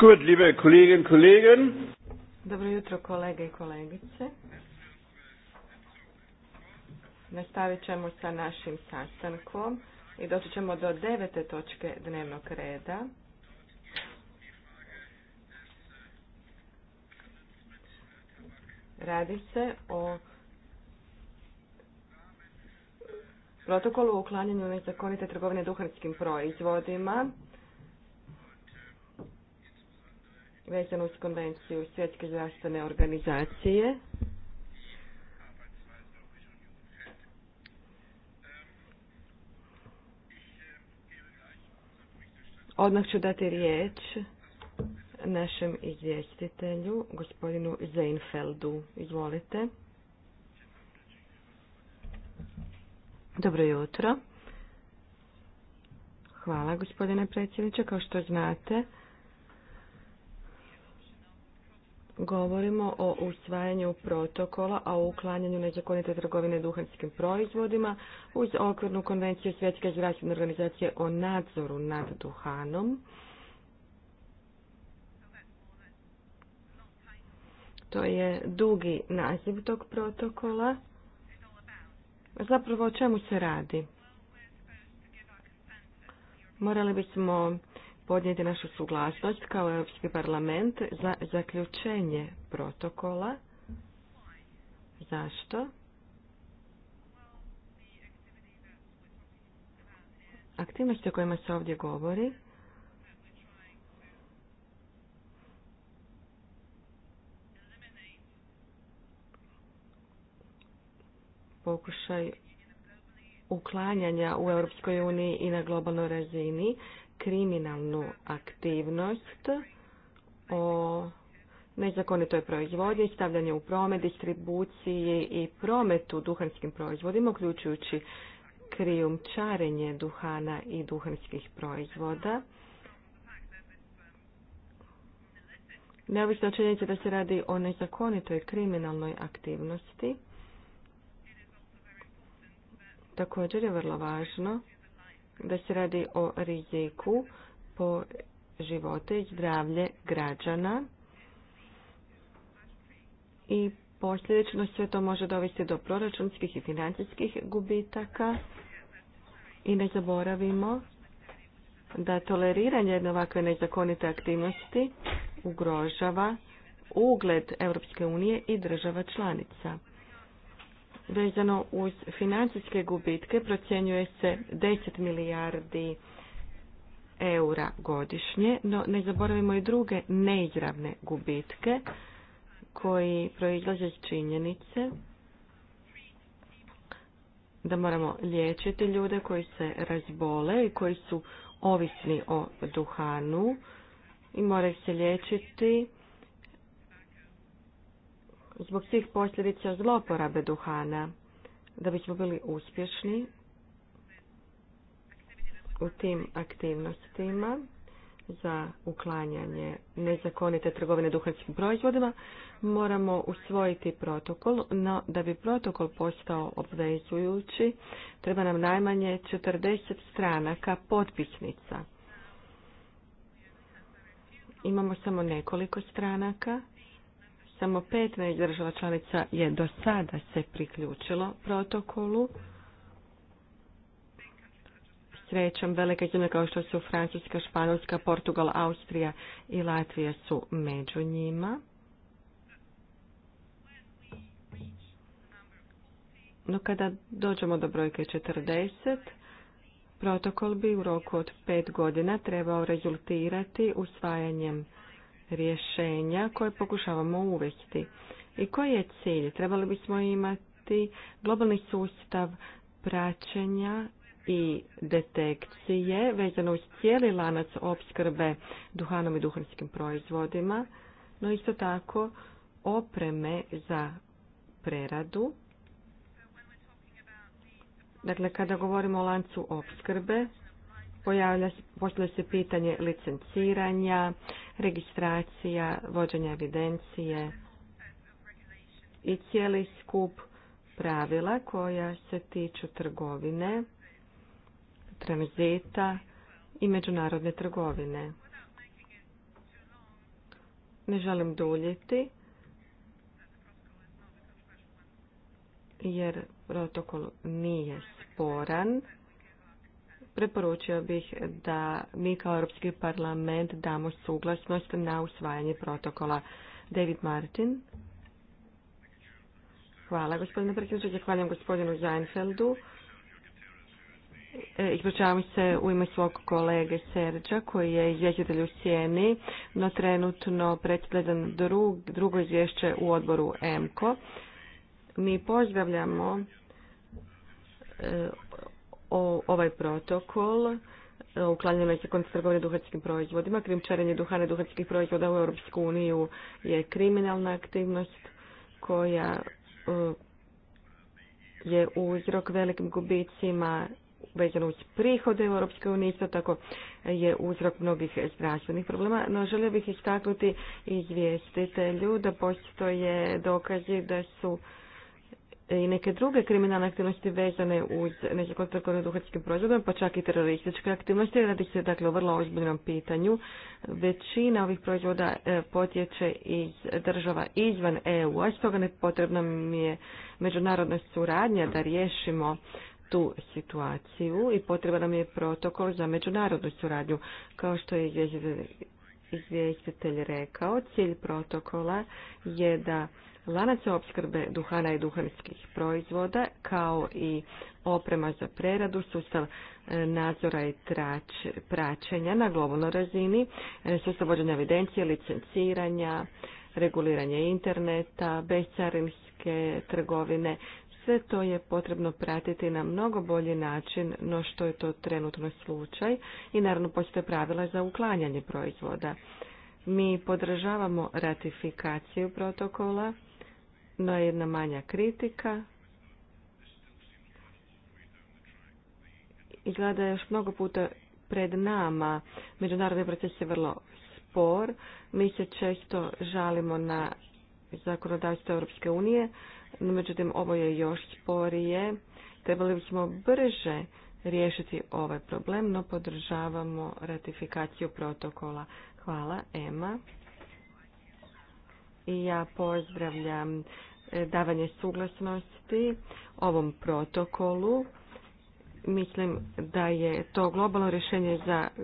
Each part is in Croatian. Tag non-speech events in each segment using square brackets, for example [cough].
Gut, liebe Kolleginnen und Kollegen. Dobro jutro kolege i kolegice. Nastavit ćemo sa našim sastankom i doći ćemo do devete točke dnevnog reda. Radi se o protokolu o uklanjanju nezakonite trgovine duhanskim proizvodima vezano uz konvenciju Svjetske zdravstvene organizacije. Odmah ću dati riječ našem izvjestitelju, gospodinu Zeinfeldu. Izvolite. Dobro jutro. Hvala, gospodine predsjedniče. Kao što znate, govorimo o usvajanju protokola, o uklanjanju nezakonite trgovine duhanskim proizvodima uz okvirnu konvenciju Svjetske zdravstvene organizacije o nadzoru nad duhanom. To je dugi naziv tog protokola. Zapravo o čemu se radi? Morali bismo podnijeti našu suglasnost kao Europski parlament za zaključenje protokola. Zašto? Aktivnosti o kojima se ovdje govori pokušaj uklanjanja u Europskoj uniji i na globalnoj razini kriminalnu aktivnost, o nezakonitoj proizvodnji, stavljanje u promet, distribuciji i prometu duhanskim proizvodima, uključujući krijumčarenje duhana i duhanskih proizvoda. Neovisno činjenica da se radi o nezakonitoj kriminalnoj aktivnosti, također je vrlo važno da se radi o riziku po živote i zdravlje građana i posljedično sve to može dovesti do proračunskih i financijskih gubitaka i ne zaboravimo da toleriranje jedne ovakve nezakonite aktivnosti ugrožava ugled Europske unije i država članica. Vezano uz financijske gubitke procjenjuje se 10 milijardi eura godišnje, no ne zaboravimo i druge neizravne gubitke koji proizlaze iz činjenice da moramo liječiti ljude koji se razbole i koji su ovisni o duhanu i moraju se liječiti zbog svih posljedica zloporabe duhana. Da bismo bili uspješni u tim aktivnostima za uklanjanje nezakonite trgovine duhanskim proizvodima, moramo usvojiti protokol, no da bi protokol postao obvezujući, treba nam najmanje 40 stranaka potpisnica. Imamo samo nekoliko stranaka samo pet država članica je do sada se priključilo protokolu. Srećom, velike zemlje kao što su Francuska, Španjolska, Portugal, Austrija i Latvija su među njima. No kada dođemo do brojke 40, protokol bi u roku od pet godina trebao rezultirati usvajanjem rješenja koje pokušavamo uvesti. I koji je cilj? Trebali bismo imati globalni sustav praćenja i detekcije vezano uz cijeli lanac opskrbe duhanom i duhanskim proizvodima, no isto tako opreme za preradu. Dakle, kada govorimo o lancu opskrbe, postavlja se pitanje licenciranja, registracija, vođenje evidencije i cijeli skup pravila koja se tiču trgovine, tranzita i međunarodne trgovine. Ne želim duljiti jer protokol nije sporan preporučio bih da mi kao Europski parlament damo suglasnost na usvajanje protokola. David Martin. Hvala gospodine predsjedniče, zahvaljujem gospodinu Zeinfeldu. E, ispričavam se u ime svog kolege Serđa koji je izvjestitelj u sjeni, no trenutno predsjedan drug, drugo izvješće u odboru EMKO. Mi pozdravljamo e, ovaj protokol e, uklanjena se kontra trgovine duhanskim proizvodima. Krimčarenje duhana i duhanskih proizvoda u Europsku uniju je kriminalna aktivnost koja e, je uzrok velikim gubicima vezano uz prihode u Europskoj uniji, isto tako je uzrok mnogih zdravstvenih problema. No želio bih istaknuti izvjestitelju da postoje dokazi da su i neke druge kriminalne aktivnosti vezane uz nezakonstrukovne trgovinu proizvode, pa čak i terorističke aktivnosti. Radi se dakle o vrlo ozbiljnom pitanju. Većina ovih proizvoda e, potječe iz država izvan EU-a, stoga ne potrebna mi je međunarodna suradnja da riješimo tu situaciju i potreba nam je protokol za međunarodnu suradnju. Kao što je izvjestitelj rekao, cilj protokola je da Lanac opskrbe duhana i duhanskih proizvoda kao i oprema za preradu, sustav e, nadzora i praćenja na globalnoj razini, e, sustav vođenja evidencije, licenciranja, reguliranje interneta, bescarinske trgovine, sve to je potrebno pratiti na mnogo bolji način no što je to trenutno slučaj i naravno postoje pravila za uklanjanje proizvoda. Mi podržavamo ratifikaciju protokola no jedna manja kritika. Izgleda gleda još mnogo puta pred nama. Međunarodni proces je vrlo spor. Mi se često žalimo na zakonodavstvo Europske unije, no međutim ovo je još sporije. Trebali bismo brže riješiti ovaj problem, no podržavamo ratifikaciju protokola. Hvala, Ema ja pozdravljam e, davanje suglasnosti ovom protokolu. Mislim da je to globalno rješenje za e,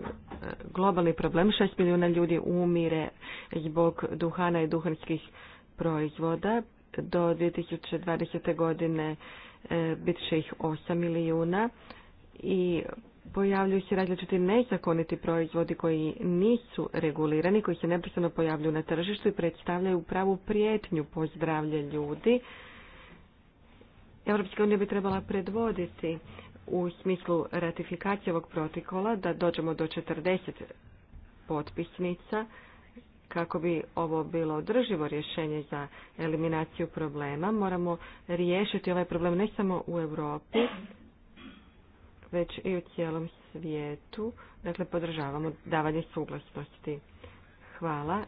globalni problem. Šest milijuna ljudi umire zbog duhana i duhanskih proizvoda. Do 2020. godine e, bit će ih osam milijuna i pojavljuju se različiti nezakoniti proizvodi koji nisu regulirani, koji se neprestano pojavljuju na tržištu i predstavljaju pravu prijetnju po zdravlje ljudi. Europska unija bi trebala predvoditi u smislu ratifikacije ovog protokola da dođemo do 40 potpisnica kako bi ovo bilo održivo rješenje za eliminaciju problema. Moramo riješiti ovaj problem ne samo u Europi, već i u cijelom svijetu. Dakle, podržavamo davanje suglasnosti. Hvala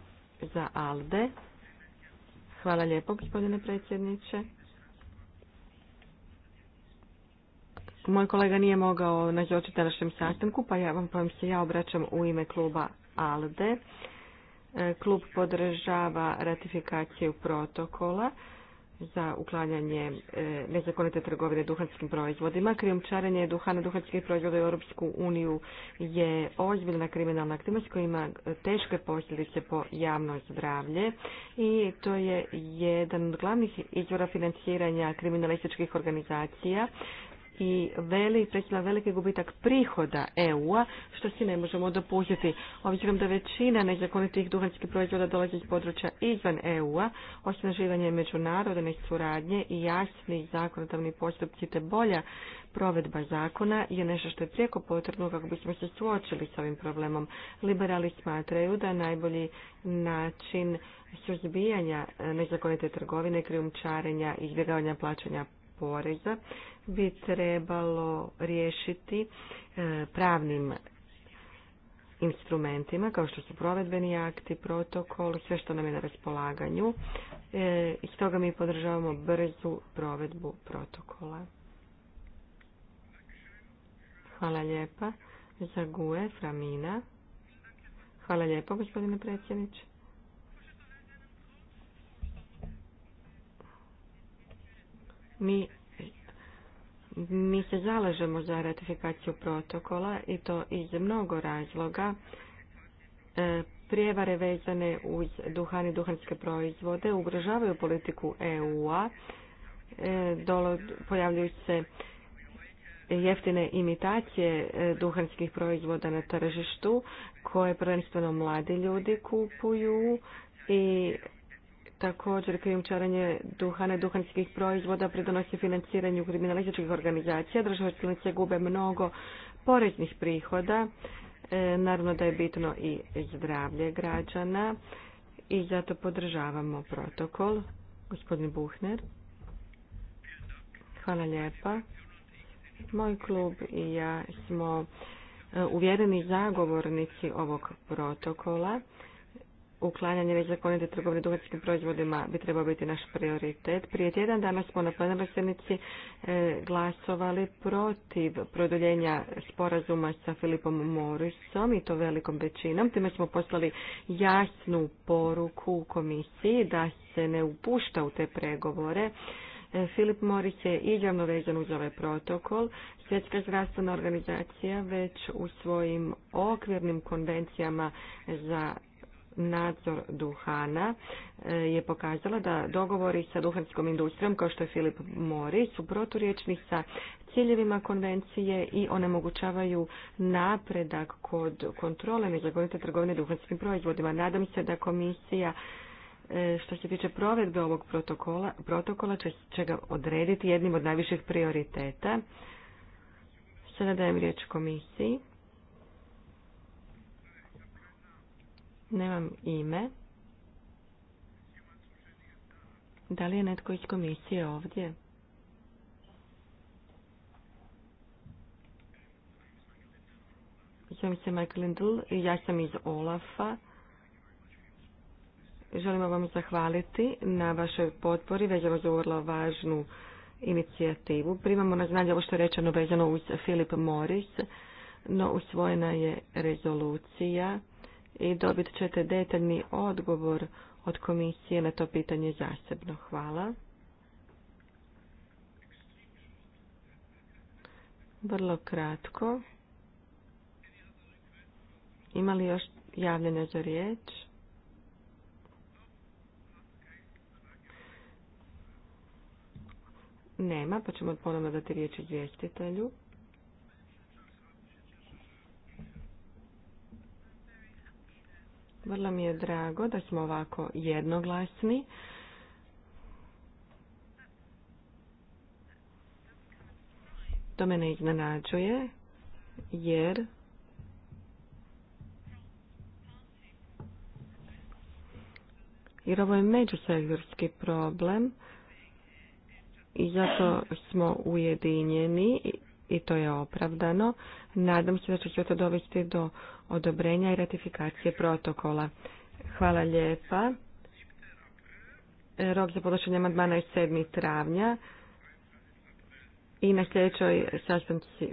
za Alde. Hvala lijepo, gospodine predsjedniče. Moj kolega nije mogao nazočiti na našem sastanku, pa ja vam pa se ja obraćam u ime kluba ALDE. E, klub podržava ratifikaciju protokola za uklanjanje e, nezakonite trgovine duhanskim proizvodima. Krijumčarenje duhana duhanskih proizvoda u Europsku uniju je ozbiljna kriminalna aktivnost koja ima e, teške posljedice po javno zdravlje i to je jedan od glavnih izvora financiranja kriminalističkih organizacija i veli, predstavlja veliki gubitak prihoda EU-a, što si ne možemo dopustiti. Obzirom da većina nezakonitih duhanskih proizvoda dolazi iz područja izvan EU-a, osnaživanje međunarodne suradnje i jasni zakonodavni postupci te bolja provedba zakona je nešto što je prijeko potrebno kako bismo se suočili s ovim problemom. Liberali smatraju da najbolji način suzbijanja nezakonite trgovine, krijumčarenja, izbjegavanja plaćanja poreza bi trebalo riješiti e, pravnim instrumentima kao što su provedbeni akti, protokol, sve što nam je na raspolaganju. E, I stoga mi podržavamo brzu provedbu protokola. Hvala lijepa. Zaguje, Framina. Hvala lijepo, gospodine predsjedniče. Mi, mi se zalažemo za ratifikaciju protokola i to iz mnogo razloga. E, prijevare vezane uz duhan i duhanske proizvode ugrožavaju politiku EU-a. E, pojavljuju se jeftine imitacije e, duhanskih proizvoda na tržištu koje prvenstveno mladi ljudi kupuju i Također, krijumčarenje duhana i duhanskih proizvoda pridonosi financiranju kriminalističkih organizacija. Države članice gube mnogo poreznih prihoda. E, naravno da je bitno i zdravlje građana i zato podržavamo protokol. Gospodin Buhner. Hvala lijepa. Moj klub i ja smo e, uvjereni zagovornici ovog protokola uklanjanje nezakonite trgovine duhanskim proizvodima bi trebao biti naš prioritet. Prije tjedan dana smo na plenarnoj sjednici e, glasovali protiv produljenja sporazuma sa Filipom Morisom i to velikom većinom. Time smo poslali jasnu poruku komisiji da se ne upušta u te pregovore. E, Filip Moris je izravno vezan uz ovaj protokol. Svjetska zdravstvena organizacija već u svojim okvirnim konvencijama za nadzor duhana e, je pokazala da dogovori sa duhanskom industrijom, kao što je Filip Mori, su proturječni sa ciljevima konvencije i onemogućavaju napredak kod kontrole nezakonite trgovine duhanskim proizvodima. Nadam se da komisija e, što se tiče provedbe ovog protokola, protokola će, će ga odrediti jednim od najviših prioriteta. Sada dajem riječ komisiji. Nemam ime. Da li je netko iz komisije ovdje? Zovem se Michael Lindl, ja sam iz Olafa. Želimo vam zahvaliti na vašoj potpori vezano za vrlo važnu inicijativu. Primamo na znanje ovo što je rečeno vezano uz Filip Morris, no usvojena je rezolucija i dobit ćete detaljni odgovor od komisije na to pitanje zasebno. Hvala. Vrlo kratko. Ima li još javljene za riječ? Nema, pa ćemo ponovno dati riječ izvjestitelju. Vrlo mi je drago da smo ovako jednoglasni. To mene iznenađuje jer jer ovo je međusektorski problem i zato smo ujedinjeni i to je opravdano. Nadam se da će to dovesti do odobrenja i ratifikacije protokola. Hvala lijepa. Rok za podnošenje amandmana je 7. travnja i na,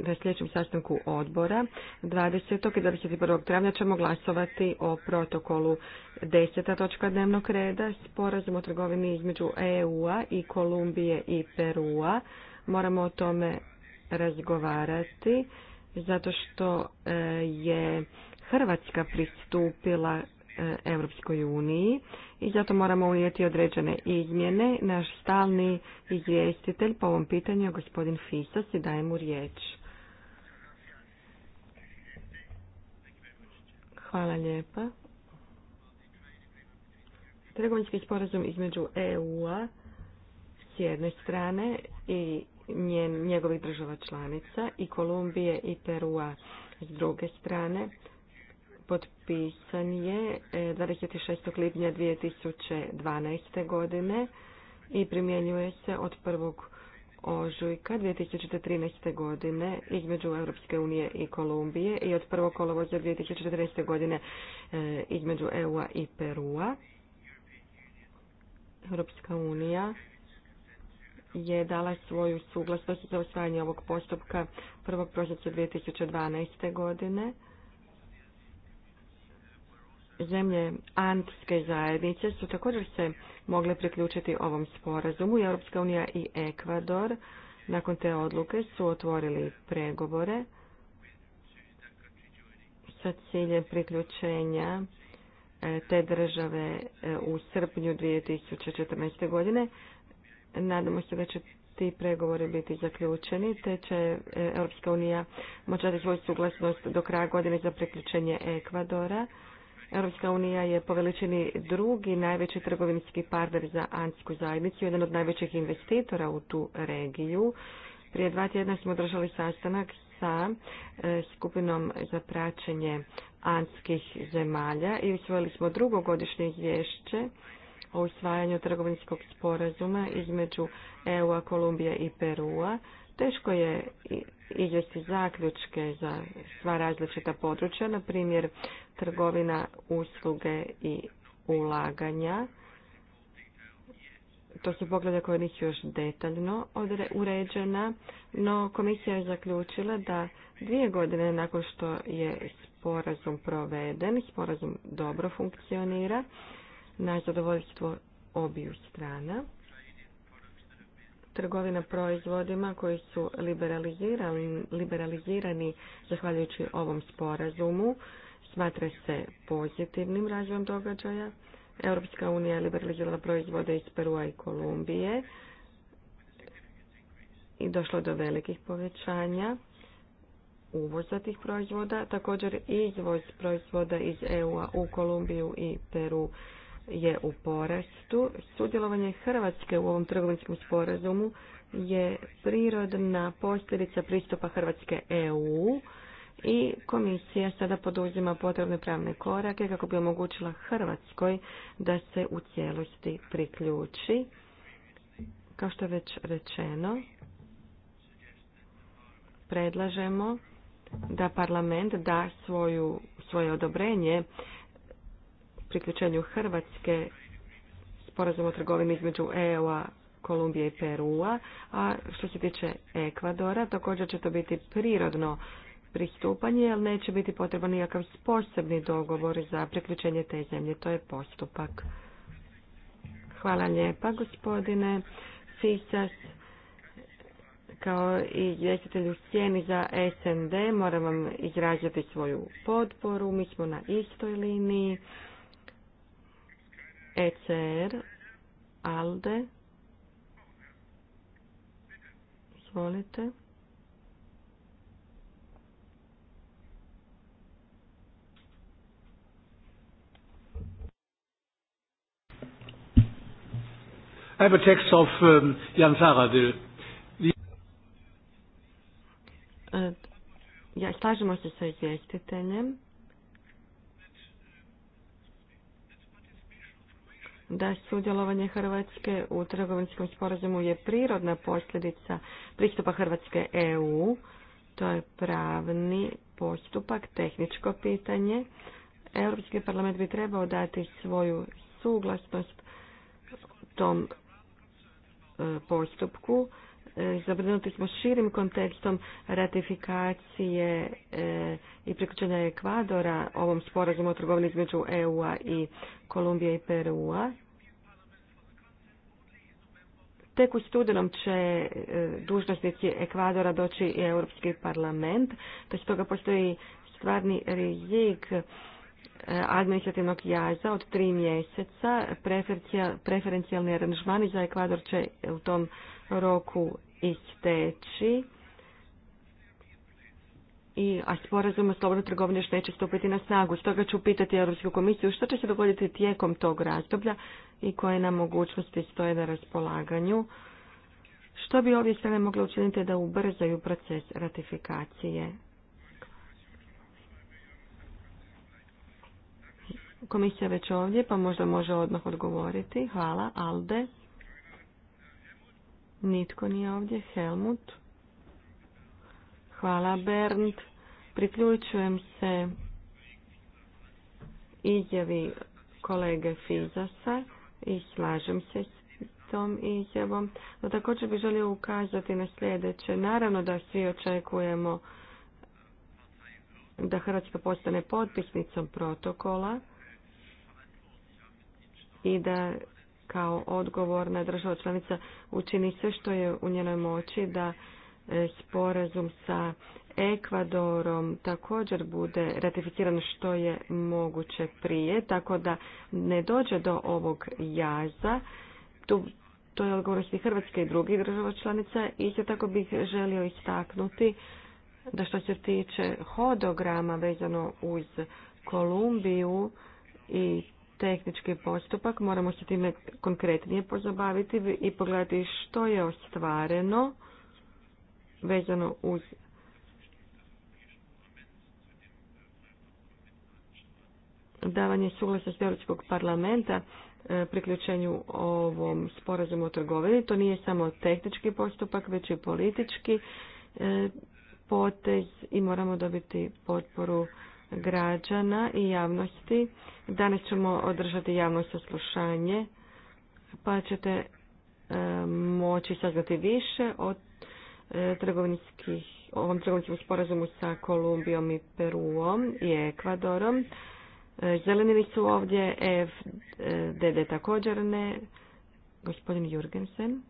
na sljedećem sastanku odbora 20. i 21. travnja ćemo glasovati o protokolu 10. točka dnevnog reda sporazum o trgovini između EU-a i Kolumbije i Perua. Moramo o tome razgovarati zato što e, je Hrvatska pristupila e, Europskoj uniji i zato moramo unijeti određene izmjene. Naš stalni izvjestitelj po ovom pitanju je gospodin Fisas i daje mu riječ. Hvala lijepa. Trgovinski sporazum između EU-a s jedne strane i njegovih država članica i Kolumbije i Perua s druge strane potpisan je 26. E, lipnja 2012. godine i primjenjuje se od 1. ožujka 2013. godine između Europske unije i Kolumbije i od 1. kolovoza 2014. godine e, između EU-a i Perua. Europska unija je dala svoju suglasnost za osvajanje ovog postupka 1. prosinca 2012. godine. Zemlje Antske zajednice su također se mogle priključiti ovom sporazumu. Europska unija i Ekvador nakon te odluke su otvorili pregovore sa ciljem priključenja e, te države e, u srpnju 2014. godine. Nadamo se da će ti pregovori biti zaključeni, te će e, Europska unija moći dati svoju suglasnost do kraja godine za priključenje Ekvadora. Europska unija je po veličini drugi najveći trgovinski partner za Antsku zajednicu, jedan od najvećih investitora u tu regiju. Prije dva tjedna smo održali sastanak sa e, skupinom za praćenje Antskih zemalja i usvojili smo drugogodišnje izvješće o usvajanju trgovinskog sporazuma između EU-a, Kolumbije i Perua. Teško je izvesti zaključke za sva različita područja, na primjer trgovina, usluge i ulaganja. To su poglede koje nisu još detaljno uređena, no komisija je zaključila da dvije godine nakon što je sporazum proveden, sporazum dobro funkcionira na zadovoljstvo obiju strana. Trgovina proizvodima koji su liberalizirani, zahvaljujući ovom sporazumu smatra se pozitivnim razvojem događaja. Europska unija je liberalizirala proizvode iz Perua i Kolumbije i došlo do velikih povećanja uvoza tih proizvoda. Također izvoz proizvoda iz EU-a u Kolumbiju i Peru je u porastu. Sudjelovanje Hrvatske u ovom trgovinskom sporazumu je prirodna posljedica pristupa Hrvatske EU i komisija sada poduzima potrebne pravne korake kako bi omogućila Hrvatskoj da se u cijelosti priključi. Kao što je već rečeno, predlažemo da parlament da svoju, svoje odobrenje priključenju Hrvatske sporazum o trgovini između EU-a, Kolumbije i Perua, a što se tiče Ekvadora, također će to biti prirodno pristupanje, ali neće biti potreban nikakav posebni dogovor za priključenje te zemlje. To je postupak. Hvala lijepa, gospodine Fisas. Kao i izvjestitelj u sjeni za SND moram vam izraziti svoju potporu. Mi smo na istoj liniji. ECR, ALDE. Izvolite. I have a text of um, Jan Saradil. E, ja, slažemo se sa izvjestiteljem. da sudjelovanje Hrvatske u trgovinskom sporazumu je prirodna posljedica pristupa Hrvatske EU. To je pravni postupak, tehničko pitanje. Europski parlament bi trebao dati svoju suglasnost tom e, postupku. E, Zabrinuti smo širim kontekstom ratifikacije e, i priključenja Ekvadora ovom sporazumu o trgovini između EU-a i Kolumbije i Perua. Tek u studenom će e, dužnostnici Ekvadora doći i Europski parlament, te stoga postoji stvarni rizik e, administrativnog jaza od tri mjeseca. Preferencijalni aranžmani za Ekvador će u tom roku isteći i, a sporazum o slobodnoj trgovini što neće stupiti na snagu. Stoga ću pitati Europsku komisiju što će se dogoditi tijekom tog razdoblja i koje nam mogućnosti stoje na raspolaganju. Što bi ovdje strane mogle učiniti da ubrzaju proces ratifikacije? Komisija već ovdje, pa možda može odmah odgovoriti. Hvala, Alde. Nitko nije ovdje. Helmut. Hvala Bernd. Priključujem se izjavi kolege Fizasa i slažem se s tom izjavom. No, također bih želio ukazati na sljedeće. Naravno da svi očekujemo da Hrvatska postane potpisnicom protokola i da kao odgovorna država članica učini sve što je u njenoj moći da E, sporazum sa Ekvadorom također bude ratificiran što je moguće prije, tako da ne dođe do ovog jaza. Tu, to je odgovornost i Hrvatske i drugih država članica. Isto tako bih želio istaknuti da što se tiče hodograma vezano uz Kolumbiju i tehnički postupak, moramo se time konkretnije pozabaviti i pogledati što je ostvareno vezano uz davanje suglasnosti Europskog parlamenta e, priključenju ovom sporazumu o trgovini. To nije samo tehnički postupak, već i politički e, potez i moramo dobiti potporu građana i javnosti. Danas ćemo održati javno saslušanje, pa ćete e, moći saznati više od E, trgovinskih, ovom trgovinskom sporazumu sa Kolumbijom i Peruom i Ekvadorom. E, zeleni li su ovdje, FDD također ne, gospodin Jurgensen.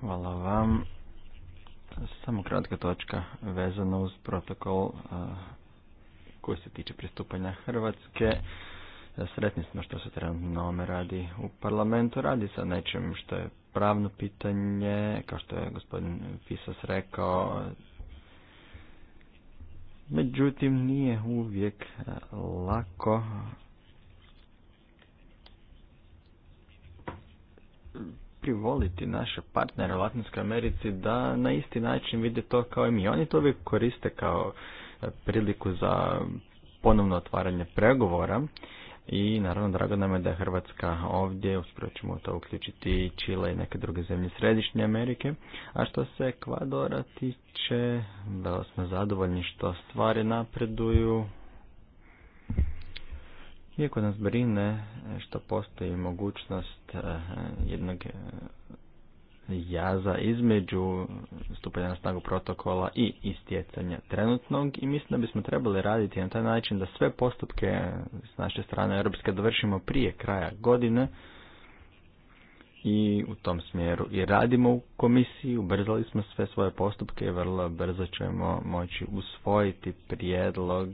Hvala vam. Samo kratka točka vezana uz protokol koji se tiče pristupanja Hrvatske. Sretni smo što se trenutno na radi u parlamentu. Radi se o nečem što je pravno pitanje, kao što je gospodin Fisas rekao. Međutim, nije uvijek lako privoliti naše partnere u Latinskoj Americi da na isti način vide to kao i mi. Oni to uvijek koriste kao e, priliku za ponovno otvaranje pregovora i naravno drago nam je da je Hrvatska ovdje, uspravo ćemo to uključiti i Čile i neke druge zemlje Središnje Amerike. A što se Ekvadora tiče, da smo zadovoljni što stvari napreduju, iako nas brine e, što postoji mogućnost e, jednog e, jaza između stupanja na snagu protokola i istjecanja trenutnog i mislim da bismo trebali raditi na taj način da sve postupke s naše strane Europske dovršimo prije kraja godine i u tom smjeru i radimo u komisiji, ubrzali smo sve svoje postupke i vrlo brzo ćemo moći usvojiti prijedlog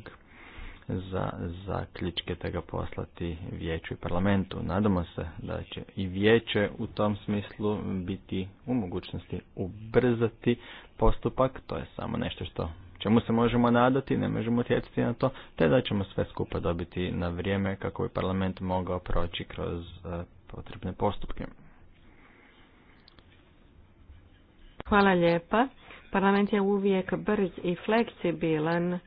za zaključke te ga poslati vijeću i parlamentu. Nadamo se da će i vijeće u tom smislu biti u mogućnosti ubrzati postupak, to je samo nešto što čemu se možemo nadati, ne možemo utjecati na to, te da ćemo sve skupa dobiti na vrijeme kako bi parlament mogao proći kroz e, potrebne postupke. Hvala lijepa. Parlament je uvijek brz i fleksibilan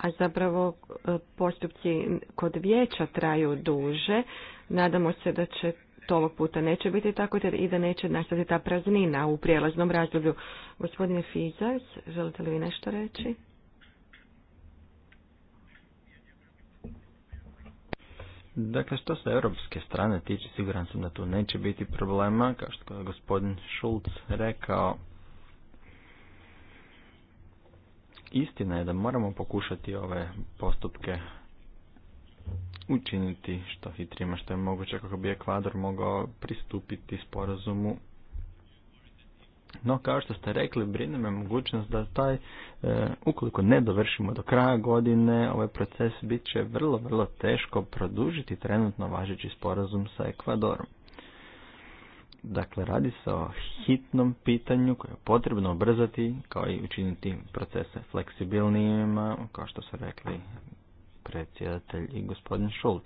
a zapravo e, postupci kod vijeća traju duže. Nadamo se da će to ovog puta neće biti tako i da neće nastati ta praznina u prijelaznom razdoblju. Gospodine Fizac, želite li vi nešto reći? Dakle, što se europske strane tiče, siguran sam da tu neće biti problema, kao što je gospodin Šulc rekao, Istina je da moramo pokušati ove postupke učiniti što hitrima, što je moguće kako bi Ekvador mogao pristupiti sporazumu. No, kao što ste rekli, brine me mogućnost da taj, e, ukoliko ne dovršimo do kraja godine, ovaj proces bit će vrlo, vrlo teško produžiti trenutno važeći sporazum sa Ekvadorom. Dakle, radi se o hitnom pitanju koje je potrebno obrzati, kao i učiniti procese fleksibilnijima, kao što su rekli predsjedatelj i gospodin Šulc.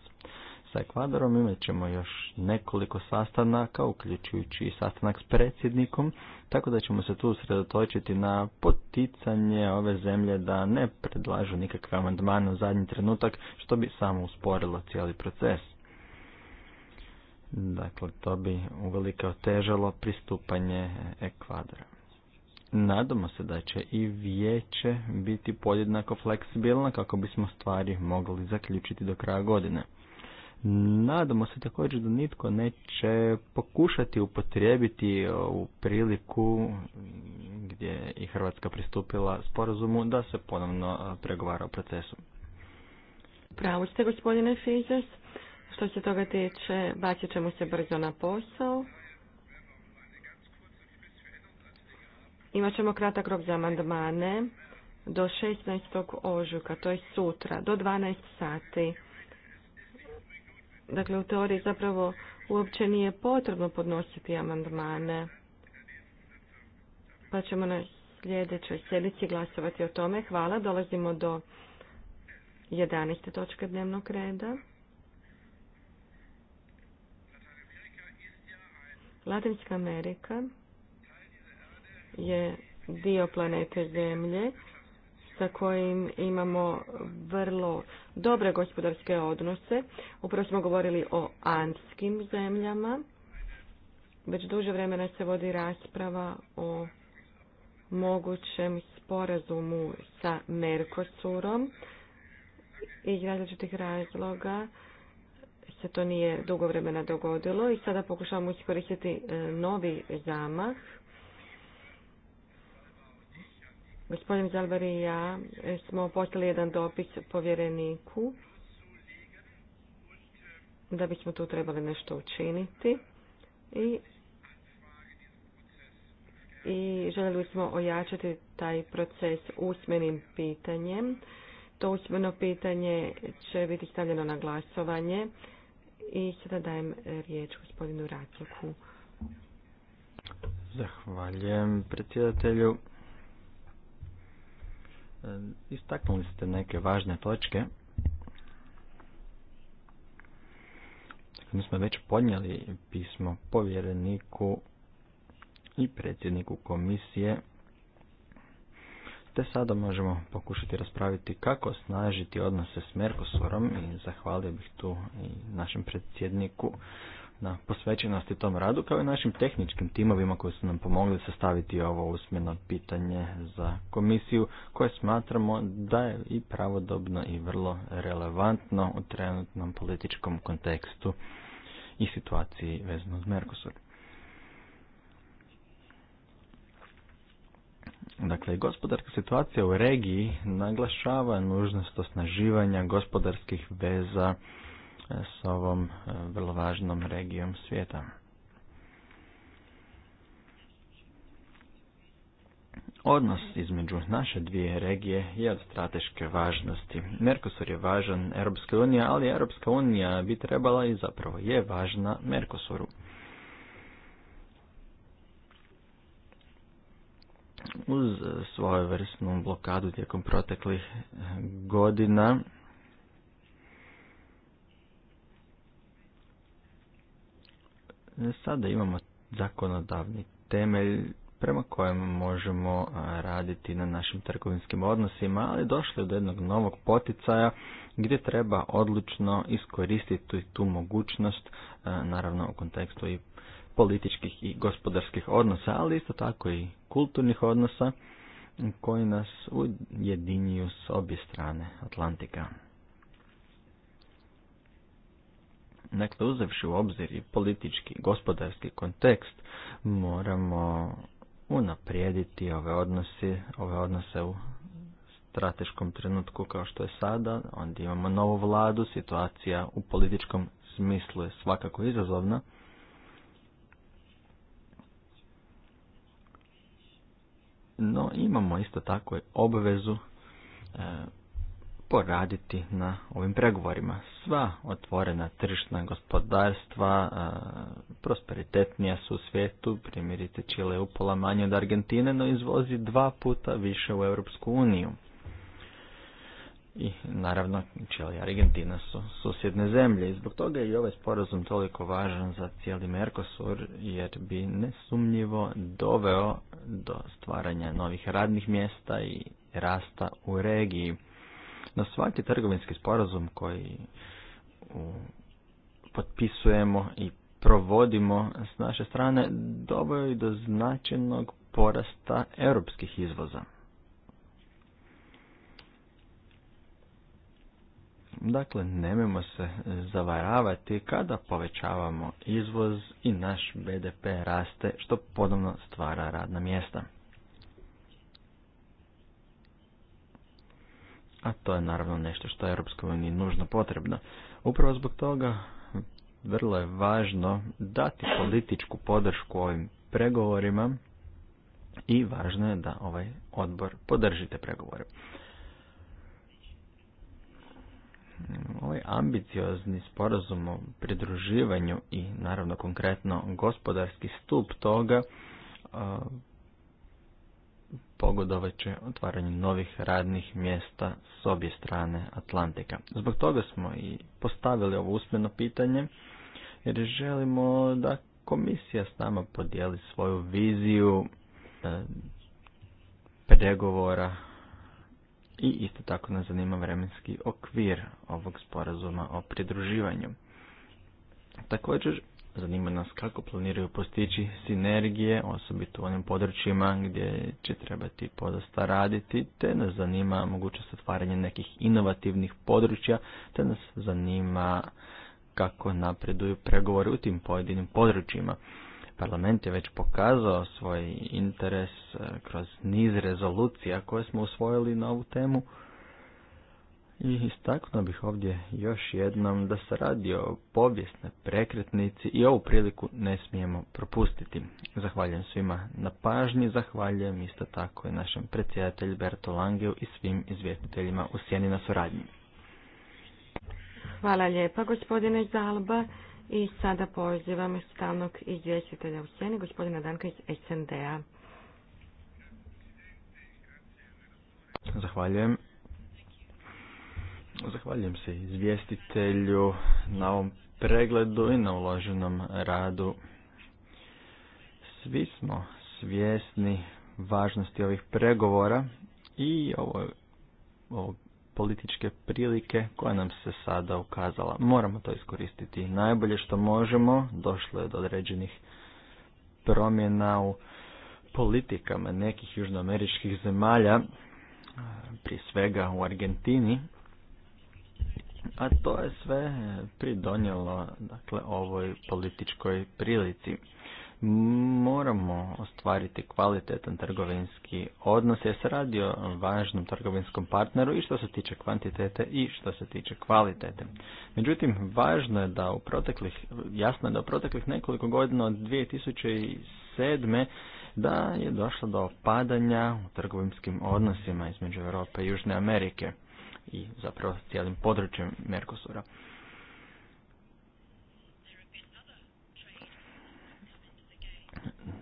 Sa Ekvadorom imat ćemo još nekoliko sastanaka, uključujući i sastanak s predsjednikom, tako da ćemo se tu usredotočiti na poticanje ove zemlje da ne predlažu nikakve amandmane u zadnji trenutak, što bi samo usporilo cijeli proces. Dakle, to bi uvelike otežalo pristupanje Ekvadora. Nadamo se da će i vijeće biti podjednako fleksibilno kako bismo stvari mogli zaključiti do kraja godine. Nadamo se također da nitko neće pokušati upotrijebiti u priliku gdje je i Hrvatska pristupila sporazumu da se ponovno pregovara o procesu. Pravo ste gospodine Fizers. Što se toga tiče, bacit ćemo se brzo na posao. Imaćemo ćemo kratak rok za amandmane do 16. ožujka, to je sutra, do 12 sati. Dakle, u teoriji zapravo uopće nije potrebno podnositi amandmane. Pa ćemo na sljedećoj sjednici glasovati o tome. Hvala, dolazimo do 11. točke dnevnog reda. Latinska Amerika je dio planete Zemlje sa kojim imamo vrlo dobre gospodarske odnose. Upravo smo govorili o andskim zemljama. Već duže vremena se vodi rasprava o mogućem sporazumu sa Mercosurom iz različitih razloga se to nije dugo vremena dogodilo i sada pokušavamo iskoristiti e, novi zamah. Gospodin Zalbar i ja e, smo poslali jedan dopis povjereniku da bismo tu trebali nešto učiniti i, i željeli smo ojačati taj proces usmenim pitanjem. To usmeno pitanje će biti stavljeno na glasovanje i sada dajem riječ gospodinu Racoku. Zahvaljujem predsjedatelju. E, istaknuli ste neke važne točke. Mi smo već podnijeli pismo povjereniku i predsjedniku komisije te sada možemo pokušati raspraviti kako snažiti odnose s Mercosurom i zahvalio bih tu i našem predsjedniku na posvećenosti tom radu kao i našim tehničkim timovima koji su nam pomogli sastaviti ovo usmjeno pitanje za komisiju koje smatramo da je i pravodobno i vrlo relevantno u trenutnom političkom kontekstu i situaciji vezano s Mercosurom. Dakle, gospodarska situacija u regiji naglašava nužnost osnaživanja gospodarskih veza e, s ovom e, vrlo važnom regijom svijeta. Odnos između naše dvije regije je od strateške važnosti. Merkosur je važan Europska unija, ali Europska unija bi trebala i zapravo je važna Merkosuru. uz vrstnu blokadu tijekom proteklih eh, godina sada imamo zakonodavni temelj prema kojem možemo eh, raditi na našim trgovinskim odnosima, ali došli je do jednog novog poticaja gdje treba odlučno iskoristiti tu mogućnost, e, naravno u kontekstu i političkih i gospodarskih odnosa, ali isto tako i kulturnih odnosa koji nas ujedinjuju s obje strane Atlantika. Dakle, uzevši u obzir i politički, gospodarski kontekst, moramo unaprijediti ove odnose, ove odnose u strateškom trenutku kao što je sada, onda imamo novu vladu, situacija u političkom smislu je svakako izazovna. No imamo isto tako i obvezu e, poraditi na ovim pregovorima. Sva otvorena tržišna gospodarstva e, prosperitetnija su u svijetu, primjerice Čile je upola manje od Argentine, no izvozi dva puta više u Europsku uniju i naravno Čile i Argentina su susjedne zemlje i zbog toga je i ovaj sporazum toliko važan za cijeli Mercosur jer bi nesumnjivo doveo do stvaranja novih radnih mjesta i rasta u regiji. Na svaki trgovinski sporazum koji potpisujemo i provodimo s naše strane doveo i do značajnog porasta europskih izvoza. Dakle, nemojmo se e, zavaravati kada povećavamo izvoz i naš BDP raste što ponovno stvara radna mjesta. A to je naravno nešto što je Europskoj nužno potrebno. Upravo zbog toga vrlo je važno dati političku podršku ovim pregovorima i važno je da ovaj odbor podržite pregovore ovaj ambiciozni sporazum o pridruživanju i naravno konkretno gospodarski stup toga pogodovat će otvaranje novih radnih mjesta s obje strane Atlantika. Zbog toga smo i postavili ovo usmeno pitanje jer želimo da komisija s nama podijeli svoju viziju e, pregovora i isto tako nas zanima vremenski okvir ovog sporazuma o pridruživanju. Također, zanima nas kako planiraju postići sinergije, osobito u onim područjima gdje će trebati podosta raditi, te nas zanima mogućnost otvaranja nekih inovativnih područja, te nas zanima kako napreduju pregovori u tim pojedinim područjima. Parlament je već pokazao svoj interes e, kroz niz rezolucija koje smo usvojili na ovu temu. I istaknuo bih ovdje još jednom da se radi o povijesnoj prekretnici i ovu priliku ne smijemo propustiti. Zahvaljujem svima na pažnji, zahvaljujem isto tako i našem predsjedatelju Berto Langeu i svim izvjetiteljima u Sjeni na suradnji. Hvala lijepa gospodine Zalba. I sada pozivam stavnog izvjestitelja u sjeni, gospodina Danka iz SND-a. Zahvaljujem. Zahvaljujem se izvjestitelju na ovom pregledu i na uloženom radu. Svi smo svjesni važnosti ovih pregovora i ovo, ovog političke prilike koja nam se sada ukazala. Moramo to iskoristiti najbolje što možemo. Došlo je do određenih promjena u politikama nekih južnoameričkih zemalja, prije svega u Argentini, a to je sve pridonjelo dakle, ovoj političkoj prilici moramo ostvariti kvalitetan trgovinski odnos jer se radi o važnom trgovinskom partneru i što se tiče kvantitete i što se tiče kvalitete. Međutim, važno je da u proteklih, jasno je da u proteklih nekoliko godina od 2007 da je došlo do padanja u trgovinskim odnosima između Europe i Južne Amerike i zapravo cijelim područjem Merkosura.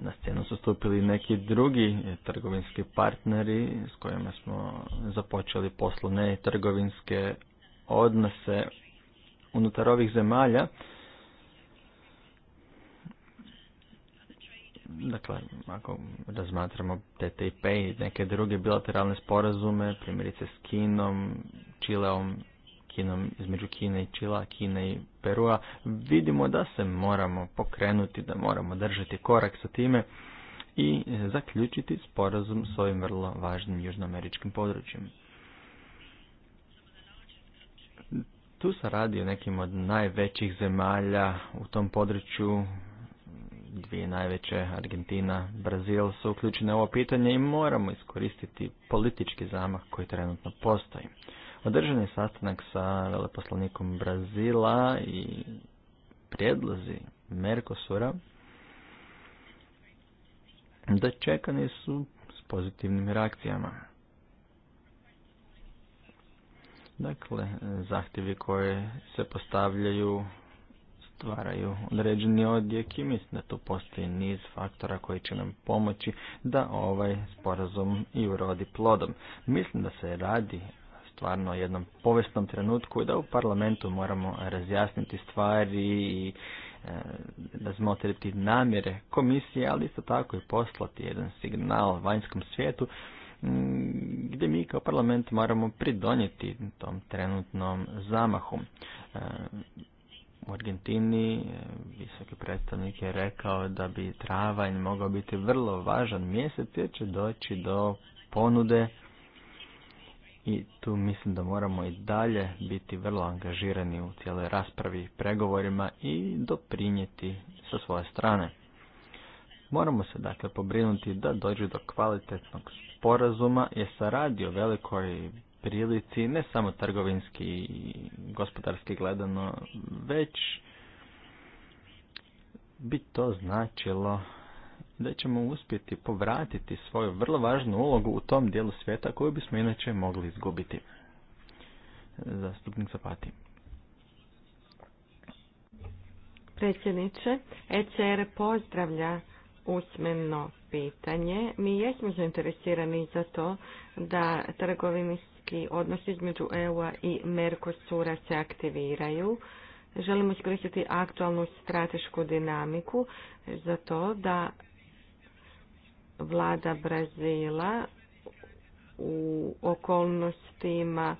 na scenu su stupili neki drugi trgovinski partneri s kojima smo započeli poslovne i trgovinske odnose unutar ovih zemalja. Dakle, ako razmatramo TTIP i neke druge bilateralne sporazume, primjerice s Kinom, Čileom između Kine i Čila, Kine i Perua, vidimo da se moramo pokrenuti, da moramo držati korak sa time i zaključiti sporazum s ovim vrlo važnim južnoameričkim područjem. Tu se radi o nekim od najvećih zemalja u tom području, dvije najveće, Argentina, Brazil, su uključene u ovo pitanje i moramo iskoristiti politički zamah koji trenutno postoji. Održan je sastanak sa veleposlanikom Brazila i prijedlozi Mercosura dočekani su s pozitivnim reakcijama. Dakle, zahtjevi koje se postavljaju stvaraju određeni odjek i mislim da tu postoji niz faktora koji će nam pomoći da ovaj sporazum i urodi plodom. Mislim da se radi stvarno jednom povestnom trenutku i da u parlamentu moramo razjasniti stvari i e, razmotriti namjere komisije, ali isto tako i poslati jedan signal vanjskom svijetu gdje mi kao parlament moramo pridonijeti tom trenutnom zamahu. E, u Argentini e, visoki predstavnik je rekao da bi travanj mogao biti vrlo važan mjesec jer će doći do ponude i tu mislim da moramo i dalje biti vrlo angažirani u cijeloj raspravi, pregovorima i doprinijeti sa svoje strane. Moramo se dakle pobrinuti da dođe do kvalitetnog sporazuma jer se radi o velikoj prilici, ne samo trgovinski i gospodarski gledano, već bi to značilo da ćemo uspjeti povratiti svoju vrlo važnu ulogu u tom dijelu svijeta koju bismo inače mogli izgubiti. Zastupnik Zapati. Predsjedniče, ECR pozdravlja usmeno pitanje. Mi jesmo zainteresirani za to da trgovinski odnos između EU-a i Mercosura se aktiviraju. Želimo iskoristiti aktualnu stratešku dinamiku za to da vlada Brazila u okolnostima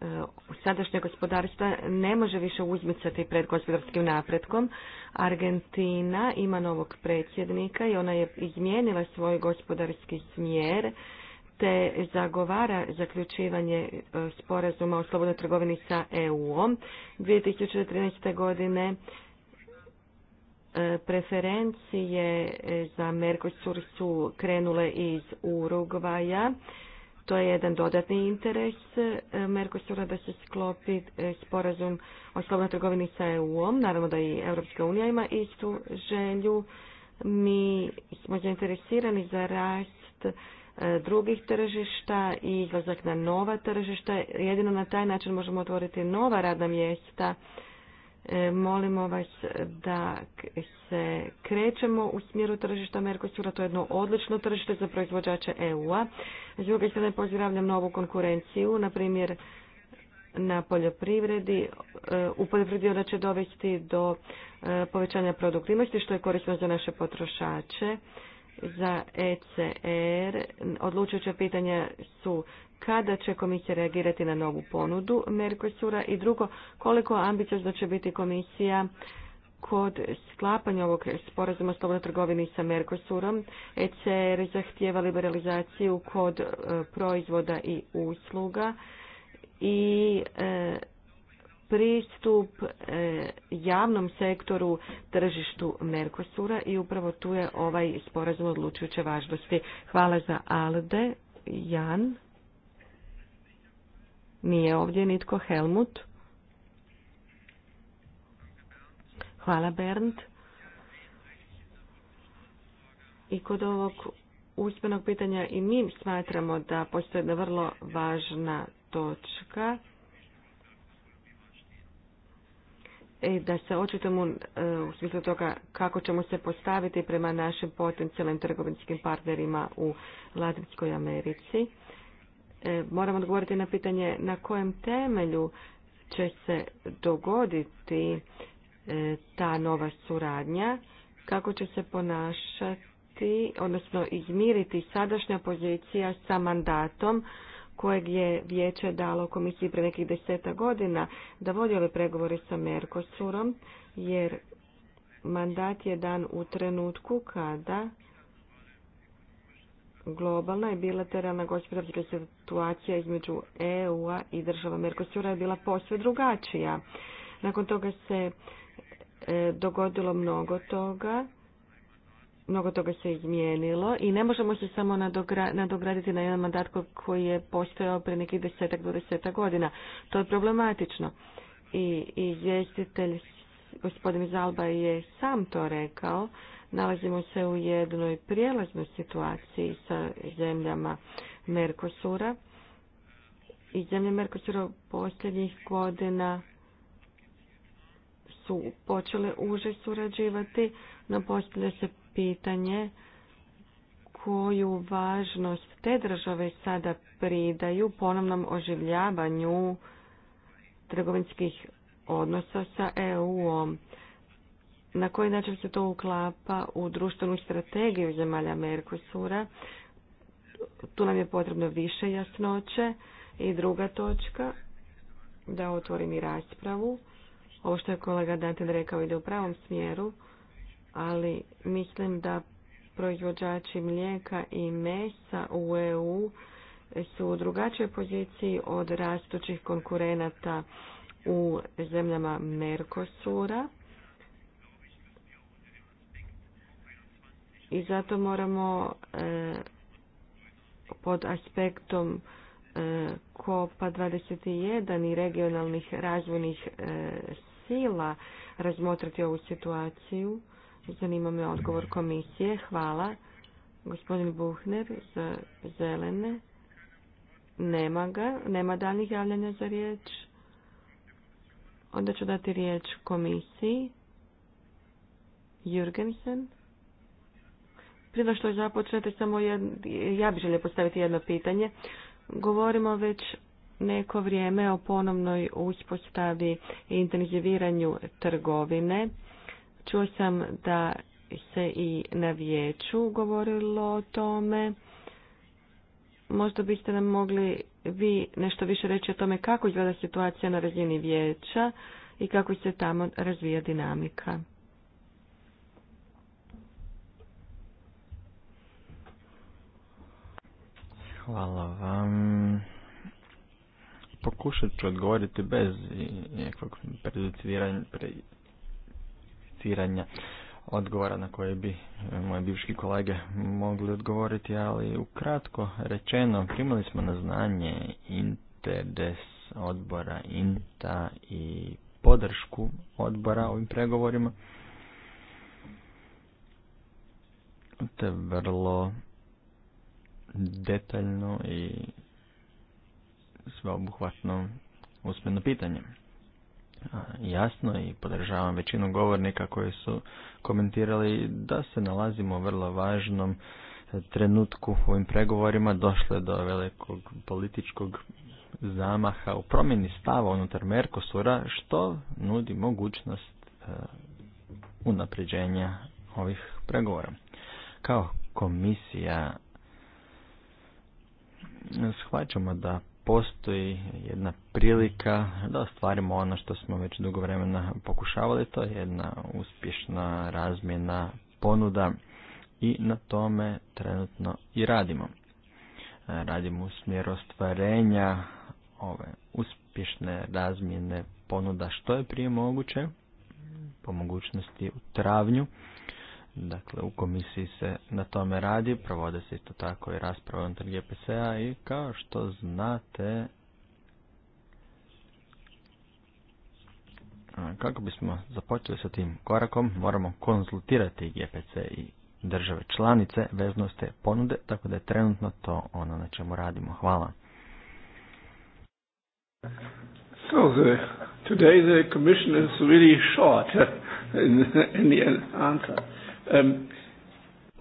e, sadašnje gospodarstva ne može više uzmicati pred gospodarskim napretkom. Argentina ima novog predsjednika i ona je izmijenila svoj gospodarski smjer te zagovara zaključivanje e, sporazuma o slobodnoj trgovini sa EU-om. 2013. godine E, preferencije e, za Mercosur su krenule iz Urugvaja. To je jedan dodatni interes e, Mercosura da se sklopi sporazum o slobodnoj trgovini sa EU-om. Naravno da i Europska unija ima istu želju. Mi smo zainteresirani za rast drugih tržišta i izlazak na nova tržišta. Jedino na taj način možemo otvoriti nova radna mjesta E, molimo vas da se krećemo u smjeru tržišta Merkosura. to je jedno odlično tržište za proizvođače EU-a. S druge strane pozdravljam novu konkurenciju, na primjer na poljoprivredi. E, u poljoprivredi ona će dovesti do e, povećanja produktivnosti, što je korisno za naše potrošače za ECR odlučujuća pitanja su kada će komisija reagirati na novu ponudu Mercosura i drugo koliko ambiciozno će biti komisija kod sklapanja ovog sporazuma o trgovini sa Mercosurom. ECR zahtijeva liberalizaciju kod e, proizvoda i usluga i e, pristup e, javnom sektoru tržištu Merkosura i upravo tu je ovaj sporazum odlučujuće važnosti. Hvala za Alde. Jan? Nije ovdje nitko. Helmut? Hvala Bernd. I kod ovog usmenog pitanja i mi smatramo da postoje jedna vrlo važna točka E, da se očitamo e, u smislu toga kako ćemo se postaviti prema našim potencijalnim trgovinskim partnerima u Latinskoj Americi. E, Moramo odgovoriti na pitanje na kojem temelju će se dogoditi ta nova suradnja, kako će se ponašati, odnosno izmiriti sadašnja pozicija sa mandatom kojeg je vijeće dalo komisiji pre nekih deseta godina da vodi ove pregovore sa Mercosurom, jer mandat je dan u trenutku kada globalna i bilateralna gospodarska situacija između EU-a i država Mercosura je bila posve drugačija. Nakon toga se e, dogodilo mnogo toga mnogo toga se izmijenilo i ne možemo se samo nadograditi na jedan mandat koji je postojao pre nekih desetak, desetak godina. To je problematično. I izvjestitelj gospodin Zalba je sam to rekao. Nalazimo se u jednoj prijelaznoj situaciji sa zemljama Merkosura. I zemlje Merkosura posljednjih godina su počele uže surađivati, no postavlja se pitanje koju važnost te države sada pridaju ponovnom oživljavanju trgovinskih odnosa sa EU-om. Na koji način se to uklapa u društvenu strategiju zemalja Merkosura? Tu nam je potrebno više jasnoće. I druga točka, da otvorim i raspravu. Ovo što je kolega Dantin rekao ide u pravom smjeru ali mislim da proizvođači mlijeka i mesa u EU su u drugačoj poziciji od rastućih konkurenata u zemljama Merkosura. I zato moramo e, pod aspektom KOPA e, dvadeset 21 i regionalnih razvojnih e, sila razmotriti ovu situaciju. Zanima me odgovor komisije. Hvala. Gospodin Buhner za zelene. Nema ga. Nema daljnjih javljanja za riječ. Onda ću dati riječ komisiji. Jurgensen. Prije što započnete, samo ja bih želio postaviti jedno pitanje. Govorimo već neko vrijeme o ponovnoj uspostavi i intenziviranju trgovine Čuo sam da se i na vijeću govorilo o tome. Možda biste nam mogli vi nešto više reći o tome kako izgleda situacija na razini vijeća i kako se tamo razvija dinamika. Hvala vam. Pokušat ću odgovoriti bez nekog testiranja odgovora na koje bi e, moje bivški kolege mogli odgovoriti, ali ukratko rečeno primali smo na znanje interes odbora INTA i podršku odbora ovim pregovorima. je vrlo detaljno i sveobuhvatno usmeno pitanje jasno i podržavam većinu govornika koji su komentirali da se nalazimo u vrlo važnom e, trenutku u ovim pregovorima. Došlo je do velikog političkog zamaha u promjeni stava unutar Merkosura što nudi mogućnost e, unapređenja ovih pregovora. Kao komisija shvaćamo da postoji jedna prilika da ostvarimo ono što smo već dugo vremena pokušavali, to je jedna uspješna razmjena ponuda i na tome trenutno i radimo. Radimo u smjeru ostvarenja ove uspješne razmjene ponuda što je prije moguće, po mogućnosti u travnju. Dakle, u komisiji se na tome radi, provode se isto tako i rasprave unutar GPC-a i kao što znate, kako bismo započeli sa tim korakom, moramo konzultirati GPC i države članice vezno ponude, tako da je trenutno to ono na čemu radimo. Hvala. So the, today the commission is really short [laughs] in the answer.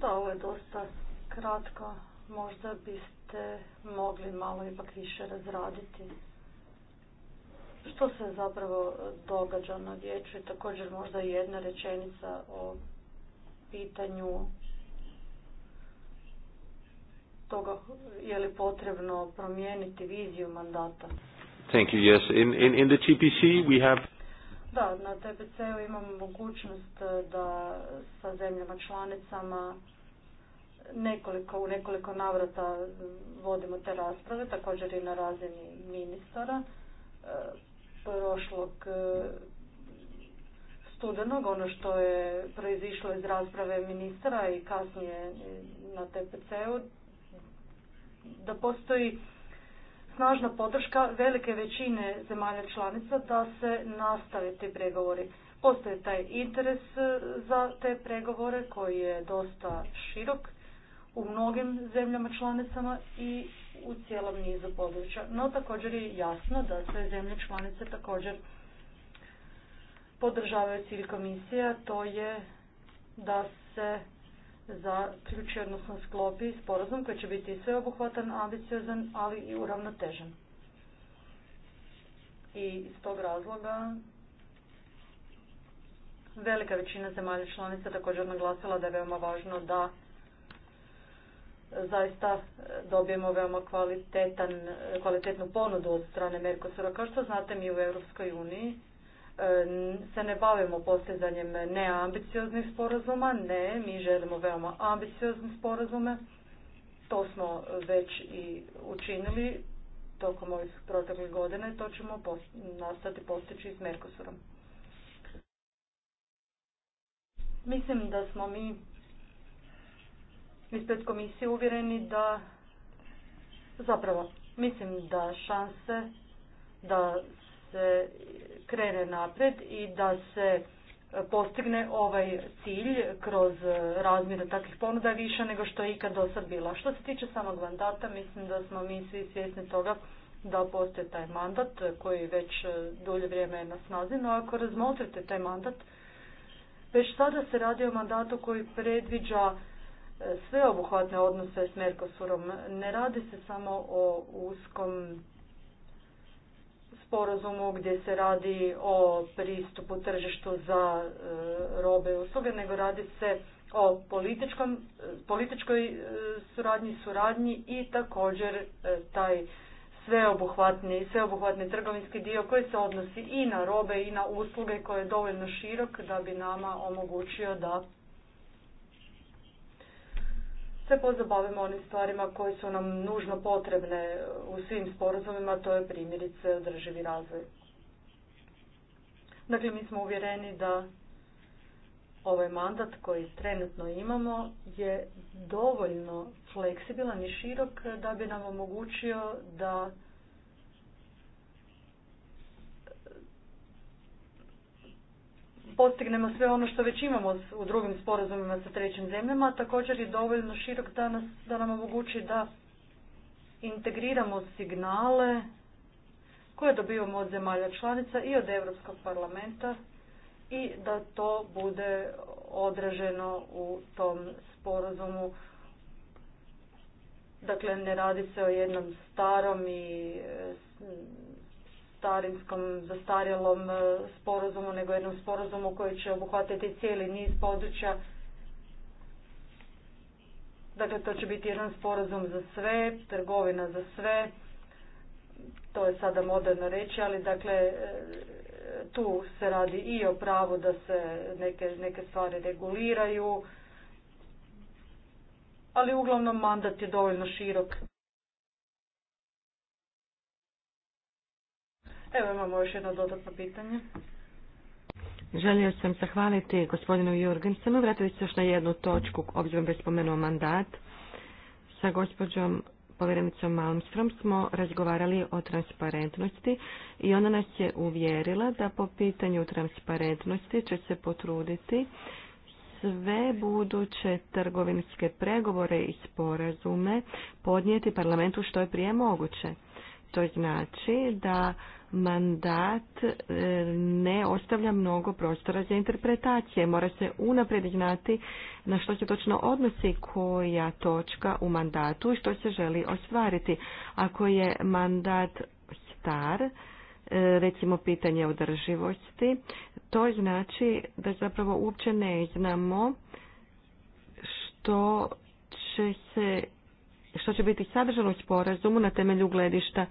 Da, ovo je dosta kratko. Možda biste mogli malo ipak više razraditi što se zapravo događa na vijeću i također možda jedna rečenica o pitanju toga je li potrebno promijeniti viziju mandata. Thank you. Yes, in in in the TPC we have da, na tpc u imamo mogućnost e, da sa zemljama članicama nekoliko, u nekoliko navrata vodimo te rasprave, također i na razini ministara. E, prošlog e, studenog, ono što je proizišlo iz rasprave ministara i kasnije na TPC-u, da postoji snažna podrška velike većine zemalja članica da se nastave ti pregovori. Postoje taj interes e, za te pregovore koji je dosta širok u mnogim zemljama članicama i u cijelom nizu područja. No također je jasno da sve zemlje članice također podržavaju cilj komisija, to je da se zaključi, odnosno sklopi sporazum koji će biti sveobuhvatan, ambiciozan, ali i uravnotežen. I iz tog razloga velika većina zemalja članica također naglasila da je veoma važno da zaista dobijemo veoma kvalitetan, kvalitetnu ponudu od strane Merkosura. Kao što znate mi u Europskoj uniji E, se ne bavimo postizanjem neambicioznih sporazuma, ne, mi želimo veoma ambiciozne sporazume, to smo već i učinili tokom ovih proteklih godina i to ćemo nastati postići s Merkosurom. Mislim da smo mi ispred komisije uvjereni da zapravo mislim da šanse da se krene napred i da se e, postigne ovaj cilj kroz e, razmjeru takvih ponuda više nego što je ikad do sad bila. Što se tiče samog mandata, mislim da smo mi svi svjesni toga da postoje taj mandat koji već e, dulje vrijeme je na snazi, no ako razmotrite taj mandat, već sada se radi o mandatu koji predviđa sveobuhvatne odnose s Merkosurom. Ne radi se samo o uskom sporazumu gdje se radi o pristupu tržištu za e, robe i usluge, nego radi se o političkom, političkoj e, suradnji, suradnji i također e, taj sveobuhvatni, sveobuhvatni trgovinski dio koji se odnosi i na robe i na usluge koji je dovoljno širok da bi nama omogućio da se pozabavimo onim stvarima koje su nam nužno potrebne u svim sporazumima, to je primjerice održivi razvoj. Dakle, mi smo uvjereni da ovaj mandat koji trenutno imamo je dovoljno fleksibilan i širok da bi nam omogućio da postignemo sve ono što već imamo u drugim sporazumima sa trećim zemljama, također je dovoljno širok da, da nam omogući da integriramo signale koje dobivamo od zemalja članica i od Europskog parlamenta i da to bude odraženo u tom sporazumu. Dakle, ne radi se o jednom starom i e, starinskom zastarjelom e, sporazumu, nego jednom sporazumu koji će obuhvatiti cijeli niz područja. Dakle, to će biti jedan sporazum za sve, trgovina za sve, to je sada moderno reći, ali dakle, e, tu se radi i o pravu da se neke, neke stvari reguliraju, ali uglavnom mandat je dovoljno širok. Evo imamo još jedno dodatno pitanje. Želio sam zahvaliti gospodinu Jurgensenu. Vratili se još na jednu točku, obzirom da je spomenuo mandat. Sa gospođom povjerenicom Malmstrom smo razgovarali o transparentnosti i ona nas je uvjerila da po pitanju transparentnosti će se potruditi sve buduće trgovinske pregovore i sporazume podnijeti parlamentu što je prije moguće. To znači da mandat e, ne ostavlja mnogo prostora za interpretacije. Mora se unaprijed znati na što se točno odnosi koja točka u mandatu i što se želi ostvariti. Ako je mandat star, e, recimo pitanje održivosti, to znači da zapravo uopće ne znamo što će se što će biti sadržano u sporazumu na temelju gledišta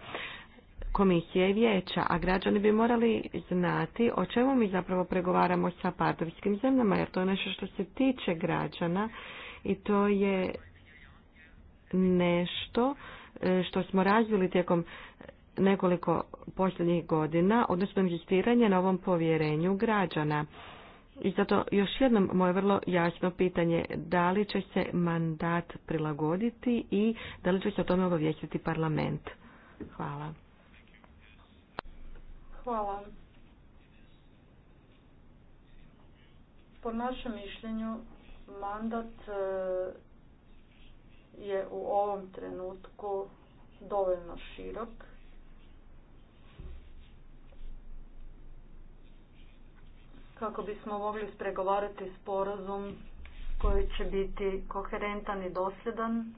komisije i vijeća, a građani bi morali znati o čemu mi zapravo pregovaramo sa partnerskim zemljama, jer to je nešto što se tiče građana i to je nešto e, što smo razvili tijekom nekoliko posljednjih godina, odnosno inzistiranje na ovom povjerenju građana. I zato još jednom moje vrlo jasno pitanje, da li će se mandat prilagoditi i da li će se o tome obavijestiti parlament? Hvala. Hvala. Po našem mišljenju mandat e, je u ovom trenutku dovoljno širok. Kako bismo mogli ispregovarati sporazum koji će biti koherentan i dosljedan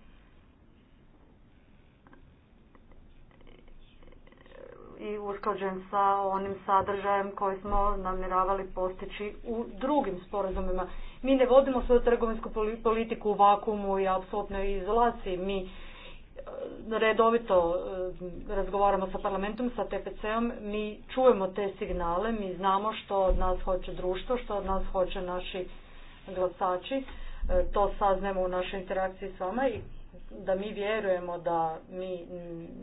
i usklađen sa onim sadržajem koji smo namjeravali postići u drugim sporazumima. Mi ne vodimo svoju trgovinsku politiku u vakumu i apsolutnoj izolaciji. Mi e, redovito e, razgovaramo sa parlamentom, sa TPC-om, mi čujemo te signale, mi znamo što od nas hoće društvo, što od nas hoće naši glasači, e, to saznemo u našoj interakciji s vama i da mi vjerujemo da mi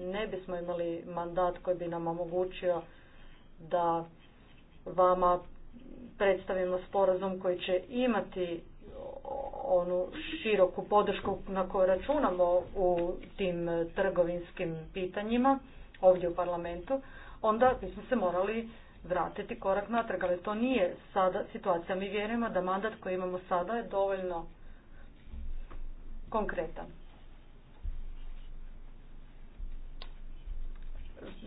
ne bismo imali mandat koji bi nam omogućio da vama predstavimo sporazum koji će imati onu široku podršku na koju računamo u tim trgovinskim pitanjima ovdje u parlamentu, onda bismo se morali vratiti korak natrag, ali to nije sada situacija. Mi vjerujemo da mandat koji imamo sada je dovoljno konkretan.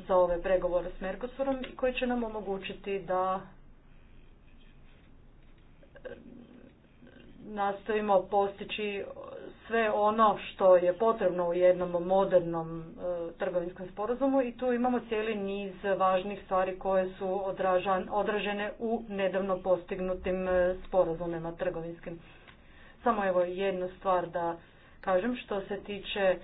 za ove pregovore s Mercosurom i koji će nam omogućiti da eh, nastavimo postići sve ono što je potrebno u jednom modernom eh, trgovinskom sporazumu i tu imamo cijeli niz važnih stvari koje su odražene u nedavno postignutim eh, sporazumima trgovinskim. Samo evo jednu stvar da kažem što se tiče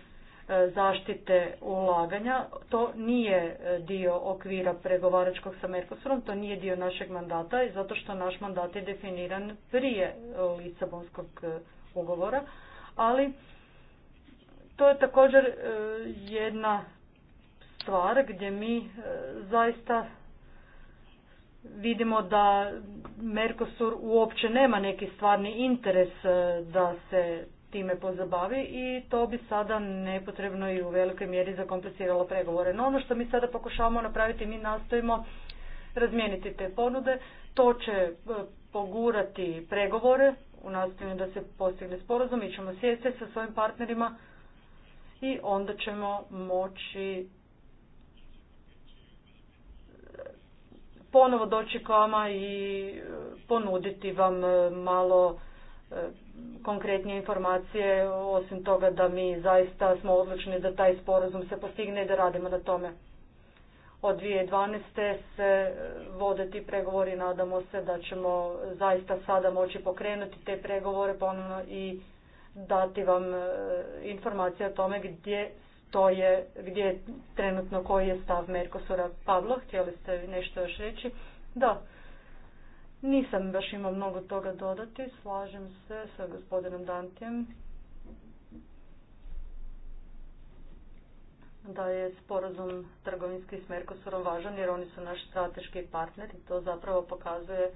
E, zaštite ulaganja. To nije e, dio okvira pregovaračkog sa Mercosurom, to nije dio našeg mandata i zato što naš mandat je definiran prije e, Lisabonskog ugovora, ali to je također jedna stvar gdje mi zaista vidimo da Mercosur uopće nema neki stvarni interes da se time pozabavi i to bi sada nepotrebno i u velikoj mjeri zakompliciralo pregovore. No ono što mi sada pokušavamo napraviti, mi nastojimo razmijeniti te ponude, to će e, pogurati pregovore u nastavljanju da se postigne sporazum, mi ćemo sjesti sa svojim partnerima i onda ćemo moći e, ponovo doći k vama i e, ponuditi vam malo konkretnije informacije, osim toga da mi zaista smo odlučni da taj sporazum se postigne i da radimo na tome. Od 2012. se vode ti pregovori, nadamo se da ćemo zaista sada moći pokrenuti te pregovore ponovno i dati vam e, informacije o tome gdje to je, gdje je trenutno koji je stav Merkosura. Pavlo, htjeli ste nešto još reći? Da. Nisam baš imao mnogo toga dodati, slažem se sa gospodinom Dantijem da je sporazum trgovinski s Merkosurom važan jer oni su naš strateški partner i to zapravo pokazuje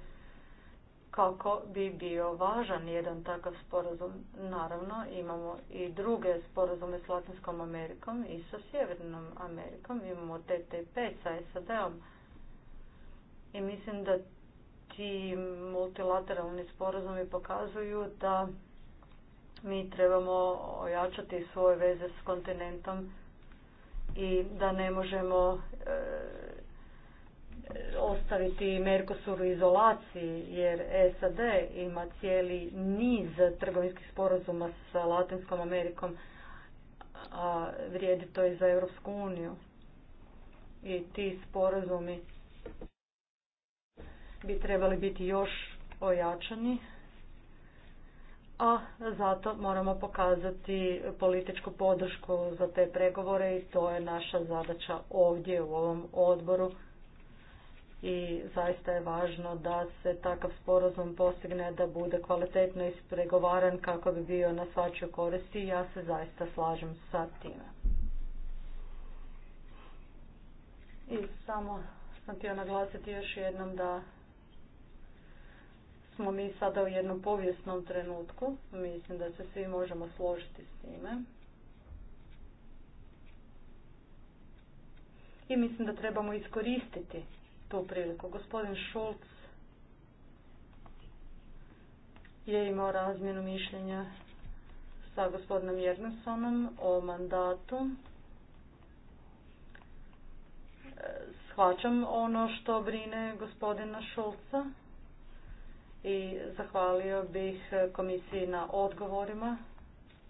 kako bi bio važan jedan takav sporazum. Naravno, imamo i druge sporazume s Latinskom Amerikom i sa Sjevernom Amerikom, imamo TTP sa SAD-om i mislim da ti multilateralni sporazumi pokazuju da mi trebamo ojačati svoje veze s kontinentom i da ne možemo e, e, ostaviti Mercosur u izolaciji jer SAD ima cijeli niz trgovinskih sporazuma sa Latinskom Amerikom a vrijedi to i za Europsku uniju i ti sporazumi bi trebali biti još ojačani, a zato moramo pokazati političku podršku za te pregovore i to je naša zadaća ovdje u ovom odboru i zaista je važno da se takav sporazum postigne da bude kvalitetno ispregovaran kako bi bio na svačoj koristi i ja se zaista slažem sa time. I samo sam htio naglasiti još jednom da smo mi sada u jednom povijesnom trenutku. Mislim da se svi možemo složiti s time. I mislim da trebamo iskoristiti tu priliku. Gospodin Šulc je imao razmjenu mišljenja sa gospodinom Jernesonom o mandatu. Shvaćam ono što brine gospodina Šulca i zahvalio bih komisiji na odgovorima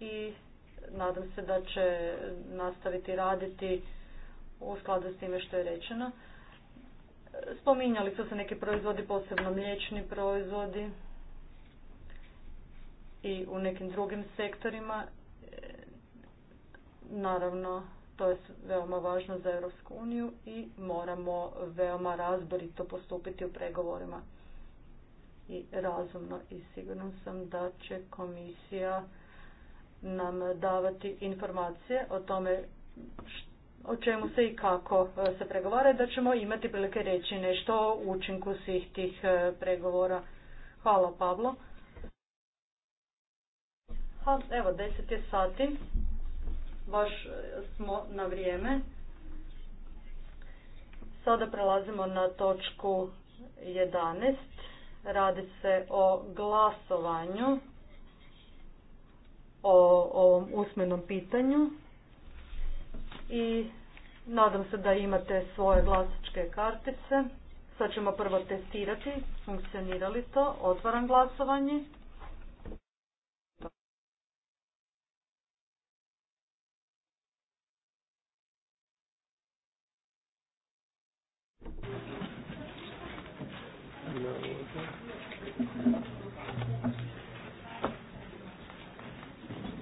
i nadam se da će nastaviti raditi u skladu s time što je rečeno. Spominjali su se neki proizvodi, posebno mliječni proizvodi i u nekim drugim sektorima. Naravno, to je veoma važno za Europsku uniju i moramo veoma razborito postupiti u pregovorima i razumno i sigurno sam da će komisija nam davati informacije o tome o čemu se i kako e, se pregovara da ćemo imati prilike reći nešto o učinku svih tih e, pregovora. Hvala Pavlo. evo, deset je sati. Baš e, smo na vrijeme. Sada prelazimo na točku 11. Radi se o glasovanju o ovom usmenom pitanju i nadam se da imate svoje glasačke kartice. Sad ćemo prvo testirati funkcionira li to. Otvaram glasovanje. No.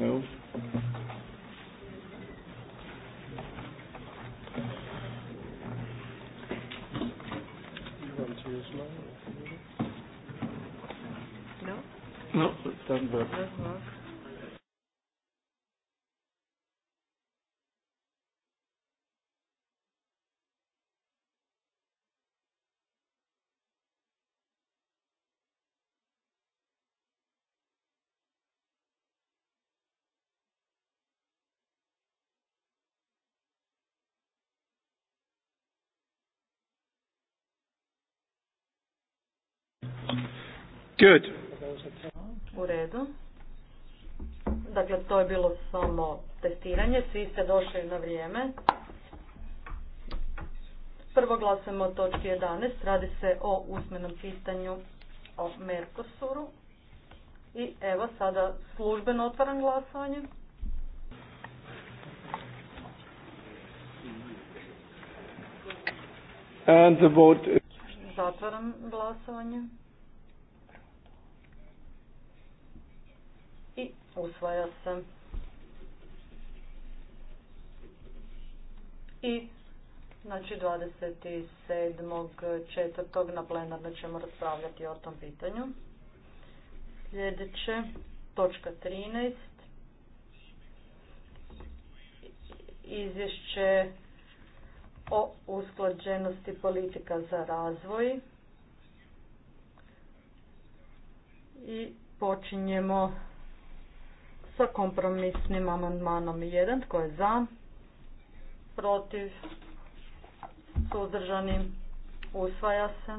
No. No, it doesn't work. It doesn't work. Good. U redu. Dakle, to je bilo samo testiranje. Svi ste došli na vrijeme. Prvo glasujemo o točki 11. Radi se o usmenom pitanju o Merkosuru. I evo sada službeno otvaram glasovanje. And the vote... Zatvaram glasovanje. usvaja se. I znači četvrtog na plenarno ćemo raspravljati o tom pitanju. Sljedeće, točka 13. Izvješće o usklađenosti politika za razvoj. I počinjemo sa kompromisnim amandmanom 1. Tko je za? Protiv? Suzdržani? Usvaja se.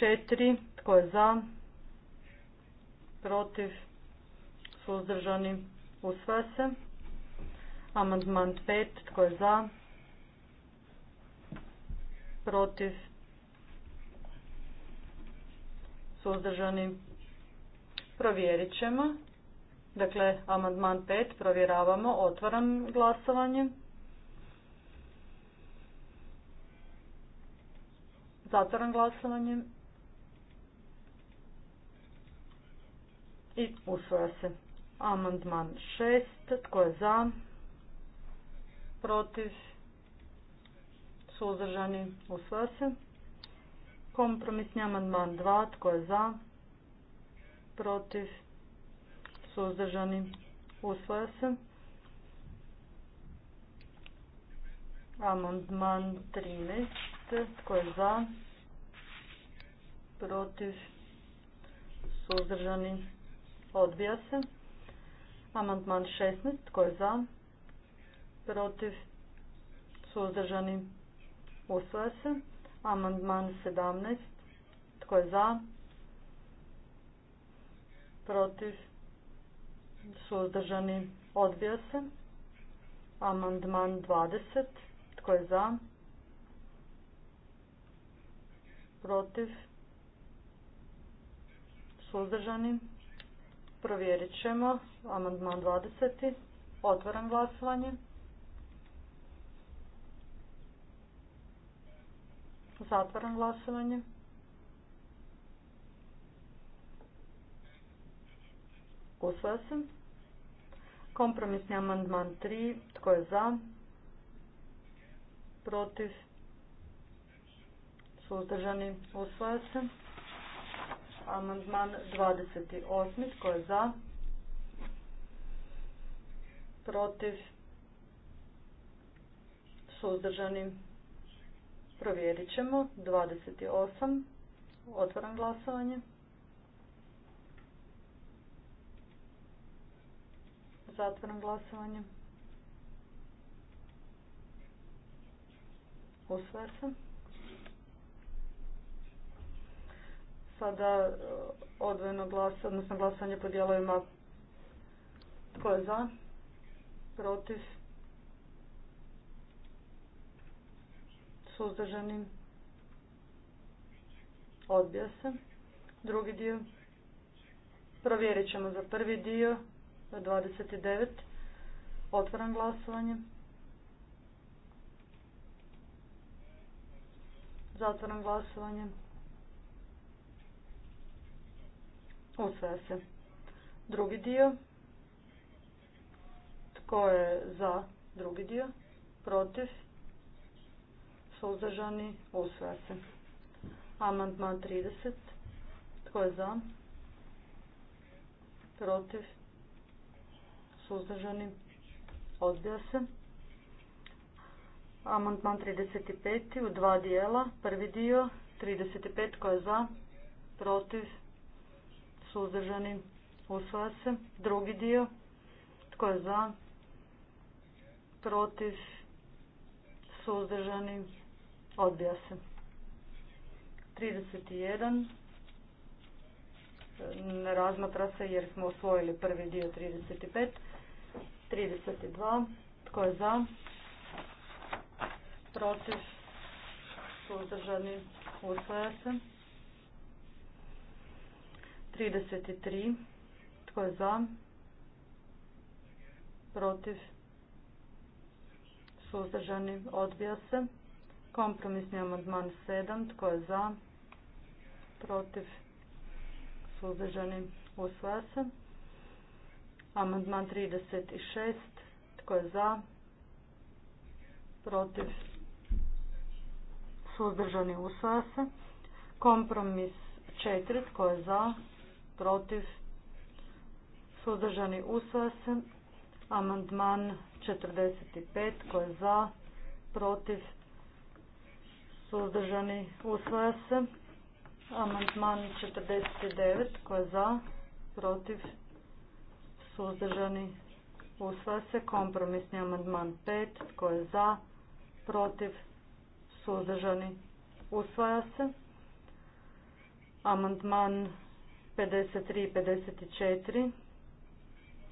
4. Tko je za? Protiv? Suzdržani? Usvaja se. Amandman 5. Tko je za? Protiv? Suzdržani? Provjerit ćemo. Dakle, amandman 5 provjeravamo. Otvaram glasovanje. Zatvaram glasovanje. I usvoja se. Amandman 6. Tko je za? Protiv? Suzdržani? Usvoja se. Kompromisni amandman 2. Tko je za? protiv, suzdržani, Usvoja se. Amandman 13, tko je za, protiv, suzdržani, odbija se. Amandman 16, tko je za, protiv, suzdržani, usvaja se. Amandman 17, tko je za, protiv, suzdržani, odbija se. Amandman 20, tko je za, protiv, suzdržani, provjerit ćemo. Amandman 20, otvaram glasovanje. Zatvaram glasovanje. Usvoja se. Kompromisni amandman 3. Tko je za? Protiv? Suzdržani? usvoja se. Amandman 28. Tko je za? Protiv? Suzdržani? Provjerit ćemo. 28. Otvaram glasovanje. Zatvorim glasovanje. Usvaja se. Sada e, odvojeno glasovanje, odnosno glasovanje po dijelovima tko je za, protiv, suzdržanim, odbija se. Drugi dio. Provjerit ćemo za prvi dio. 29. Otvaram glasovanje. Zatvaram glasovanje. Usvaja se. Drugi dio. Tko je za drugi dio? Protiv? Suzdržani? Usvaja se. Amandman 30. Tko je za? Protiv? suzdržani, odbija se. Amantman 35. u dva dijela, prvi dio 35 koja je za, protiv, suzdržani, usvaja se. Drugi dio, tko je za, protiv, suzdržani, odbija se. 31. Ne razmatra se jer smo osvojili prvi dio 35. 32. Tko je za? Protiv? Suzdržani? Usvaja se. 33. Tko je za? Protiv? Suzdržani? Odbija se. Kompromisni amandman 7. Tko je za? Protiv? Suzdržani? Usvaja se. Amandman 36. Tko je za? Protiv? Suzdržani usvaja se. Kompromis 4. Tko je za? Protiv? Suzdržani usvaja se. Amandman 45. Tko je za? Protiv? Suzdržani usvaja se. Amandman 49. Tko je za? Protiv? suzdržani, usvaja se kompromisni amandman 5, tko je za, protiv, suzdržani, usvaja se. Amandman 53 i 54,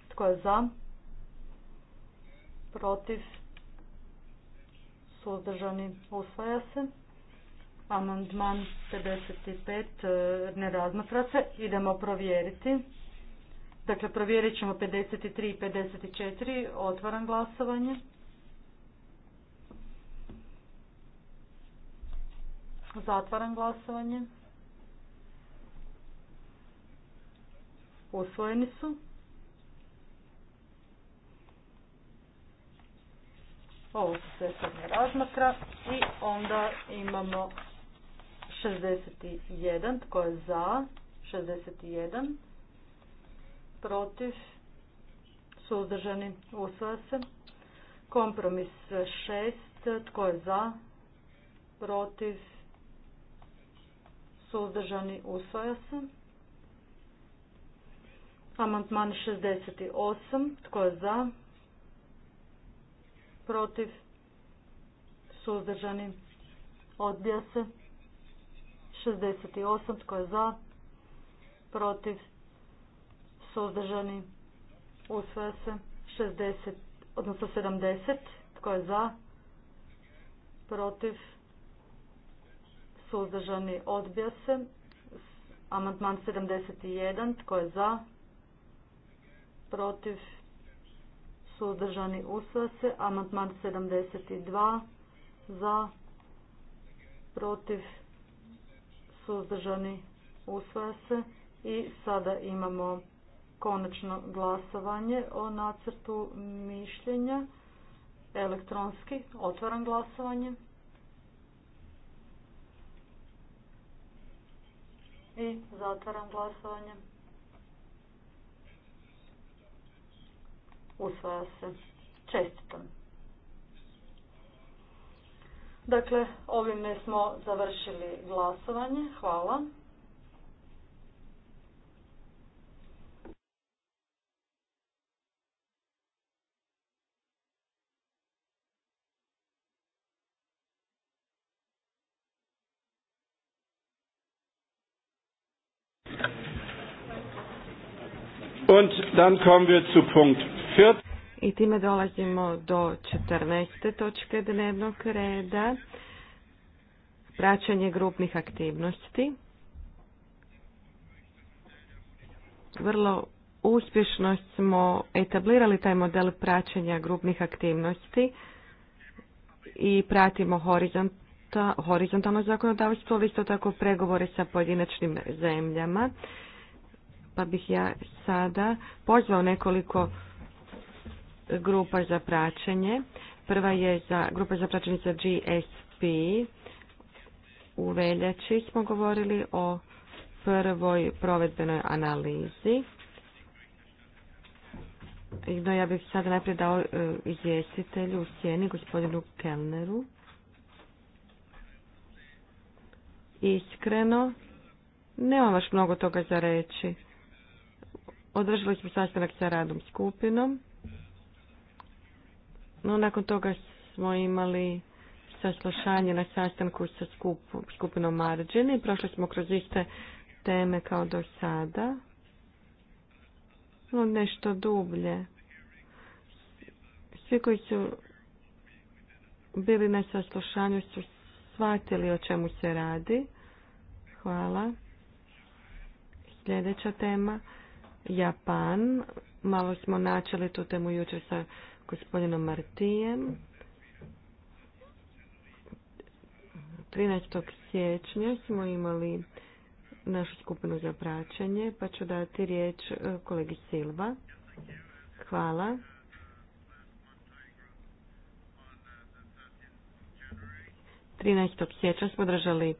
tko je za, protiv, suzdržani, usvaja se. Amandman 55 ne razmatra se, idemo provjeriti. Dakle, provjerit ćemo 53 i 54. Otvaram glasovanje. Zatvaram glasovanje. Usvojeni su. Ovo su sve sad ne razmatra. I onda imamo 61. Tko je za? 61 protiv, suzdržani, usvaja se. Kompromis šest, tko je za, protiv, suzdržani, usvaja se. Amantman 68, tko je za, protiv, suzdržani, odbija se. 68, tko je za, protiv, suzdržani, usvaja se. 60, odnosno 70, tko je za, protiv, suzdržani, odbija se. Amandman 71, tko je za, protiv, suzdržani, usvaja se. Amandman 72, za, protiv, suzdržani, usvaja se. I sada imamo konačno glasovanje o nacrtu mišljenja elektronski. Otvaram glasovanje. I zatvaram glasovanje. Usvaja se. Čestitam. Dakle, ovime smo završili glasovanje. Hvala. Und I time dolazimo do 14. točke dnevnog reda. Praćanje grupnih aktivnosti. Vrlo uspješno smo etablirali taj model praćenja grupnih aktivnosti i pratimo horizontalno zakonodavstvo, isto tako pregovore sa pojedinačnim zemljama pa bih ja sada pozvao nekoliko grupa za praćenje. Prva je za, grupa za praćenje za GSP. U veljači smo govorili o prvoj provedbenoj analizi. No, ja bih sada najprije dao e, izvjestitelju u sjeni, gospodinu Kellneru. Iskreno, nemam baš mnogo toga za reći. Održali smo sastanak sa radom skupinom. No, nakon toga smo imali saslušanje na sastanku sa skupinom Marđeni. i prošli smo kroz iste teme kao do sada. No, nešto dublje. Svi koji su bili na saslušanju su shvatili o čemu se radi. Hvala. Sljedeća tema. Japan. Malo smo načeli tu temu jučer sa gospodinom Martijem. 13. siječnja smo imali našu skupinu za praćenje, pa ću dati riječ e, kolegi Silva. Hvala. Trinaest siječnja smo držali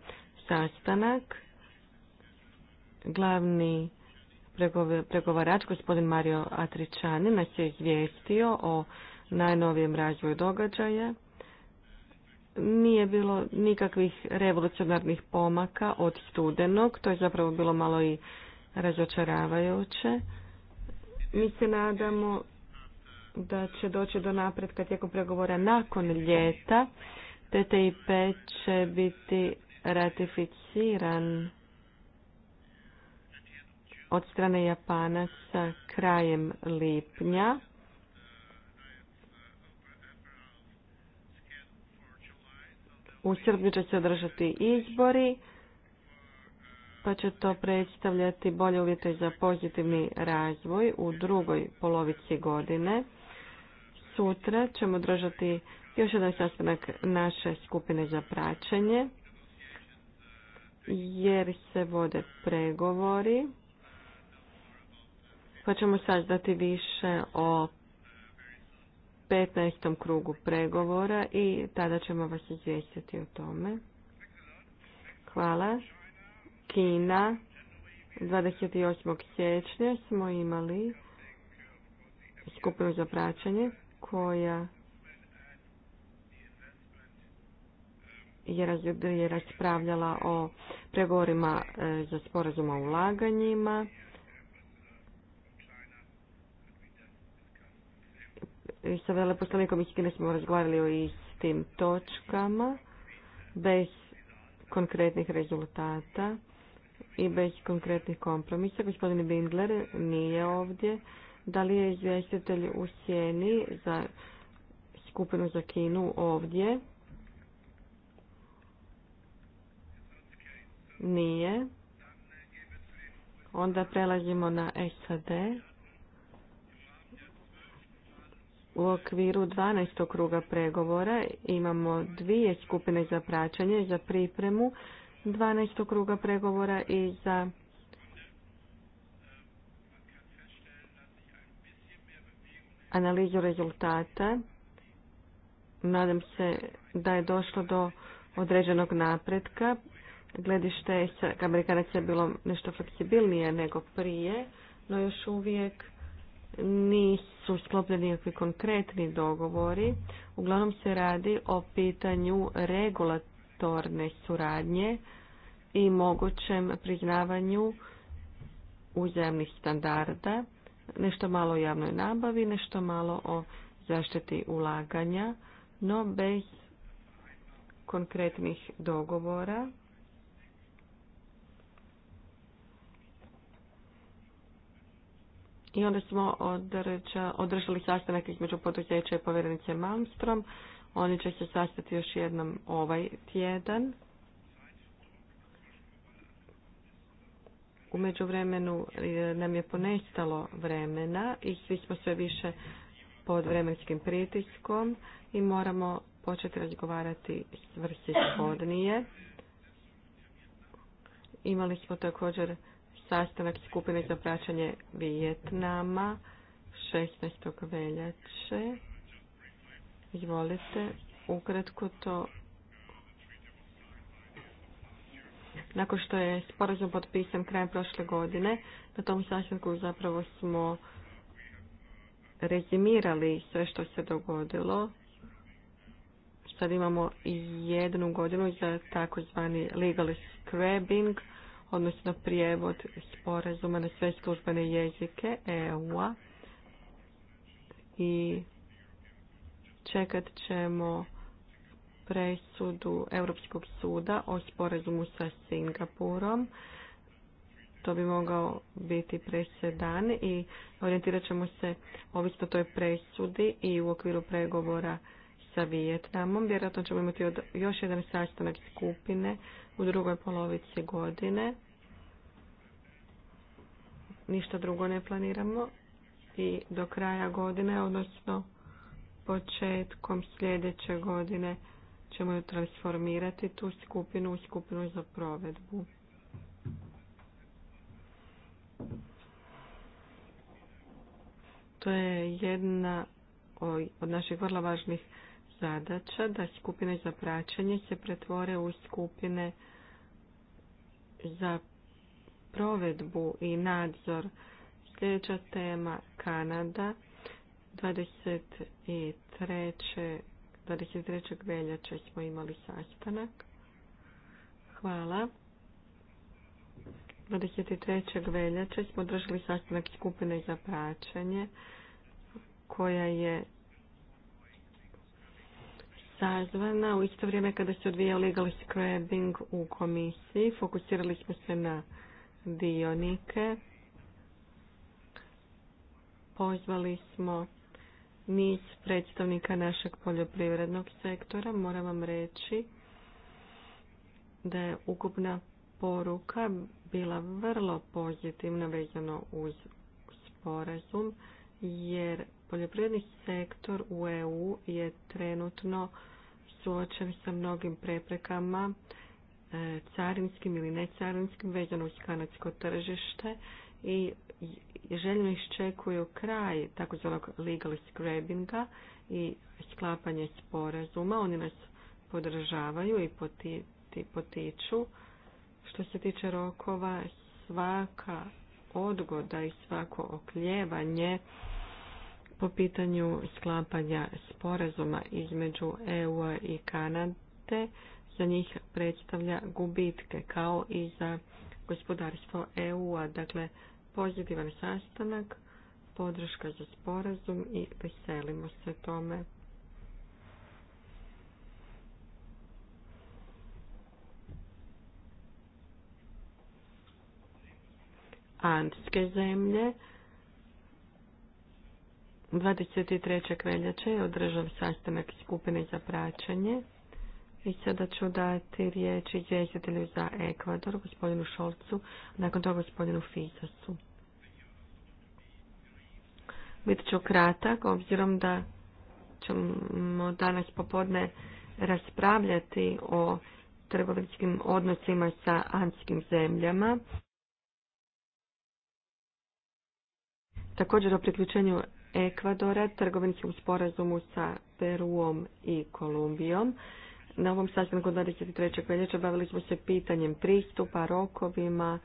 sastanak. Glavni pregovarač gospodin Mario Atričani nas je izvijestio o najnovijem razvoju događaja. Nije bilo nikakvih revolucionarnih pomaka od studenog, to je zapravo bilo malo i razočaravajuće. Mi se nadamo da će doći do napretka tijekom pregovora nakon ljeta. TTIP će biti ratificiran od strane Japana sa krajem lipnja. U Srbiji će se održati izbori, pa će to predstavljati bolje uvjete za pozitivni razvoj u drugoj polovici godine. Sutra ćemo održati još jedan sastanak naše skupine za praćenje, jer se vode pregovori pa ćemo saznati više o 15. krugu pregovora i tada ćemo vas izvijestiti o tome. Hvala. Kina, 28. siječnja smo imali skupinu za praćanje koja je raspravljala o pregovorima e, za sporazum o ulaganjima. i sa veleposlanikom ne smo razgovarali o istim točkama, bez konkretnih rezultata i bez konkretnih kompromisa. Gospodin Bindler nije ovdje. Da li je izvjestitelj u sjeni za skupinu za Kinu ovdje? Nije. Onda prelazimo na SAD. U okviru 12. kruga pregovora imamo dvije skupine za praćanje, za pripremu 12. kruga pregovora i za analizu rezultata. Nadam se da je došlo do određenog napretka. Gledište Amerikanaca je bilo nešto fleksibilnije nego prije, no još uvijek nisu sklopljeni nekakvi konkretni dogovori. Uglavnom se radi o pitanju regulatorne suradnje i mogućem priznavanju uzajamnih standarda, nešto malo o javnoj nabavi, nešto malo o zaštiti ulaganja, no bez konkretnih dogovora I onda smo održali sastanak između poduzeća i povjerenice Malmstrom. Oni će se sastati još jednom ovaj tjedan. U međuvremenu e, nam je ponestalo vremena i svi smo sve više pod vremenskim pritiskom i moramo početi razgovarati svrsishodnije. Imali smo također sastanak skupine za praćanje Vijetnama 16. veljače. Izvolite, ukratko to. Nakon što je sporazum potpisan krajem prošle godine, na tom sastanku zapravo smo rezimirali sve što se dogodilo. Sad imamo jednu godinu za takozvani legal scrabbing, odnosno prijevod sporazuma na sve službene jezike EU-a i čekat ćemo presudu Europskog suda o sporazumu sa Singapurom. To bi mogao biti presedan i orijentirat ćemo se ovisno toj presudi i u okviru pregovora sa Vijetnamom. Vjerojatno ćemo imati još jedan sastanak skupine u drugoj polovici godine. Ništa drugo ne planiramo i do kraja godine, odnosno početkom sljedeće godine ćemo ju transformirati tu skupinu u skupinu za provedbu. To je jedna od naših vrlo važnih zadaća da skupine za praćenje se pretvore u skupine za provedbu i nadzor. Sljedeća tema Kanada 23. 23. veljače smo imali sastanak. Hvala. 23. veljače smo održali sastanak skupine za praćenje koja je sazvana u isto vrijeme kada se odvijao legal scrubbing u komisiji. Fokusirali smo se na dionike. Pozvali smo niz predstavnika našeg poljoprivrednog sektora. Moram vam reći da je ukupna poruka bila vrlo pozitivna vezano uz sporazum jer poljoprivredni sektor u EU je trenutno suočen sa mnogim preprekama e, carinskim ili necarinskim vezano uz kanadsko tržište i željno iščekuju kraj takozvanog legal scrabbinga i sklapanje sporazuma. Oni nas podržavaju i potiču. Što se tiče rokova, svaka odgoda i svako okljevanje po pitanju sklapanja sporazuma između EU i Kanade za njih predstavlja gubitke kao i za gospodarstvo EU-a. Dakle, pozitivan sastanak, podrška za sporazum i veselimo se tome. Andske zemlje 23. veljače je održan sastanak skupine za praćanje. I sada ću dati riječ izvjestitelju za Ekvador, gospodinu Šolcu, nakon toga gospodinu Fizasu. Bit ću kratak, obzirom da ćemo danas popodne raspravljati o trgovinskim odnosima sa anskim zemljama. Također o priključenju Ekvadora, trgovinskom sporazumu sa Peruom i Kolumbijom. Na ovom sastanku 23. veljače bavili smo se pitanjem pristupa, rokovima.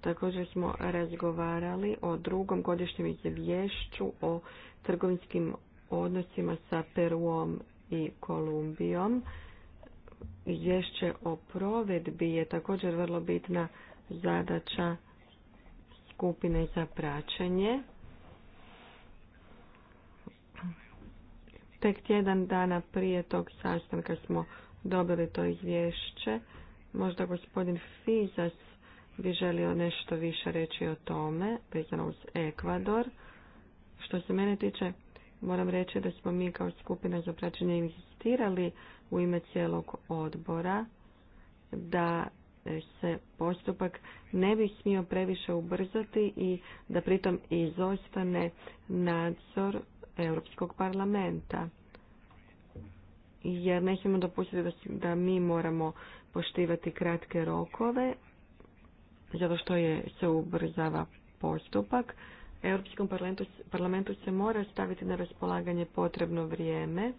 Također smo razgovarali o drugom godišnjem izvješću o trgovinskim odnosima sa Peruom i Kolumbijom. Izvješće o provedbi je također vrlo bitna zadaća skupine za praćenje. Tek tjedan dana prije tog sastanka smo dobili to izvješće. Možda gospodin Fizas bi želio nešto više reći o tome, vezano uz Ekvador. Što se mene tiče, moram reći da smo mi kao skupina za praćenje investirali u ime cijelog odbora da se postupak ne bi smio previše ubrzati i da pritom izostane nadzor Europskog parlamenta. Jer ne smijemo dopustiti da, da mi moramo poštivati kratke rokove, zato što je, se ubrzava postupak. Europskom parlamentu, parlamentu se mora staviti na raspolaganje potrebno vrijeme,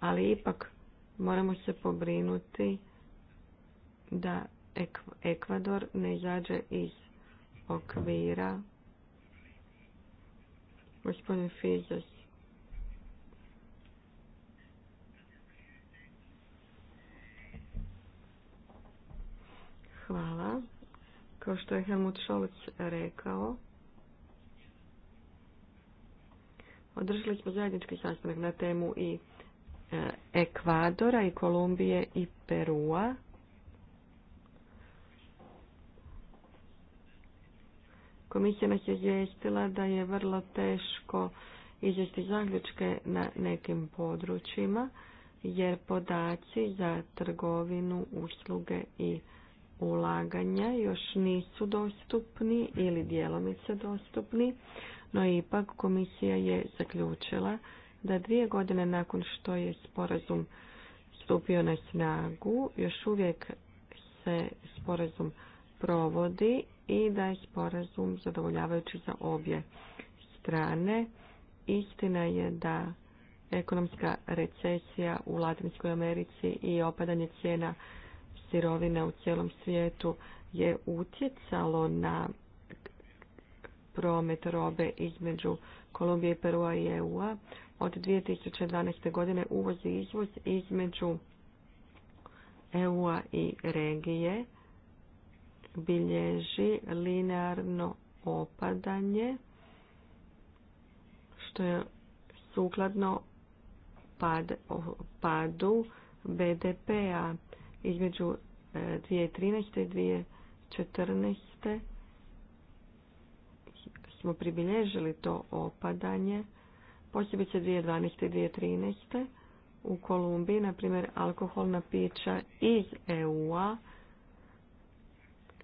ali ipak moramo se pobrinuti da Ekvador ne izađe iz okvira. Gospodin Fizos. Hvala. Kao što je Helmut Scholz rekao, održali smo zajednički sastanak na temu i E, Ekvadora i Kolumbije i Perua. Komisija nas je izvijestila da je vrlo teško izvesti zaključke na nekim područjima, jer podaci za trgovinu, usluge i ulaganja još nisu dostupni ili dijelomice dostupni, no ipak komisija je zaključila da dvije godine nakon što je sporazum stupio na snagu, još uvijek se sporazum provodi i da je sporazum zadovoljavajući za obje strane. Istina je da ekonomska recesija u Latinskoj Americi i opadanje cijena sirovina u cijelom svijetu je utjecalo na promet robe između Kolumbije, Perua i EU-a, od 2012. godine uvoz i izvoz između EU-a i regije bilježi linearno opadanje što je sukladno padu BDP-a između 2013. E, i 2014. smo pribilježili to opadanje posebice 2012. i 2013. u Kolumbiji, na primjer, alkoholna pića iz EU-a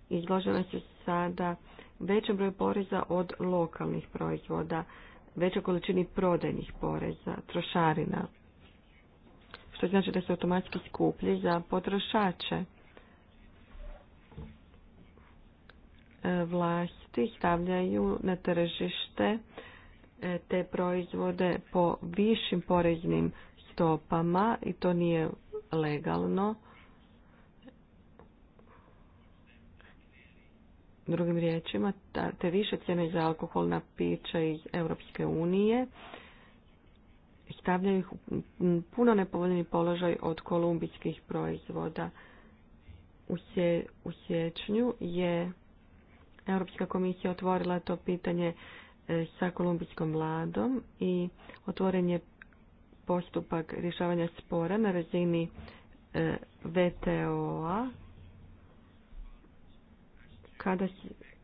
izložena su sada većem broju poreza od lokalnih proizvoda, većoj količini prodajnih poreza, trošarina, što znači da se automatski skuplji za potrošače. E, vlasti stavljaju na tržište E, te proizvode po višim poreznim stopama i to nije legalno. Drugim riječima, te više cijene za alkoholna pića iz Europske unije stavljaju ih u puno nepovoljni položaj od kolumbijskih proizvoda. U siječnju je Europska komisija otvorila to pitanje E, sa kolumbijskom vladom i otvoren je postupak rješavanja spora na razini e, VTO-a kada,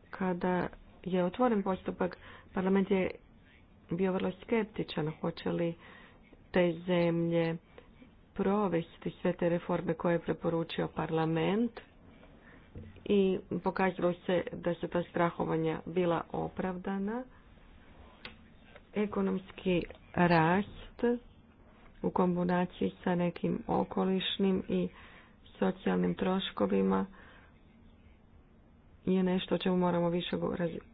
kada je otvoren postupak parlament je bio vrlo skeptičan hoće li te zemlje provesti sve te reforme koje je preporučio parlament i pokazalo se da su ta strahovanja bila opravdana Ekonomski rast u kombinaciji sa nekim okolišnim i socijalnim troškovima je nešto o čemu moramo više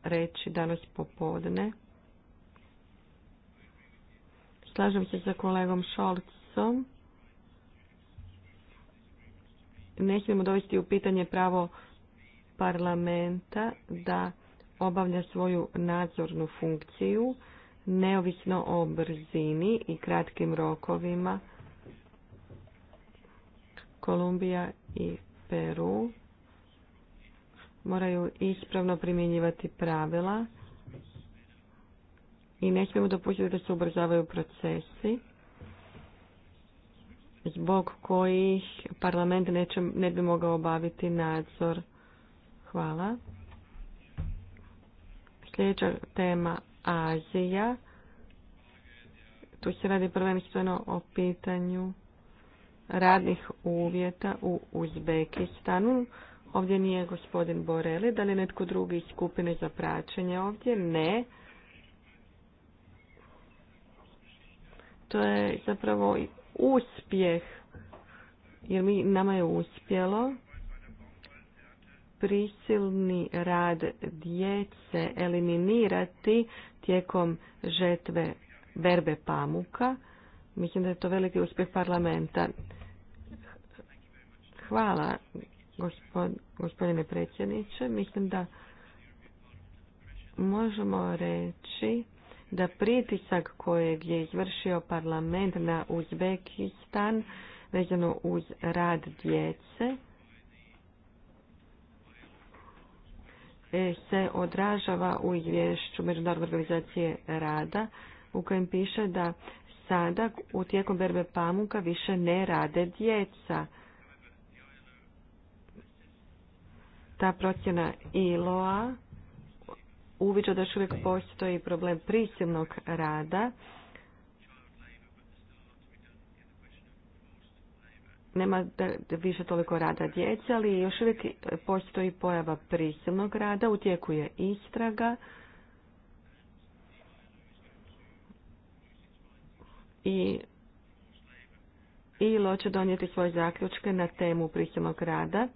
reći danas popodne. Slažem se sa kolegom Šolcom. Ne smijemo dovesti u pitanje pravo parlamenta da obavlja svoju nadzornu funkciju neovisno o brzini i kratkim rokovima Kolumbija i Peru moraju ispravno primjenjivati pravila i ne smijemo dopustiti da se ubrzavaju procesi zbog kojih parlament neće, ne bi mogao obaviti nadzor. Hvala. Sljedeća tema Azija. Tu se radi prvenstveno o pitanju radnih uvjeta u Uzbekistanu. Ovdje nije gospodin Boreli. Da li je netko drugi iz skupine za praćenje ovdje? Ne. To je zapravo uspjeh. Jer mi, nama je uspjelo prisilni rad djece eliminirati tijekom žetve berbe pamuka. Mislim da je to veliki uspjeh parlamenta. Hvala, gospodine predsjedniče. Mislim da možemo reći da pritisak kojeg je izvršio parlament na Uzbekistan vezano uz rad djece E, se odražava u izvješću Međunarodne organizacije rada u kojem piše da sada u tijekom berbe pamuka više ne rade djeca. Ta procjena ILO-a uviđa da još uvijek postoji problem prisilnog rada nema više toliko rada djece, ali još uvijek postoji pojava prisilnog rada, Utjekuje istraga. I ILO će donijeti svoje zaključke na temu prisilnog rada.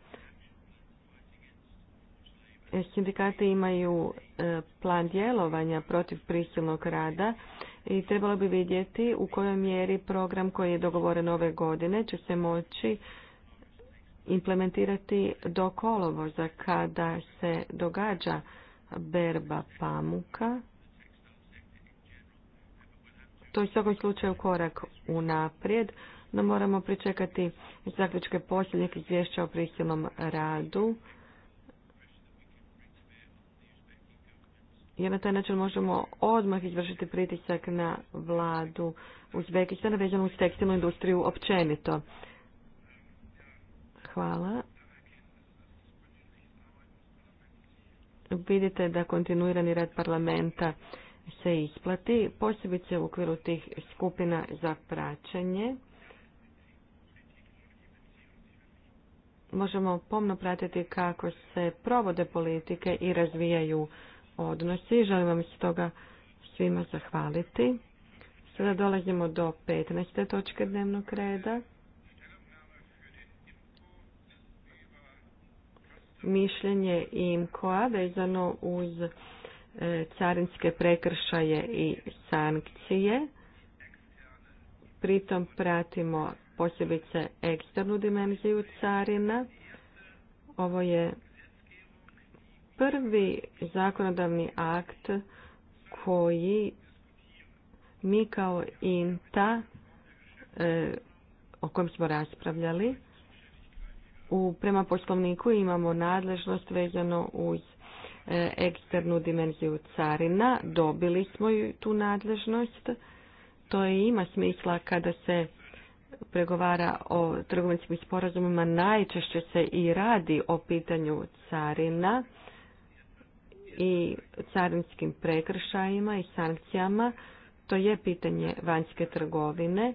E, sindikati imaju e, plan djelovanja protiv prisilnog rada i trebalo bi vidjeti u kojoj mjeri program koji je dogovoren ove godine će se moći implementirati do kolovoza kada se događa berba pamuka. To je u svakom slučaju korak unaprijed, no moramo pričekati zaključke posljednjeg izvješća o prisilnom radu. jer na taj način možemo odmah izvršiti pritisak na vladu Uzbekistana vezano uz tekstilnu industriju općenito. Hvala. Vidite da kontinuirani rad parlamenta se isplati, posebice u okviru tih skupina za praćenje. Možemo pomno pratiti kako se provode politike i razvijaju odnosi. Želim vam toga svima zahvaliti. Sada dolazimo do 15. točke dnevnog reda. Mišljenje INKO-a vezano uz e, carinske prekršaje i sankcije. Pritom pratimo posebice eksternu dimenziju carina. Ovo je prvi zakonodavni akt koji mi kao INTA e, o kojem smo raspravljali u, prema poslovniku imamo nadležnost vezano uz e, eksternu dimenziju carina. Dobili smo tu nadležnost. To je ima smisla kada se pregovara o trgovinskim sporazumima najčešće se i radi o pitanju carina i carinskim prekršajima i sankcijama. To je pitanje vanjske trgovine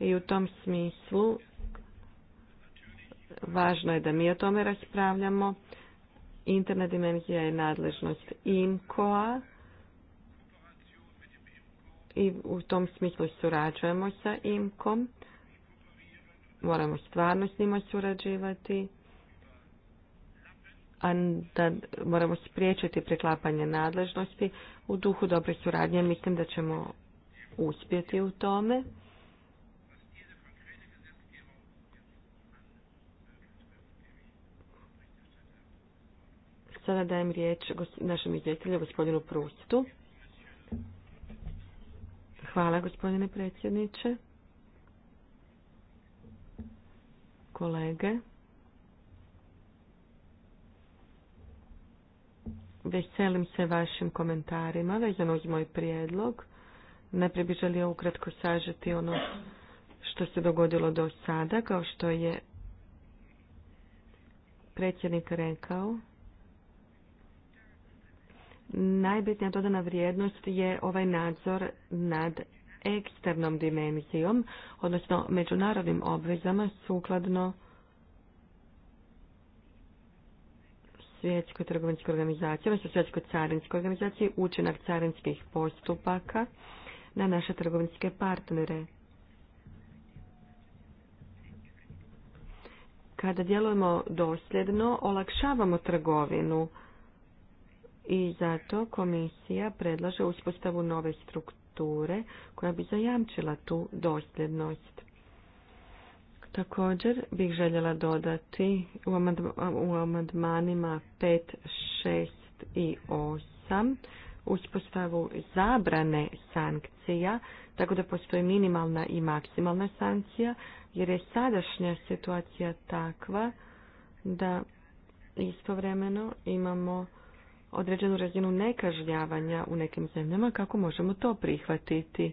i u tom smislu važno je da mi o tome raspravljamo. Interna dimenzija je nadležnost IMCO-a i u tom smislu surađujemo sa INKO-om. Moramo stvarno s njima surađivati a da moramo spriječiti preklapanje nadležnosti u duhu dobre suradnje. Mislim da ćemo uspjeti u tome. Sada dajem riječ našem izvjetelju, gospodinu Prustu. Hvala, gospodine predsjedniče. Kolege. Veselim se vašim komentarima vezano uz moj prijedlog. Najprije bih želio ukratko sažeti ono što se dogodilo do sada, kao što je predsjednik rekao. Najbitnija dodana vrijednost je ovaj nadzor nad eksternom dimenzijom, odnosno međunarodnim obvezama sukladno svjetskoj trgovinskoj organizaciji, odnosno svjetskoj carinskoj organizaciji, učinak carinskih postupaka na naše trgovinske partnere. Kada djelujemo dosljedno, olakšavamo trgovinu i zato komisija predlaže uspostavu nove strukture koja bi zajamčila tu dosljednost. Također bih željela dodati u amandmanima 5, 6 i 8 uspostavu zabrane sankcija, tako da postoji minimalna i maksimalna sankcija, jer je sadašnja situacija takva da istovremeno imamo određenu razinu nekažljavanja u nekim zemljama, kako možemo to prihvatiti.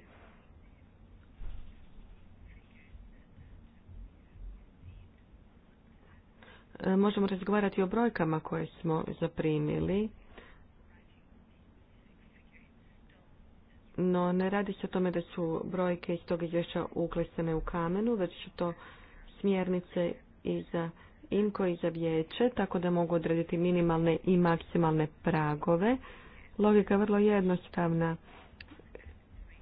E, možemo razgovarati o brojkama koje smo zaprimili. No, ne radi se o tome da su brojke iz tog izvješća uklesene u kamenu, već su to smjernice i za inko i za vijeće, tako da mogu odrediti minimalne i maksimalne pragove. Logika je vrlo jednostavna.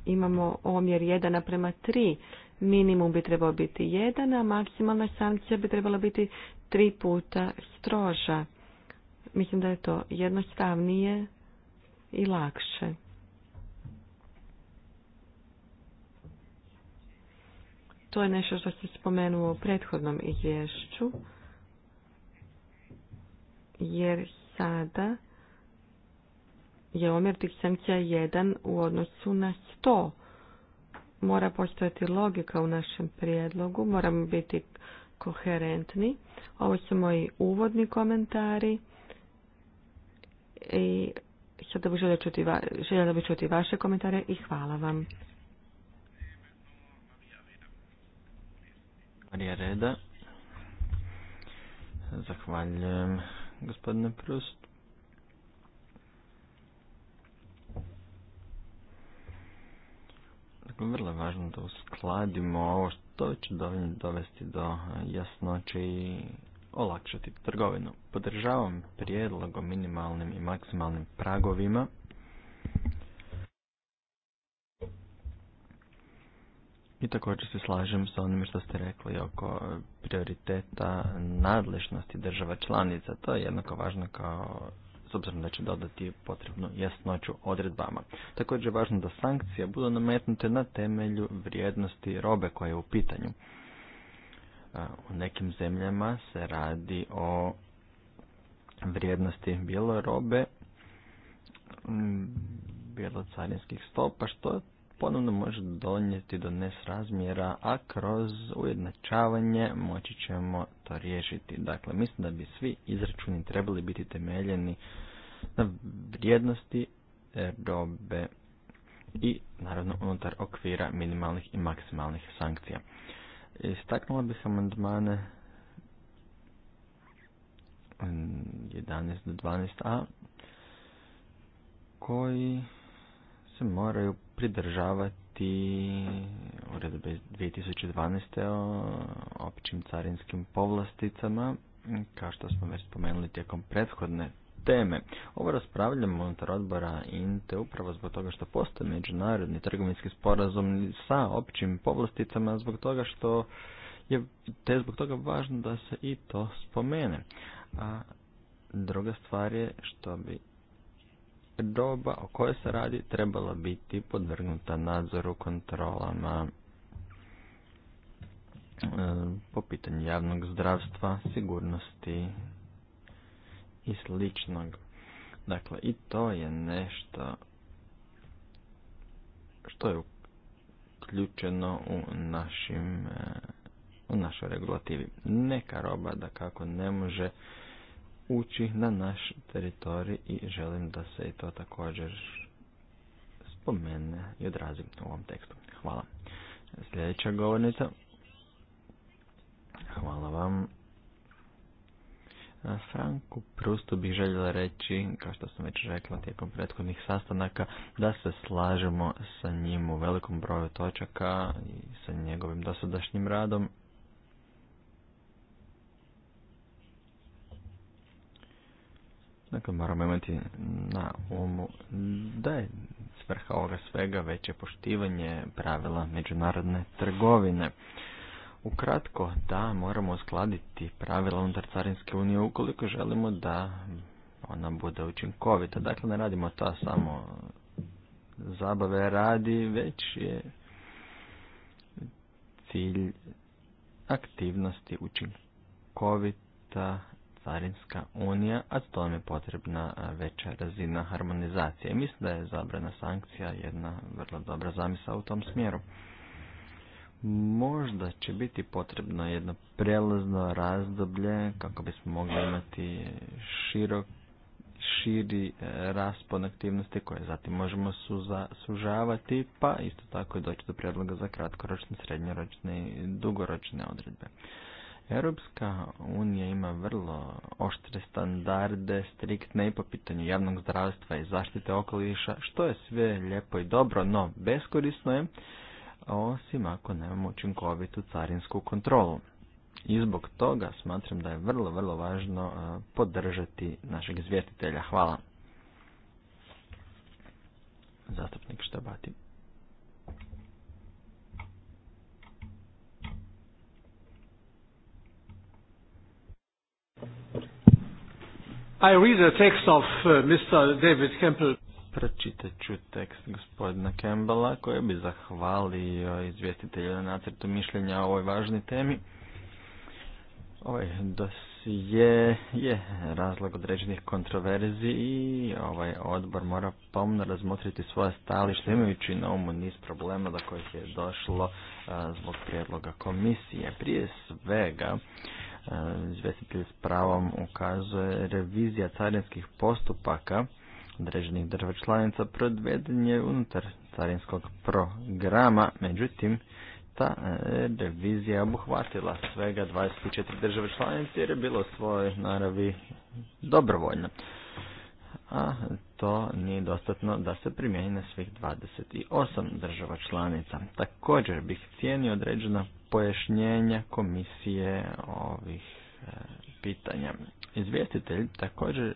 Imamo omjer 1 naprema 3. Minimum bi trebao biti 1, a maksimalna sankcija bi trebala biti tri puta stroža. Mislim da je to jednostavnije i lakše. To je nešto što se spomenuo u prethodnom izvješću, jer sada je omjer tih 1 u odnosu na 100. Mora postojati logika u našem prijedlogu, moramo biti koherentni. Ovo su moji uvodni komentari i sada bih čuti, va, da bi čuti vaše komentare i hvala vam. Marija Reda. Zahvaljujem gospodine Prust. Dakle, vrlo je važno da uskladimo ovo što će dovesti do e, jasnoće i olakšati trgovinu. Podržavam prijedlog o minimalnim i maksimalnim pragovima. I također se slažem sa onim što ste rekli oko prioriteta nadležnosti država članica. To je jednako važno kao obzirom da će dodati potrebnu jasnoću odredbama. Također je važno da sankcije budu nametnute na temelju vrijednosti robe koja je u pitanju. U nekim zemljama se radi o vrijednosti bilo robe, bilo carinskih stopa, što ponovno može donijeti do nesrazmjera, a kroz ujednačavanje moći ćemo to riješiti. Dakle, mislim da bi svi izračuni trebali biti temeljeni na vrijednosti robe i naravno unutar okvira minimalnih i maksimalnih sankcija. Istaknula bih amandmane 11 do 12a koji se moraju pridržavati ti uredbe 2012. o općim carinskim povlasticama, kao što smo već spomenuli tijekom prethodne teme. Ovo raspravljamo unutar odbora INTE upravo zbog toga što postoje međunarodni trgovinski sporazum sa općim povlasticama, zbog toga što je te zbog toga važno da se i to spomene. A druga stvar je što bi roba o kojoj se radi trebala biti podvrgnuta nadzoru kontrolama eh, po pitanju javnog zdravstva, sigurnosti i sličnog. Dakle, i to je nešto što je uključeno u našim eh, u našoj regulativi. Neka roba da kako ne može ući na naš teritorij i želim da se i to također spomene i odrazim u ovom tekstu. Hvala. Sljedeća govornica. Hvala vam. Franku Prustu bih željela reći, kao što sam već rekla tijekom prethodnih sastanaka, da se slažemo sa njim u velikom broju točaka i sa njegovim dosadašnjim radom. Dakle, moramo imati na umu da je svrha ovoga svega veće poštivanje pravila međunarodne trgovine. Ukratko, da, moramo uskladiti pravila unutar Carinske unije ukoliko želimo da ona bude učinkovita. Dakle, ne radimo ta samo zabave radi, već je cilj aktivnosti učinkovita carinska unija, a to je potrebna e, veća razina harmonizacije. mislim da je zabrana sankcija jedna vrlo dobra zamisa u tom smjeru. Možda će biti potrebno jedno prelazno razdoblje kako bismo mogli imati širok širi e, raspon aktivnosti koje zatim možemo suza, sužavati, pa isto tako i doći do predloga za kratkoročne, srednjoročne i dugoročne odredbe. Europska unija ima vrlo oštre standarde, striktne i po pitanju javnog zdravstva i zaštite okoliša, što je sve lijepo i dobro, no beskorisno je, osim ako nemamo učinkovitu carinsku kontrolu. I zbog toga smatram da je vrlo, vrlo važno e, podržati našeg izvjetitelja. Hvala. Zastupnik Štabati. I read the text uh, Mr. David Campbell. Pročitat ću tekst gospodina Campbella koji bi zahvalio izvjestitelju na nacrtu mišljenja o ovoj važnoj temi. Ovaj dosije je razlog određenih kontroverzi i ovaj odbor mora pomno razmotriti svoje stalište imajući na umu niz problema do kojih je došlo zbog prijedloga komisije. Prije svega izvjestitelj s pravom ukazuje revizija carinskih postupaka određenih država članica predveden je unutar carinskog programa, međutim ta e, revizija obuhvatila svega 24 države članice jer je bilo u svojoj naravi dobrovoljno. A to nije dostatno da se primjeni na svih 28 država članica. Također bih cijenio određena pojašnjenja komisije ovih e, pitanja. Izvjestitelj također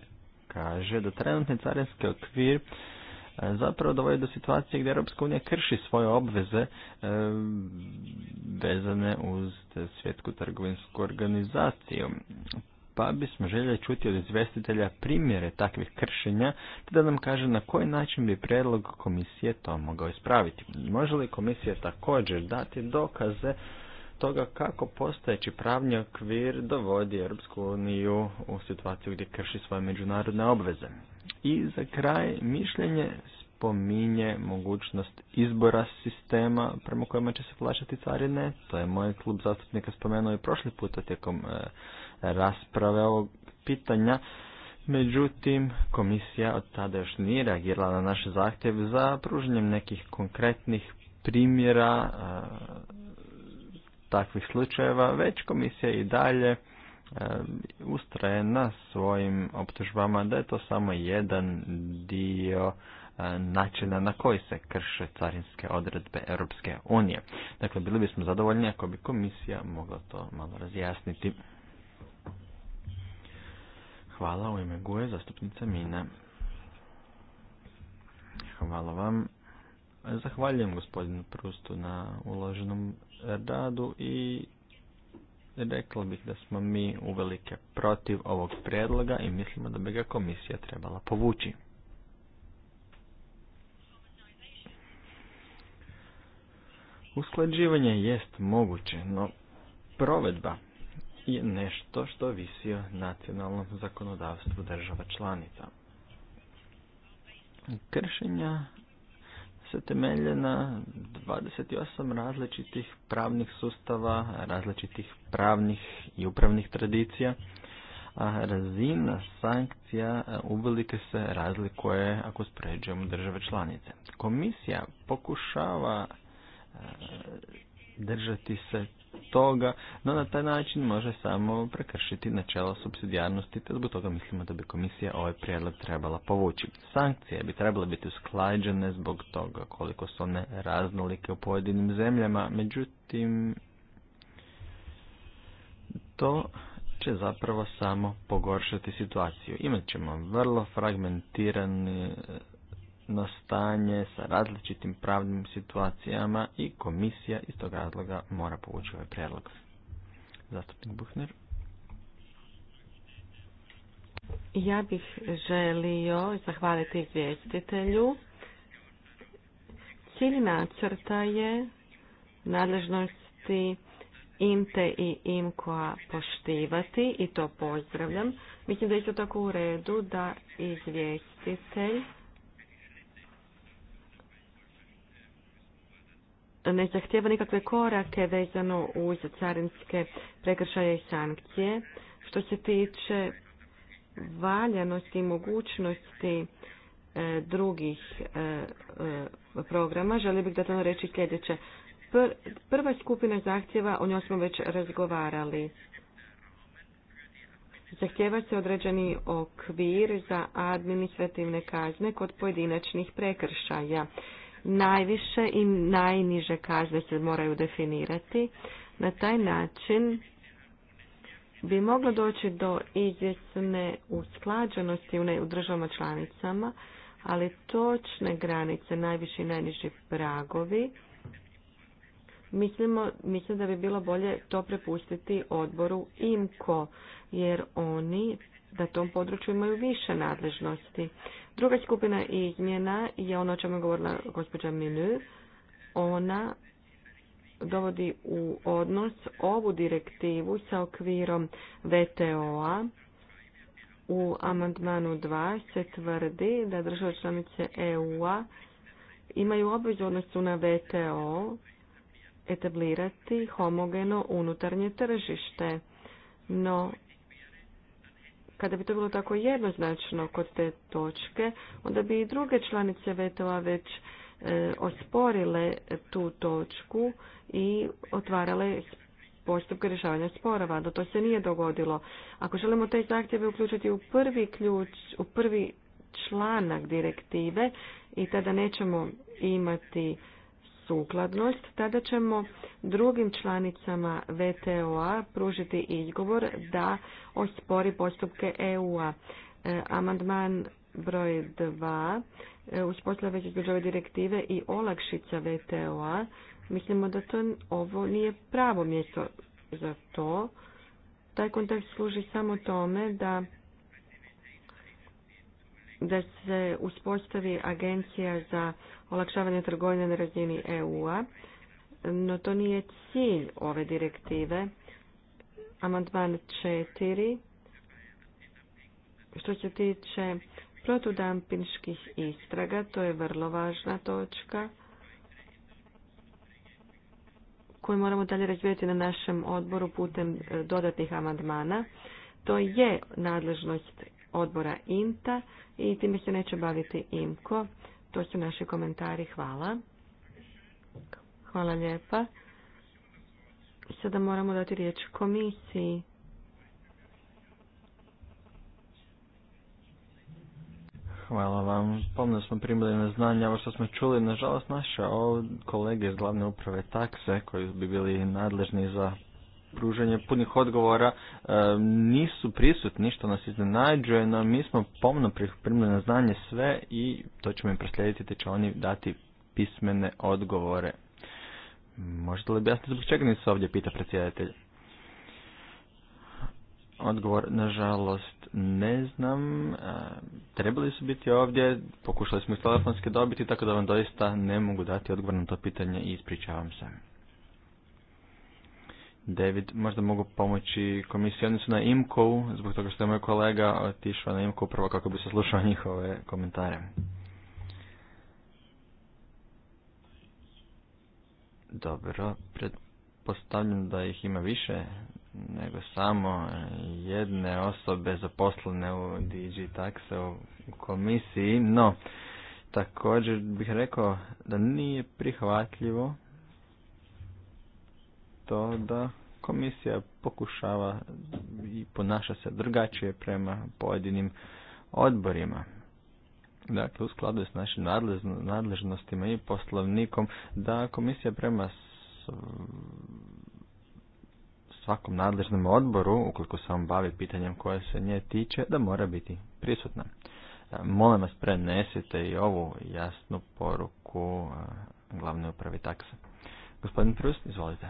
kaže da trenutni carinski okvir e, zapravo dovodi do situacije gdje Europska unija krši svoje obveze e, vezane uz svjetsku trgovinsku organizaciju. Pa bismo željeli čuti od izvjestitelja primjere takvih kršenja, te da nam kaže na koji način bi predlog komisije to mogao ispraviti. Može li komisija također dati dokaze toga kako postojeći pravni okvir dovodi Europsku uniju u situaciju gdje krši svoje međunarodne obveze. I za kraj mišljenje spominje mogućnost izbora sistema prema kojima će se plaćati carine. To je moj klub zastupnika spomenuo i prošli puta tijekom e, rasprave ovog pitanja. Međutim, komisija od tada još nije reagirala na naš zahtjev za pruženjem nekih konkretnih primjera e, takvih slučajeva, već komisija i dalje eh, ustraje na svojim optužbama da je to samo jedan dio eh, načina na koji se krše carinske odredbe Europske unije. Dakle, bili bismo zadovoljni ako bi komisija mogla to malo razjasniti. Hvala u ime Guje, zastupnica Mina. Hvala vam. Zahvaljujem gospodinu Prustu na uloženom radu i rekla bih da smo mi uvelike protiv ovog prijedloga i mislimo da bi ga komisija trebala povući. Usklađivanje jest moguće, no provedba je nešto što visi o nacionalnom zakonodavstvu država članica. Kršenja se temelje na 28 različitih pravnih sustava, različitih pravnih i upravnih tradicija, a razina sankcija uvelike se razlikuje ako spređujemo države članice. Komisija pokušava držati se toga, no na taj način može samo prekršiti načelo subsidijarnosti, te zbog toga mislimo da bi komisija ovaj prijedlog trebala povući. Sankcije bi trebale biti usklađene zbog toga koliko su one raznolike u pojedinim zemljama, međutim to će zapravo samo pogoršati situaciju. Imat ćemo vrlo fragmentirani na stanje sa različitim pravnim situacijama i komisija iz tog razloga mora povući ovaj predlog. Zastupnik Buhner. Ja bih želio zahvaliti izvjestitelju. Cilj nacrta je nadležnosti INTE i IMKO-a poštivati i to pozdravljam. Mislim da je to tako u redu da izvjestitelj ne zahtjeva nikakve korake vezano uz carinske prekršaje i sankcije. Što se tiče valjanosti i mogućnosti e, drugih e, e, programa, želio bih da to reći sljedeće. Prva skupina zahtjeva, o njoj smo već razgovarali. Zahtjeva se određeni okvir za administrativne kazne kod pojedinačnih prekršaja najviše i najniže kazne se moraju definirati. Na taj način bi moglo doći do izvjesne usklađenosti u državama članicama, ali točne granice, najviši i najniži pragovi, mislimo, mislim da bi bilo bolje to prepustiti odboru IMKO, jer oni da tom području imaju više nadležnosti. Druga skupina izmjena je ono o čemu je govorila gospođa Milu. Ona dovodi u odnos ovu direktivu sa okvirom VTO-a. U amandmanu 2 se tvrdi da države članice EU-a imaju obvezu odnosu na VTO etablirati homogeno unutarnje tržište, no kada bi to bilo tako jednoznačno kod te točke, onda bi i druge članice Vetova već e, osporile tu točku i otvarale postupke rješavanja sporova, do to se nije dogodilo. Ako želimo te zahtjeve uključiti u prvi ključ, u prvi članak direktive i tada nećemo imati sukladnost, tada ćemo drugim članicama VTO-a pružiti izgovor da ospori postupke EU-a. E, amandman broj 2 e, uspostavlja već između ove direktive i olakšica VTO-a. Mislimo da to ovo nije pravo mjesto za to. Taj kontekst služi samo tome da da se uspostavi agencija za olakšavanje trgovine na razini EU-a, no to nije cilj ove direktive. Amandman 4, što se tiče protudampinških istraga, to je vrlo važna točka koju moramo dalje razvijeti na našem odboru putem e, dodatnih amandmana. To je nadležnost odbora INTA i time se neće baviti IMKO. To su naši komentari. Hvala. Hvala lijepa. Sada moramo dati riječ komisiji. Hvala vam. Pomno smo primili na znanje ovo što smo čuli. Nažalost, naše kolege iz glavne uprave takse koji bi bili nadležni za pružanje punih odgovora e, nisu prisutni, što nas iznenađuje, no mi smo pomno primili na znanje sve i to ćemo im proslijediti, da će oni dati pismene odgovore. Možete li objasniti zbog čega nisu ovdje, pita predsjedatelj. Odgovor, nažalost, ne znam. E, trebali su biti ovdje, pokušali smo ih telefonski dobiti, tako da vam doista ne mogu dati odgovor na to pitanje i ispričavam se. David, možda mogu pomoći komisiji, na IMCO, zbog toga što je moj kolega otišao na IMCO prvo kako bi se slušao njihove komentare. Dobro, pretpostavljam da ih ima više nego samo jedne osobe zaposlene u DG u komisiji, no također bih rekao da nije prihvatljivo to da komisija pokušava i ponaša se drugačije prema pojedinim odborima. Dakle, u skladu s našim nadležnostima i poslovnikom, da komisija prema svakom nadležnom odboru, ukoliko se vam bavi pitanjem koje se nje tiče, da mora biti prisutna. E, molim vas, prenesite i ovu jasnu poruku e, glavne upravi taksa. Gospodin Prust, izvolite.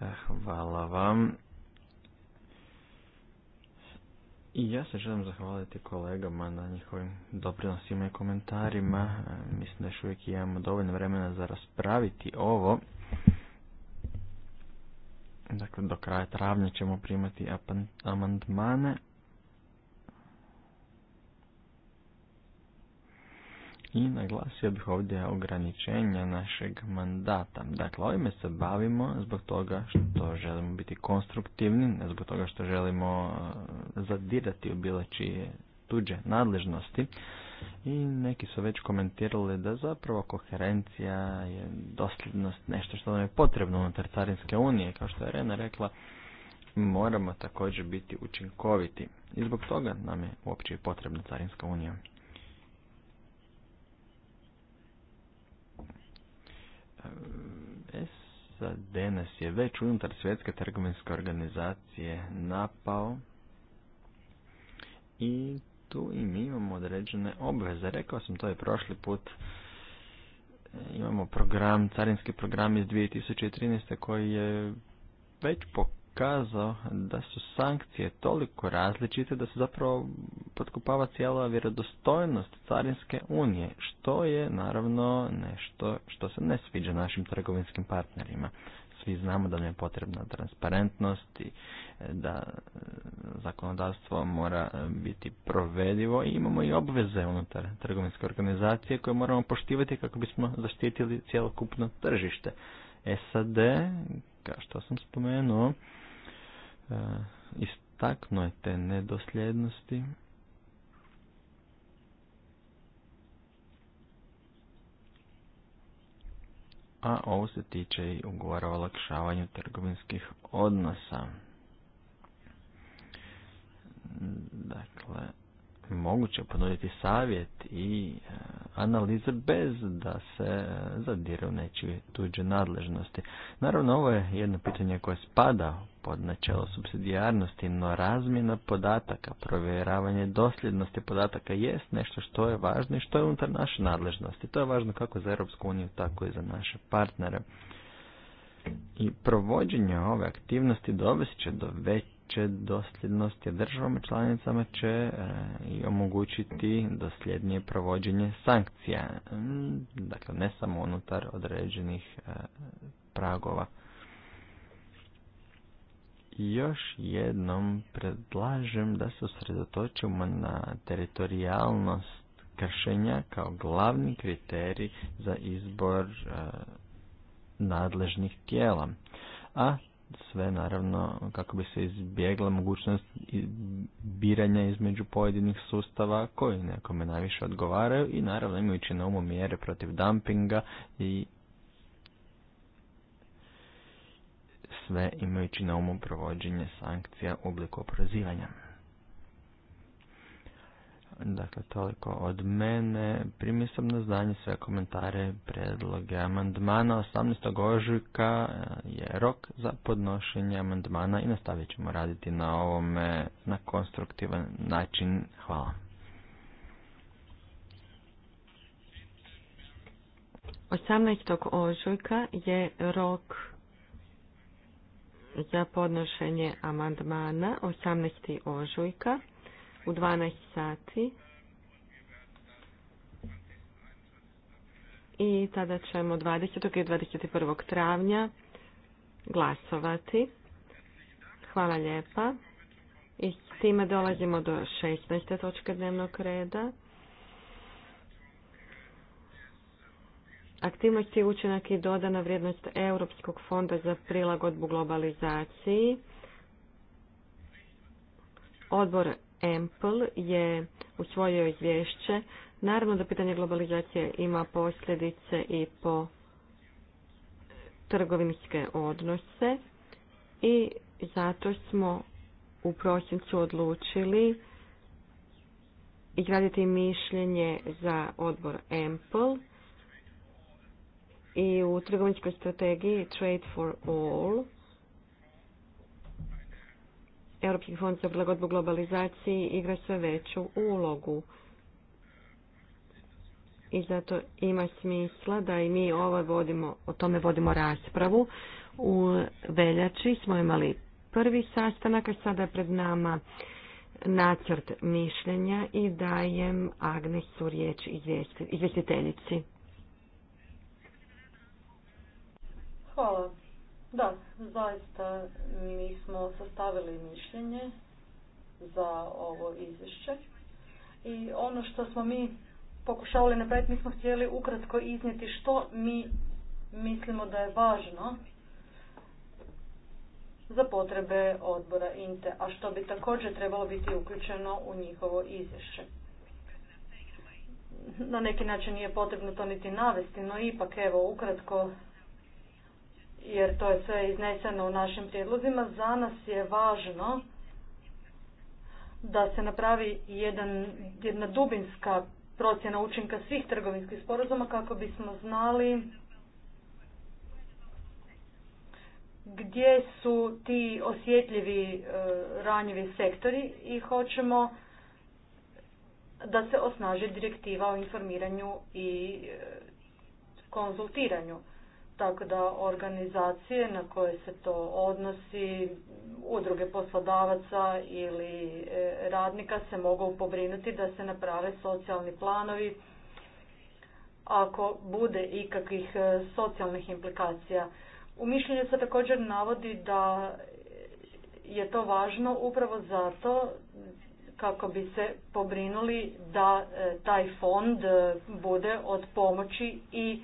Eh, hvala vam. I ja se želim zahvaliti kolegama na njihovim doprinosima i komentarima. Eh, mislim da još uvijek imamo dovoljno vremena za raspraviti ovo. Dakle, do kraja travnja ćemo primati amandmane, i naglasio bih ovdje ograničenja našeg mandata. Dakle, ovime se bavimo zbog toga što želimo biti konstruktivni, ne zbog toga što želimo e, zadirati u bilo čije tuđe nadležnosti. I neki su već komentirali da zapravo koherencija je dosljednost nešto što nam je potrebno unutar Carinske unije. Kao što je Rena rekla, moramo također biti učinkoviti. I zbog toga nam je uopće potrebna Carinska unija. SAD denas je već unutar svjetske trgovinske organizacije napao i tu i mi imamo određene obveze. Rekao sam to je prošli put. E, imamo program, carinski program iz 2013. koji je već po kazao da su sankcije toliko različite da se zapravo potkupava cijela vjerodostojnost Carinske unije, što je naravno nešto što se ne sviđa našim trgovinskim partnerima. Svi znamo da nam je potrebna transparentnost i e, da e, zakonodavstvo mora e, biti provedivo i imamo i obveze unutar trgovinske organizacije koje moramo poštivati kako bismo zaštitili cjelokupno tržište. SAD, kao što sam spomenuo, E, istaknuo je te nedosljednosti. A ovo se tiče i ugovora o olakšavanju trgovinskih odnosa. Dakle, moguće ponuditi savjet i e, analize bez da se e, zadire u nečije tuđe nadležnosti. Naravno, ovo je jedno pitanje koje spada pod načelo subsidijarnosti, no razmjena podataka, provjeravanje dosljednosti podataka jest nešto što je važno i što je unutar naše nadležnosti. To je važno kako za Europsku uniju, tako i za naše partnere. I provođenje ove aktivnosti dovesti će do veće dosljednosti, državama članicama će e, i omogućiti dosljednije provođenje sankcija, mm, dakle ne samo unutar određenih e, pragova još jednom predlažem da se usredotočimo na teritorijalnost kršenja kao glavni kriterij za izbor e, nadležnih tijela. A sve naravno kako bi se izbjegla mogućnost biranja između pojedinih sustava koji nekome najviše odgovaraju i naravno imajući na umu mjere protiv dumpinga i sve imajući na umu provođenje sankcija u obliku oprezivanja. Dakle, toliko od mene. Primio sam na znanje sve komentare, predloge amandmana. 18. ožujka eh, je rok za podnošenje amandmana i nastavit ćemo raditi na ovome na konstruktivan način. Hvala. 18. ožujka je rok za podnošenje amandmana 18. ožujka u 12 sati. I tada ćemo 20. i 21. travnja glasovati. Hvala lijepa. I s time dolazimo do 16. točke dnevnog reda. Aktivnosti učinak i dodana vrijednost Europskog fonda za prilagodbu globalizaciji. Odbor EMPL je usvojio izvješće. Naravno da pitanje globalizacije ima posljedice i po trgovinske odnose i zato smo u prosincu odlučili izraditi mišljenje za odbor EMPL i u trgovinskoj strategiji Trade for All, Europski fond za prilagodbu globalizaciji igra sve veću ulogu. I zato ima smisla da i mi ovo vodimo, o tome vodimo raspravu. U veljači smo imali prvi sastanak, a sada je pred nama nacrt mišljenja i dajem Agnesu riječ izvjestiteljici. Hvala. Da, zaista mi smo sastavili mišljenje za ovo izvješće i ono što smo mi pokušavali napraviti, mi smo htjeli ukratko iznijeti što mi mislimo da je važno za potrebe odbora INTE, a što bi također trebalo biti uključeno u njihovo izvješće. Na neki način nije potrebno to niti navesti, no ipak evo ukratko jer to je sve izneseno u našim prijedlozima. Za nas je važno da se napravi jedan, jedna dubinska procjena učinka svih trgovinskih sporazuma kako bismo znali gdje su ti osjetljivi e, ranjivi sektori i hoćemo da se osnaži direktiva o informiranju i e, konzultiranju tako da organizacije na koje se to odnosi, udruge poslodavaca ili e, radnika se mogu pobrinuti da se naprave socijalni planovi ako bude ikakvih e, socijalnih implikacija. U mišljenju se također navodi da je to važno upravo zato kako bi se pobrinuli da e, taj fond bude od pomoći i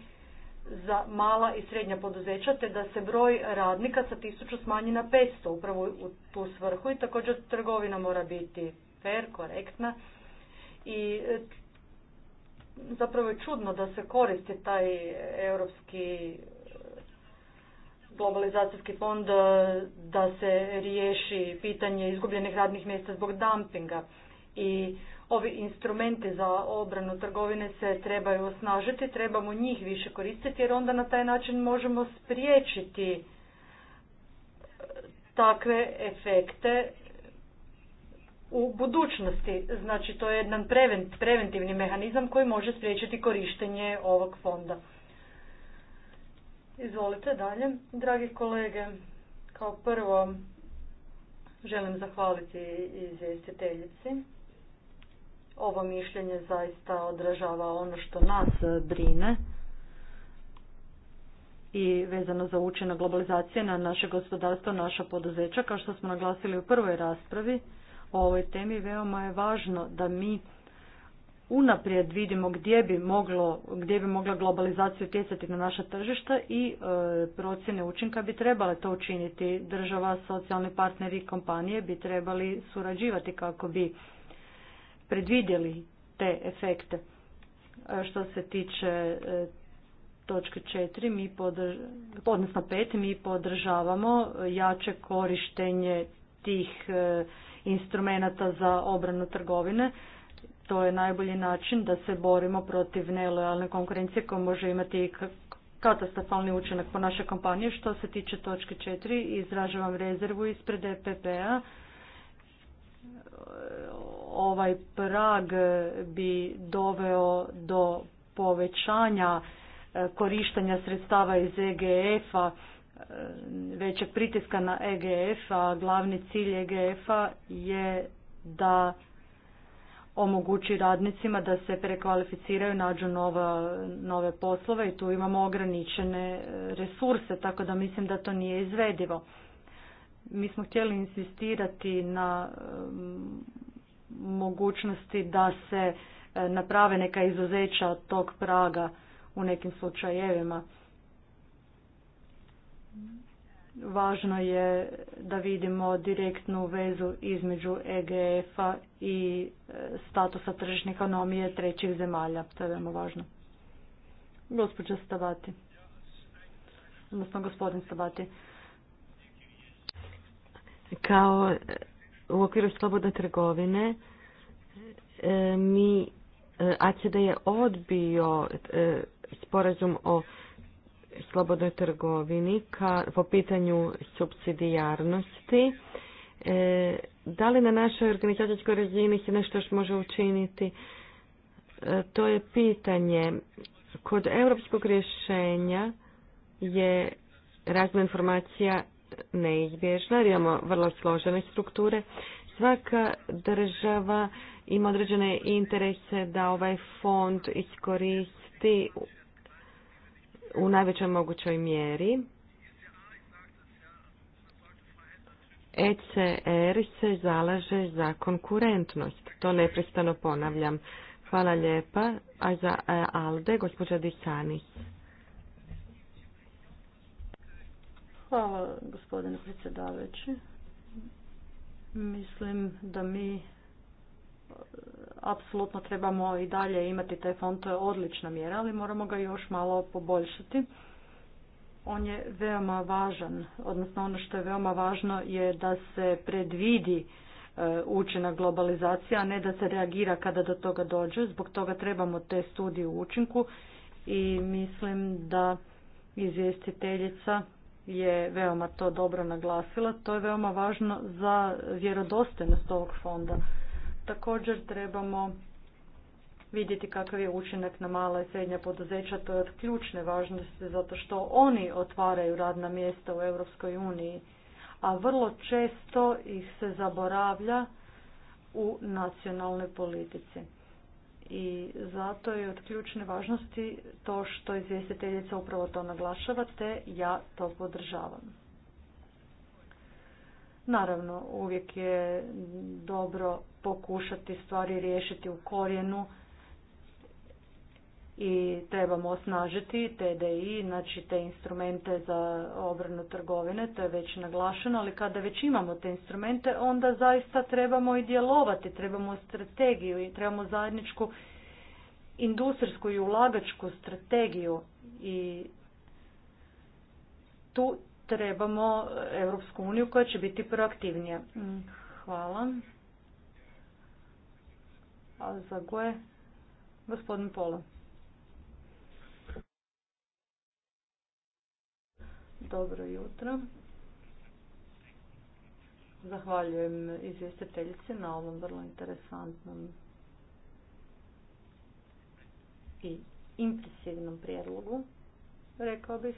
za mala i srednja poduzeća te da se broj radnika sa tisuću smanji na 500 upravo u tu svrhu i također trgovina mora biti fair, korektna i e, zapravo je čudno da se koristi taj europski globalizacijski fond e, da se riješi pitanje izgubljenih radnih mjesta zbog dumpinga i ovi instrumenti za obranu trgovine se trebaju osnažiti, trebamo njih više koristiti jer onda na taj način možemo spriječiti e, takve efekte u budućnosti. Znači to je jedan preventivni mehanizam koji može spriječiti korištenje ovog fonda. Izvolite dalje. Dragi kolege, kao prvo želim zahvaliti izvjestiteljici ovo mišljenje zaista odražava ono što nas brine i vezano za učinak globalizacije na naše gospodarstvo, naša poduzeća. Kao što smo naglasili u prvoj raspravi o ovoj temi, veoma je važno da mi unaprijed vidimo gdje bi, moglo, gdje bi mogla globalizacija utjecati na naša tržišta i e, procjene učinka bi trebale to učiniti. Država, socijalni partneri i kompanije bi trebali surađivati kako bi predvidjeli te efekte. E, što se tiče e, točke 4, mi podrž, odnosno 5, mi podržavamo jače korištenje tih e, instrumenata za obranu trgovine. To je najbolji način da se borimo protiv nelojalne konkurencije koja može imati katastrofalni učinak po naše kompanije. Što se tiče točke 4, izražavam rezervu ispred EPP-a ovaj prag bi doveo do povećanja e, korištenja sredstava iz EGF-a, e, većeg pritiska na EGF, a glavni cilj EGF-a je da omogući radnicima da se prekvalificiraju, nađu nova, nove poslove i tu imamo ograničene e, resurse, tako da mislim da to nije izvedivo. Mi smo htjeli insistirati na mogućnosti da se e, naprave neka izuzeća od tog praga u nekim slučajevima. Važno je da vidimo direktnu vezu između EGF-a i e, statusa tržišne ekonomije trećih zemalja. To je veoma važno. Gospođa Stavati. Odnosno gospodin Stavati. Kao u okviru slobodne trgovine e, mi e, ACD je odbio e, sporazum o slobodnoj trgovini po pitanju subsidijarnosti. da li na našoj organizacijskoj razini se nešto još može učiniti? to je pitanje. Kod europskog rješenja je razmjena informacija neizbježna jer imamo vrlo složene strukture. Svaka država ima određene interese da ovaj fond iskoristi u najvećoj mogućoj mjeri. ECR se zalaže za konkurentnost. To neprestano ponavljam. Hvala lijepa. A za e, ALDE, gospođa Disanis. Hvala gospodine predsjedavajući. Mislim da mi e, apsolutno trebamo i dalje imati taj fond, to je odlična mjera, ali moramo ga još malo poboljšati. On je veoma važan, odnosno ono što je veoma važno je da se predvidi e, učinak globalizacija, a ne da se reagira kada do toga dođe. Zbog toga trebamo te studije u učinku i mislim da izvjestiteljica je veoma to dobro naglasila. To je veoma važno za vjerodostojnost ovog fonda. Također trebamo vidjeti kakav je učinak na mala i srednja poduzeća. To je od ključne važnosti zato što oni otvaraju radna mjesta u Europskoj uniji, a vrlo često ih se zaboravlja u nacionalnoj politici i zato je od ključne važnosti to što izvjestiteljica upravo to naglašava, te ja to podržavam. Naravno, uvijek je dobro pokušati stvari riješiti u korijenu, i trebamo osnažiti TDI, znači te instrumente za obranu trgovine, to je već naglašeno, ali kada već imamo te instrumente, onda zaista trebamo i djelovati, trebamo strategiju i trebamo zajedničku industrijsku i ulagačku strategiju i tu trebamo Europsku uniju koja će biti proaktivnija. Mm, hvala. A za goje Gospodin Pola. Dobro jutro. Zahvaljujem izvjestiteljici na ovom vrlo interesantnom i impresivnom prijedlogu, rekao bih.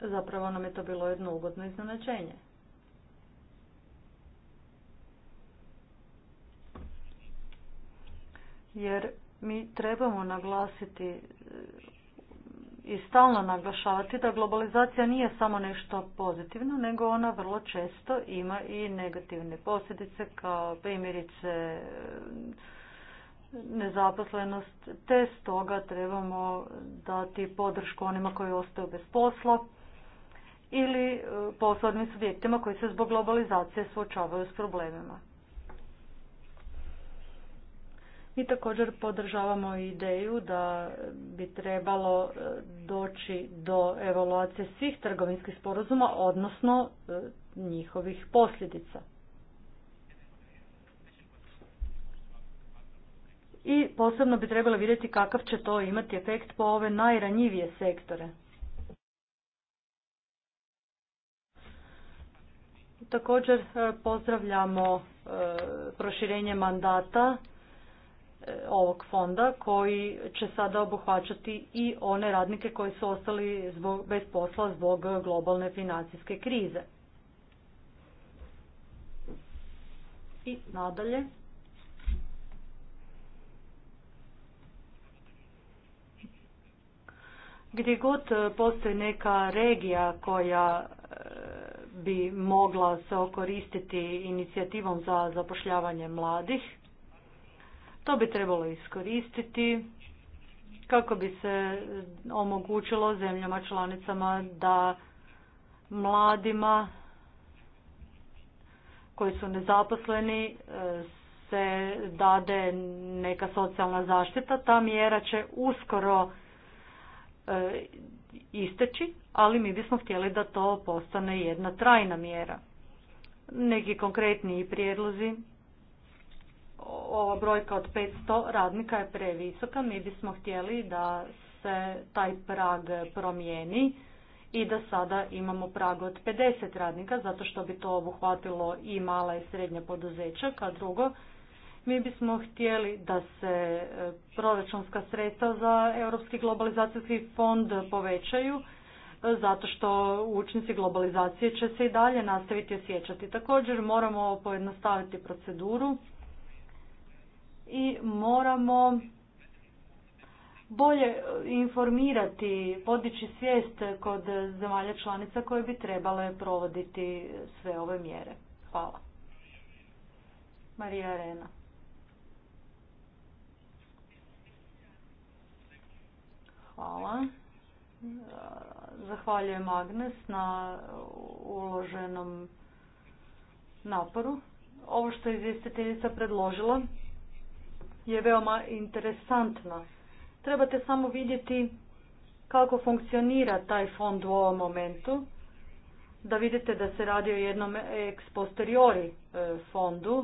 Zapravo nam je to bilo jedno ugodno iznenačenje. Jer mi trebamo naglasiti e, i stalno naglašavati da globalizacija nije samo nešto pozitivno, nego ona vrlo često ima i negativne posljedice kao primjerice e, nezaposlenost, te stoga trebamo dati podršku onima koji ostaju bez posla ili e, poslovnim subjektima koji se zbog globalizacije suočavaju s problemima. I također podržavamo ideju da bi trebalo e, doći do evaluacije svih trgovinskih sporazuma, odnosno e, njihovih posljedica. I posebno bi trebalo vidjeti kakav će to imati efekt po ove najranjivije sektore. Također e, pozdravljamo proširenje mandata E, ovog fonda koji će sada obuhvaćati i one radnike koji su ostali zbog, bez posla zbog globalne financijske krize. I nadalje. Gdje god postoji neka regija koja e, bi mogla se okoristiti inicijativom za zapošljavanje mladih, to bi trebalo iskoristiti kako bi se omogućilo zemljama članicama da mladima koji su nezaposleni e, se dade neka socijalna zaštita. Ta mjera će uskoro e, isteći, ali mi bismo htjeli da to postane jedna trajna mjera. Neki konkretniji prijedlozi ova brojka od 500 radnika je previsoka. Mi bismo htjeli da se taj prag promijeni i da sada imamo prag od 50 radnika, zato što bi to obuhvatilo i mala i srednja poduzeća. A drugo, mi bismo htjeli da se e, proračunska sredstva za Europski globalizacijski fond povećaju, e, zato što učinci globalizacije će se i dalje nastaviti osjećati. Također moramo pojednostaviti proceduru i moramo bolje informirati, podići svijest kod zemalja članica koje bi trebale provoditi sve ove mjere. Hvala. Marija Arena. Hvala. Zahvaljujem Agnes na uloženom naporu. Ovo što je izvjestiteljica predložila je veoma interesantna. Trebate samo vidjeti kako funkcionira taj fond u ovom momentu, da vidite da se radi o jednom ex posteriori e, fondu.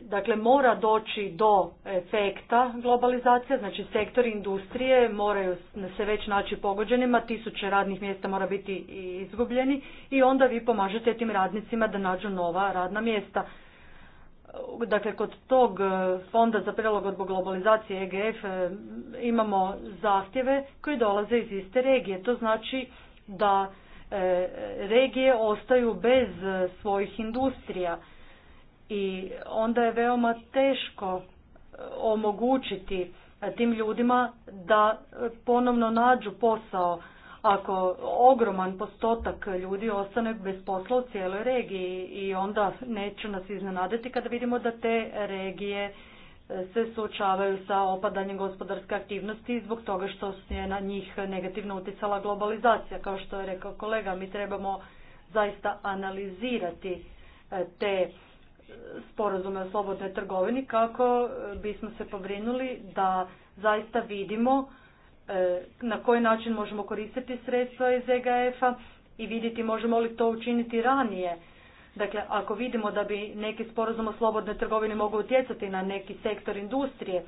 Dakle, mora doći do efekta globalizacije, znači sektori industrije moraju se već naći pogođenima, tisuće radnih mjesta mora biti izgubljeni i onda vi pomažete tim radnicima da nađu nova radna mjesta dakle kod tog e, fonda za prilagodbu globalizacije EGF e, imamo zahtjeve koji dolaze iz iste regije. To znači da e, regije ostaju bez svojih industrija i onda je veoma teško omogućiti tim ljudima da ponovno nađu posao ako ogroman postotak ljudi ostane bez posla u cijeloj regiji i onda neću nas iznenaditi kada vidimo da te regije e, se suočavaju sa opadanjem gospodarske aktivnosti zbog toga što je na njih negativno utjecala globalizacija. Kao što je rekao kolega, mi trebamo zaista analizirati e, te e, sporazume o slobodnoj trgovini kako bismo se pobrinuli da zaista vidimo E, na koji način možemo koristiti sredstva iz EGF-a i vidjeti možemo li to učiniti ranije. Dakle, ako vidimo da bi neki sporazum o slobodnoj trgovini mogu utjecati na neki sektor industrije, e,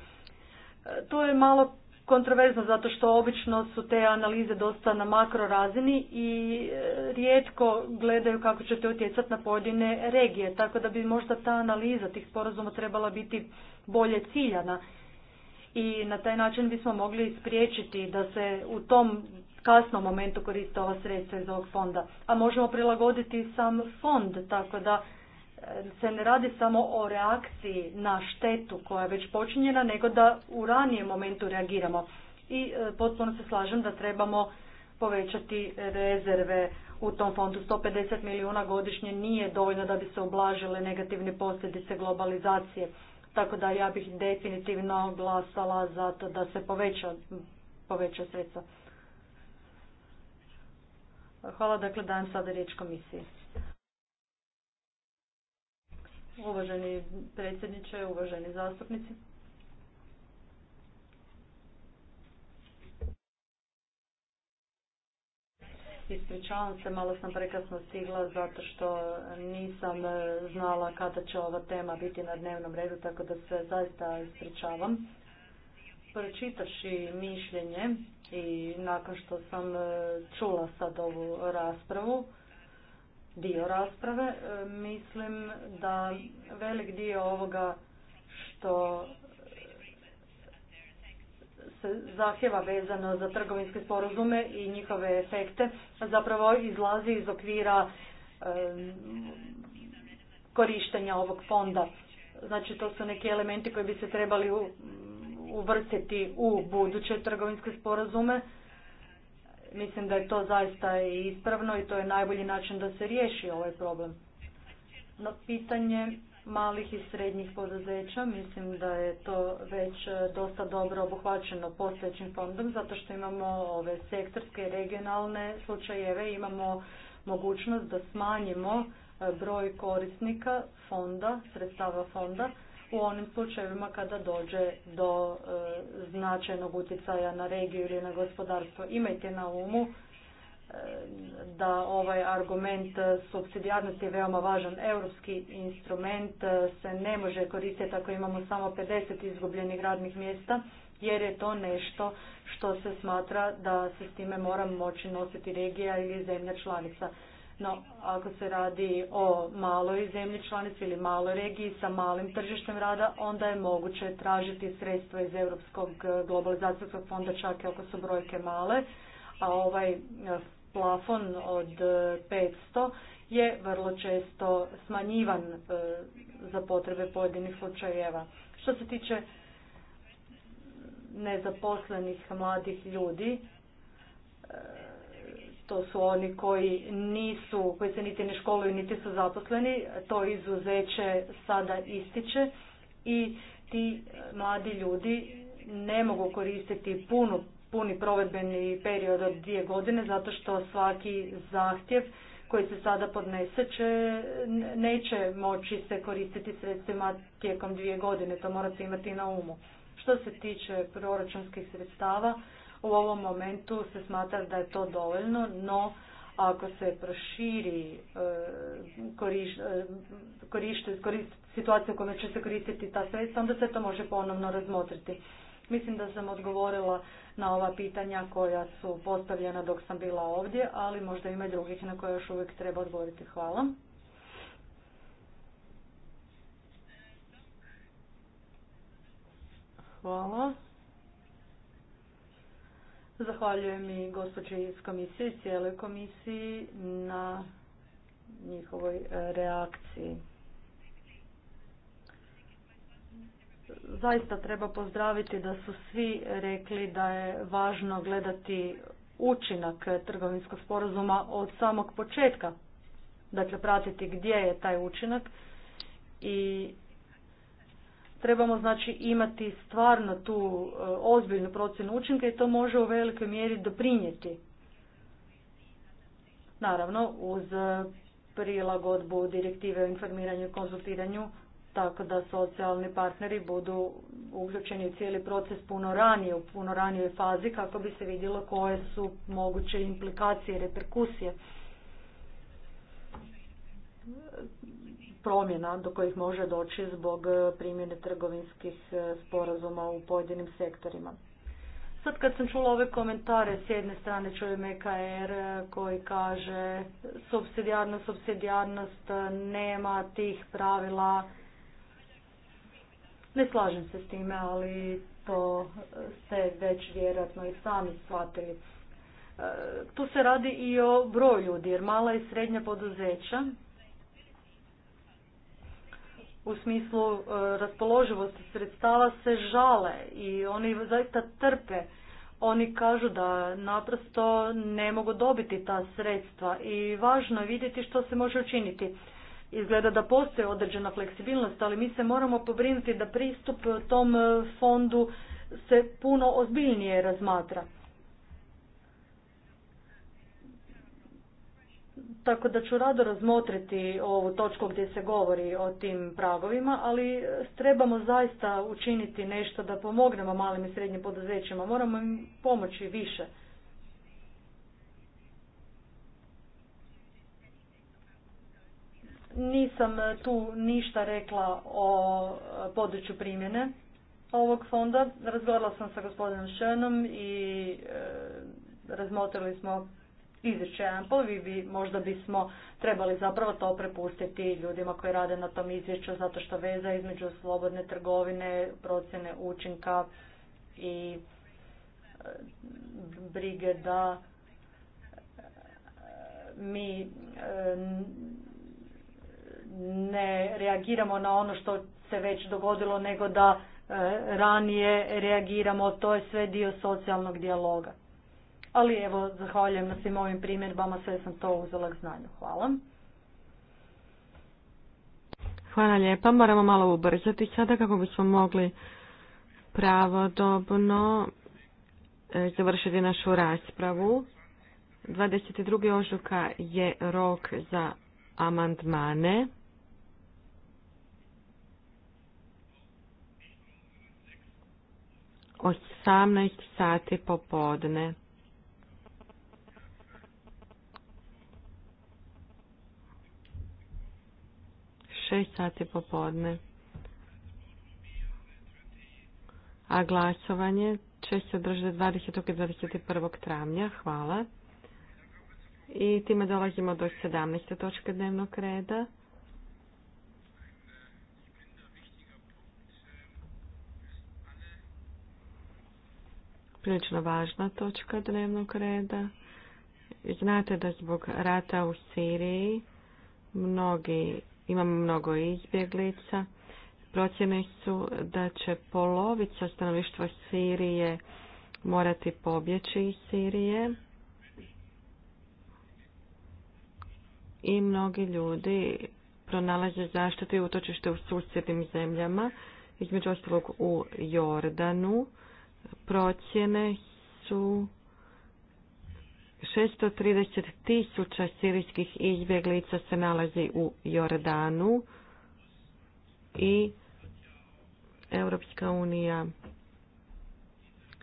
to je malo kontroverzno zato što obično su te analize dosta na makro razini i e, rijetko gledaju kako će to utjecati na pojedine regije, tako da bi možda ta analiza tih sporazuma trebala biti bolje ciljana i na taj način bismo mogli spriječiti da se u tom kasnom momentu koriste ova sredstva iz ovog fonda. A možemo prilagoditi sam fond, tako da e, se ne radi samo o reakciji na štetu koja je već počinjena, nego da u ranijem momentu reagiramo. I e, potpuno se slažem da trebamo povećati rezerve u tom fondu. 150 milijuna godišnje nije dovoljno da bi se oblažile negativne posljedice globalizacije. Tako da ja bih definitivno glasala za to da se poveća, poveća sredstva. Hvala, dakle dajem sada riječ komisiji. Uvaženi predsjedniče, uvaženi zastupnici. Ispričavam se, malo sam prekasno stigla zato što nisam e, znala kada će ova tema biti na dnevnom redu, tako da se zaista ispričavam. i mišljenje i nakon što sam e, čula sad ovu raspravu, dio rasprave, e, mislim da velik dio ovoga što zahtjeva vezano za trgovinske sporazume i njihove efekte zapravo izlazi iz okvira korištenja ovog fonda. Znači to su neki elementi koji bi se trebali uvrstiti u buduće trgovinske sporazume. Mislim da je to zaista ispravno i to je najbolji način da se riješi ovaj problem. No, pitanje malih i srednjih poduzeća. Mislim da je to već e, dosta dobro obuhvaćeno postojećim fondom zato što imamo ove sektorske i regionalne slučajeve, imamo mogućnost da smanjimo e, broj korisnika fonda, sredstava fonda u onim slučajevima kada dođe do e, značajnog utjecaja na regiju ili na gospodarstvo. Imajte na umu da ovaj argument subsidijarnosti je veoma važan. Europski instrument se ne može koristiti ako imamo samo 50 izgubljenih radnih mjesta, jer je to nešto što se smatra da se s time mora moći nositi regija ili zemlja članica. No, ako se radi o maloj zemlji članici ili maloj regiji sa malim tržištem rada, onda je moguće tražiti sredstva iz Europskog globalizacijskog fonda čak i ako su brojke male, a ovaj plafon od 500 e, je vrlo često smanjivan e, za potrebe pojedinih slučajeva. Što se tiče nezaposlenih mladih ljudi, e, to su oni koji nisu, koji se niti ne školuju, niti su zaposleni, to izuzeće sada ističe i ti mladi ljudi ne mogu koristiti punu puni provedbeni period od dvije godine zato što svaki zahtjev koji se sada podnese će, neće moći se koristiti sredstvima tijekom dvije godine, to morate imati na umu. Što se tiče proračunskih sredstava, u ovom momentu se smatra da je to dovoljno, no ako se proširi e, koriš, e, koriš, situacija u kojoj će se koristiti ta sredstva, onda se to može ponovno razmotriti. Mislim da sam odgovorila na ova pitanja koja su postavljena dok sam bila ovdje, ali možda ima drugih na koje još uvijek treba odgovoriti. Hvala. Hvala. Zahvaljujem i gospođi iz komisije i cijeloj komisiji na njihovoj e, reakciji. zaista treba pozdraviti da su svi rekli da je važno gledati učinak trgovinskog sporazuma od samog početka. Dakle, pratiti gdje je taj učinak i trebamo znači imati stvarno tu e, ozbiljnu procjenu učinka i to može u velikoj mjeri doprinijeti. Naravno, uz prilagodbu direktive o informiranju i konzultiranju tako da socijalni partneri budu uključeni u cijeli proces puno ranije, u puno ranijoj fazi kako bi se vidjelo koje su moguće implikacije, reperkusije promjena do kojih može doći zbog primjene trgovinskih sporazuma u pojedinim sektorima. Sad kad sam čula ove komentare, s jedne strane čujem EKR koji kaže subsidijarnost, subsidijarnost, nema tih pravila, ne slažem se s time, ali to ste već vjerojatno i sami shvatili. E, tu se radi i o broju ljudi, jer mala i srednja poduzeća u smislu e, raspoloživosti sredstava se žale i oni zaista trpe. Oni kažu da naprosto ne mogu dobiti ta sredstva i važno je vidjeti što se može učiniti izgleda da postoji određena fleksibilnost, ali mi se moramo pobrinuti da pristup tom e, fondu se puno ozbiljnije razmatra. Tako da ću rado razmotriti ovu točku gdje se govori o tim pragovima, ali e, trebamo zaista učiniti nešto da pomognemo malim i srednjim poduzećima. Moramo im pomoći više. Nisam e, tu ništa rekla o e, području primjene ovog fonda. Razgovarala sam sa gospodinom Šenom i e, razmotrili smo izvješće Ample. Vi možda bismo trebali zapravo to prepustiti ljudima koji rade na tom izvješću zato što veza između slobodne trgovine, procjene učinka i e, brige da mi ne reagiramo na ono što se već dogodilo, nego da e, ranije reagiramo, to je sve dio socijalnog dijaloga. Ali evo, zahvaljujem na svim ovim primjerbama, sve sam to uzela k znanju. Hvala. Hvala lijepa, moramo malo ubrzati sada kako bismo mogli pravodobno e, završiti našu raspravu. 22. ožuka je rok za amandmane. 18 sati popodne. Šest sati popodne. A glasovanje će se održati 20. i 21. travnja. Hvala. I time dolazimo do 17. točke dnevnog reda. prilično važna točka dnevnog reda. Znate da zbog rata u Siriji mnogi, imamo mnogo izbjeglica. Procjene su da će polovica stanovništva Sirije morati pobjeći iz Sirije. I mnogi ljudi pronalaze zaštitu i utočište u susjednim zemljama, između ostalog u Jordanu procjene su 630 tisuća sirijskih izbjeglica se nalazi u Jordanu i Europska unija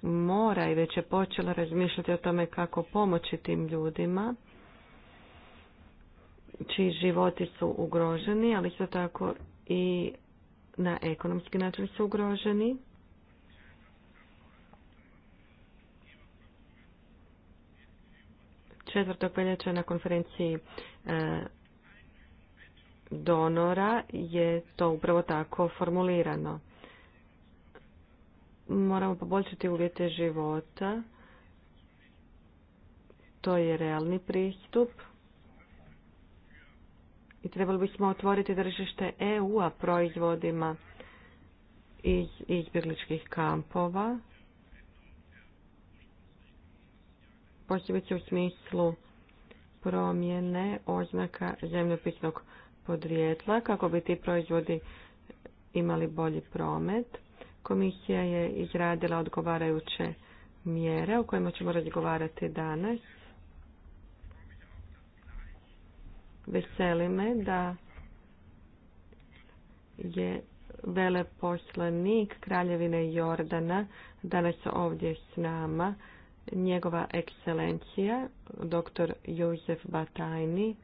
mora i već je počela razmišljati o tome kako pomoći tim ljudima čiji životi su ugroženi, ali isto tako i na ekonomski način su ugroženi. 4. veljače na konferenciji e, donora je to upravo tako formulirano. Moramo poboljšati uvjete života. To je realni pristup. I trebali bismo otvoriti držište EU-a proizvodima iz izbjegličkih kampova. posebice u smislu promjene oznaka zemljopisnog podrijetla kako bi ti proizvodi imali bolji promet. Komisija je izradila odgovarajuće mjere o kojima ćemo razgovarati danas. Veseli me da je veleposlanik Kraljevine Jordana danas ovdje s nama njegova ekscelencija, dr. Josef Batajni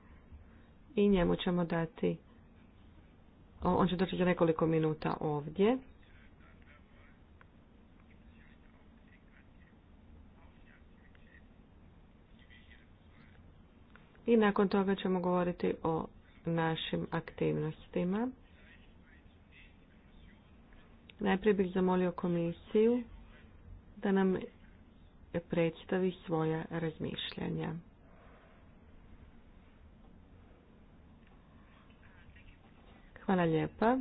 i njemu ćemo dati, on će doći za nekoliko minuta ovdje. I nakon toga ćemo govoriti o našim aktivnostima. Najprije bih zamolio komisiju da nam predstavi svoja razmišljanja. Hvala lijepa.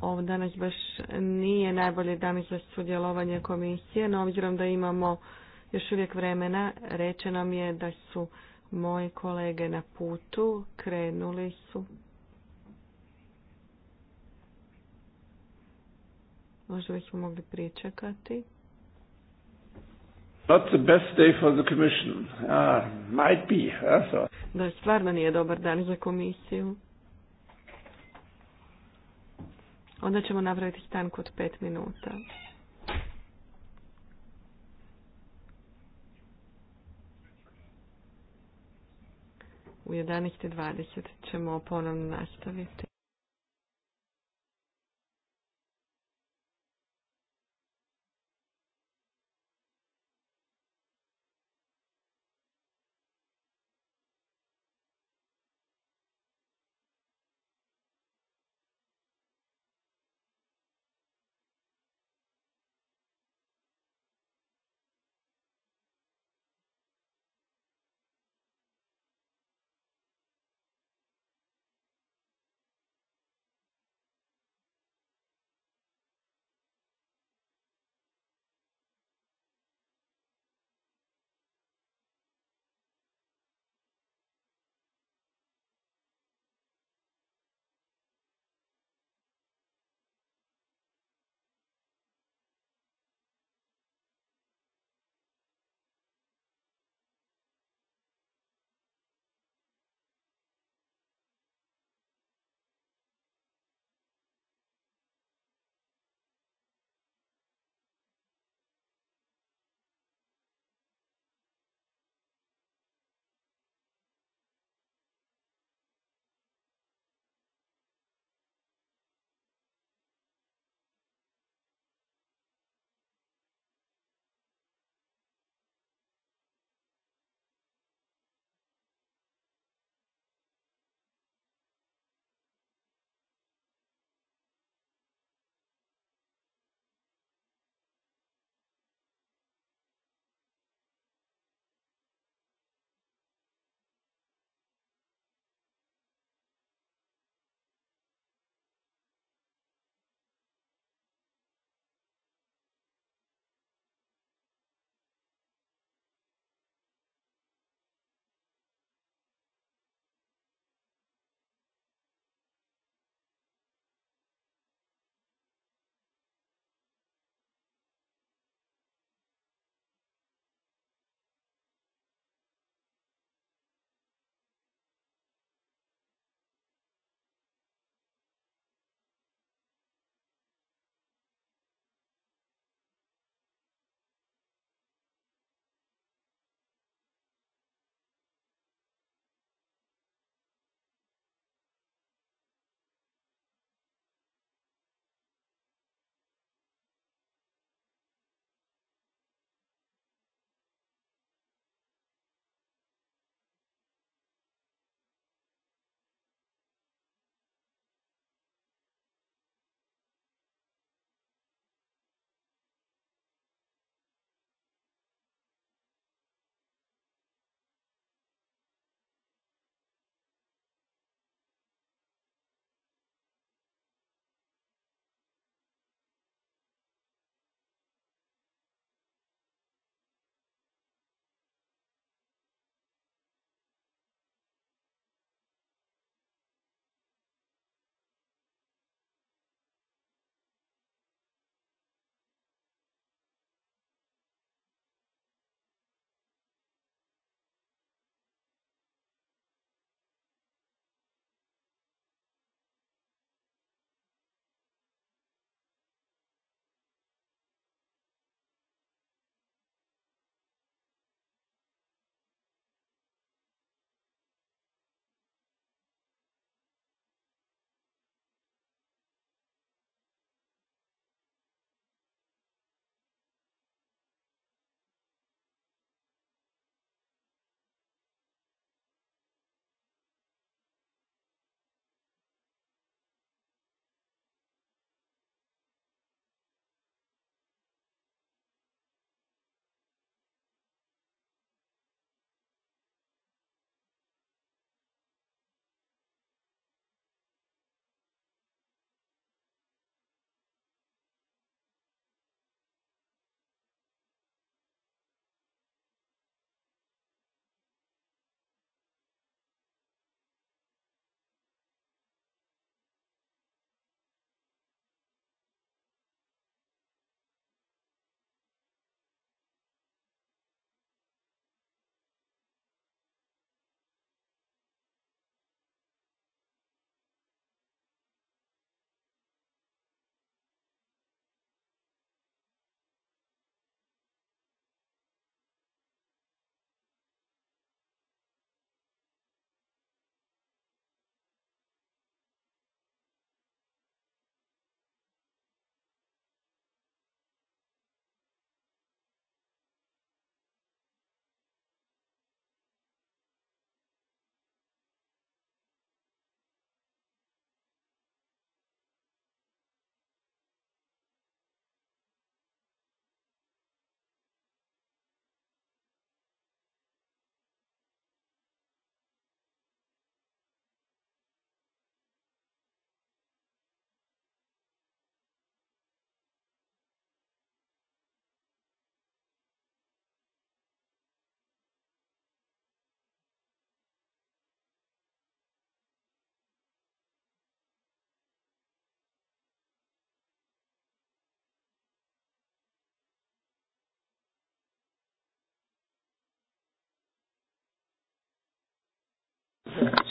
Ovo danas baš nije najbolje, dan za sudjelovanje komisije, no obzirom da imamo još uvijek vremena, rečeno mi je da su moji kolege na putu, krenuli su Možda smo mogli pričekati. Not the best day for the commission. Ah, might be. Eh, da, stvarno nije dobar dan za komisiju. Onda ćemo napraviti stanku od pet minuta. U 11.20 ćemo ponovno nastaviti.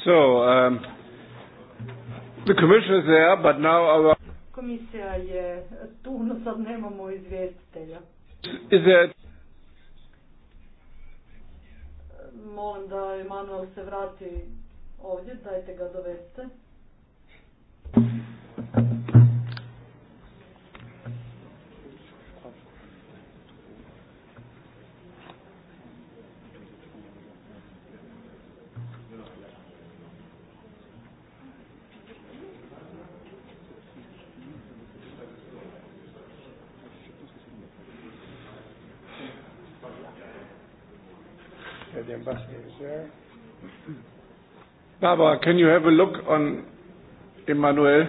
So, um, the commission is there, but now our... Komisija je tu, no sad nemamo izvjestitelja. Is there... Molim da Emanuel se vrati ovdje, dajte ga doveste. Barbara, can you have a look on Emmanuel?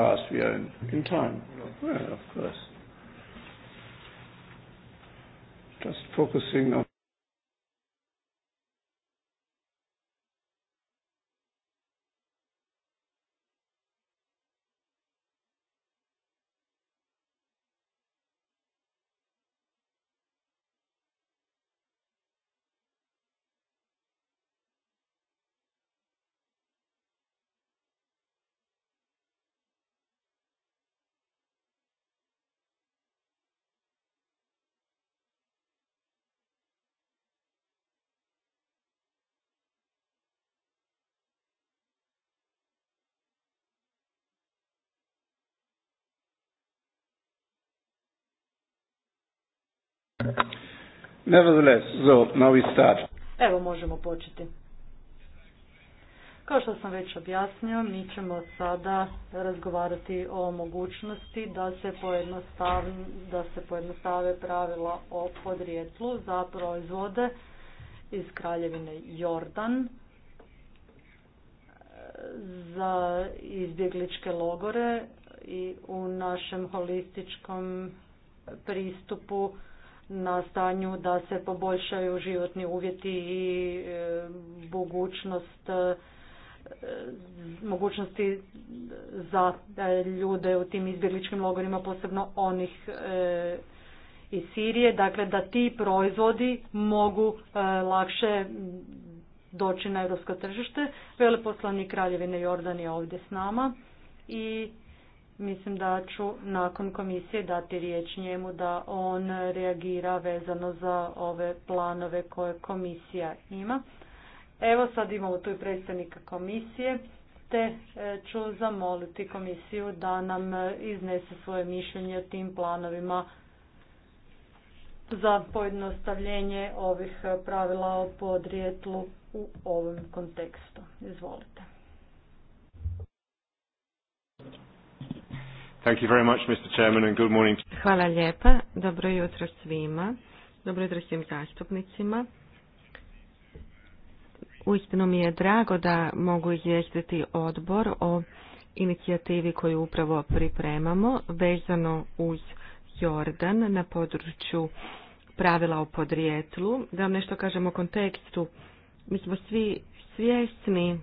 past we own in time. Well, of course. Just focusing on Nevertheless, so, now we start. Evo možemo početi. Kao što sam već objasnio, mi ćemo sada razgovarati o mogućnosti da se, da se pojednostave pravila o podrijetlu za proizvode iz Kraljevine Jordan e, za izbjegličke logore i u našem holističkom pristupu na stanju da se poboljšaju životni uvjeti i e, mogućnost e, mogućnosti za e, ljude u tim izbjegličkim logorima, posebno onih iz Sirije, dakle da ti proizvodi mogu lakše doći na europsko tržište. Veleposlanik Kraljevine Jordan je ovdje s nama i Mislim da ću nakon komisije dati riječ njemu da on reagira vezano za ove planove koje komisija ima. Evo sad imamo tu i predstavnika komisije, te e, ću zamoliti komisiju da nam e, iznese svoje mišljenje o tim planovima za pojednostavljenje ovih e, pravila o podrijetlu u ovom kontekstu. Izvolite. Thank you very much, Mr. Chairman, and good morning. Hvala lijepa. Dobro jutro svima. Dobro jutro svim zastupnicima. Uistinu mi je drago da mogu izvijestiti odbor o inicijativi koju upravo pripremamo vezano uz Jordan na području pravila o podrijetlu. Da vam nešto kažem o kontekstu. Mi smo svi svjesni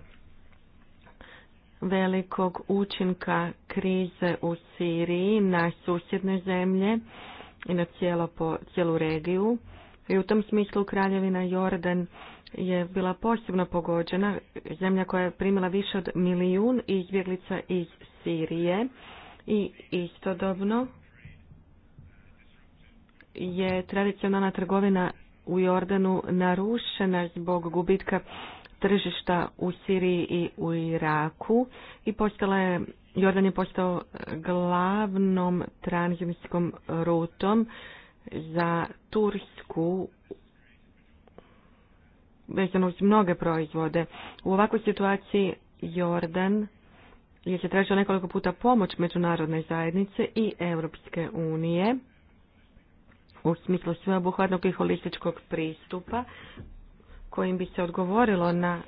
velikog učinka krize u Siriji na susjedne zemlje i na cijelo po, cijelu regiju. I u tom smislu Kraljevina Jordan je bila posebno pogođena, zemlja koja je primila više od milijun izbjeglica iz Sirije i istodobno je tradicionalna trgovina u Jordanu narušena zbog gubitka tržišta u Siriji i u Iraku i postala je Jordan je postao glavnom tranzimskom rutom za Tursku vezano uz mnoge proizvode. U ovakvoj situaciji Jordan je se tražio nekoliko puta pomoć međunarodne zajednice i Europske unije u smislu sveobuhvatnog i holističkog pristupa kojim bi se odgovorilo na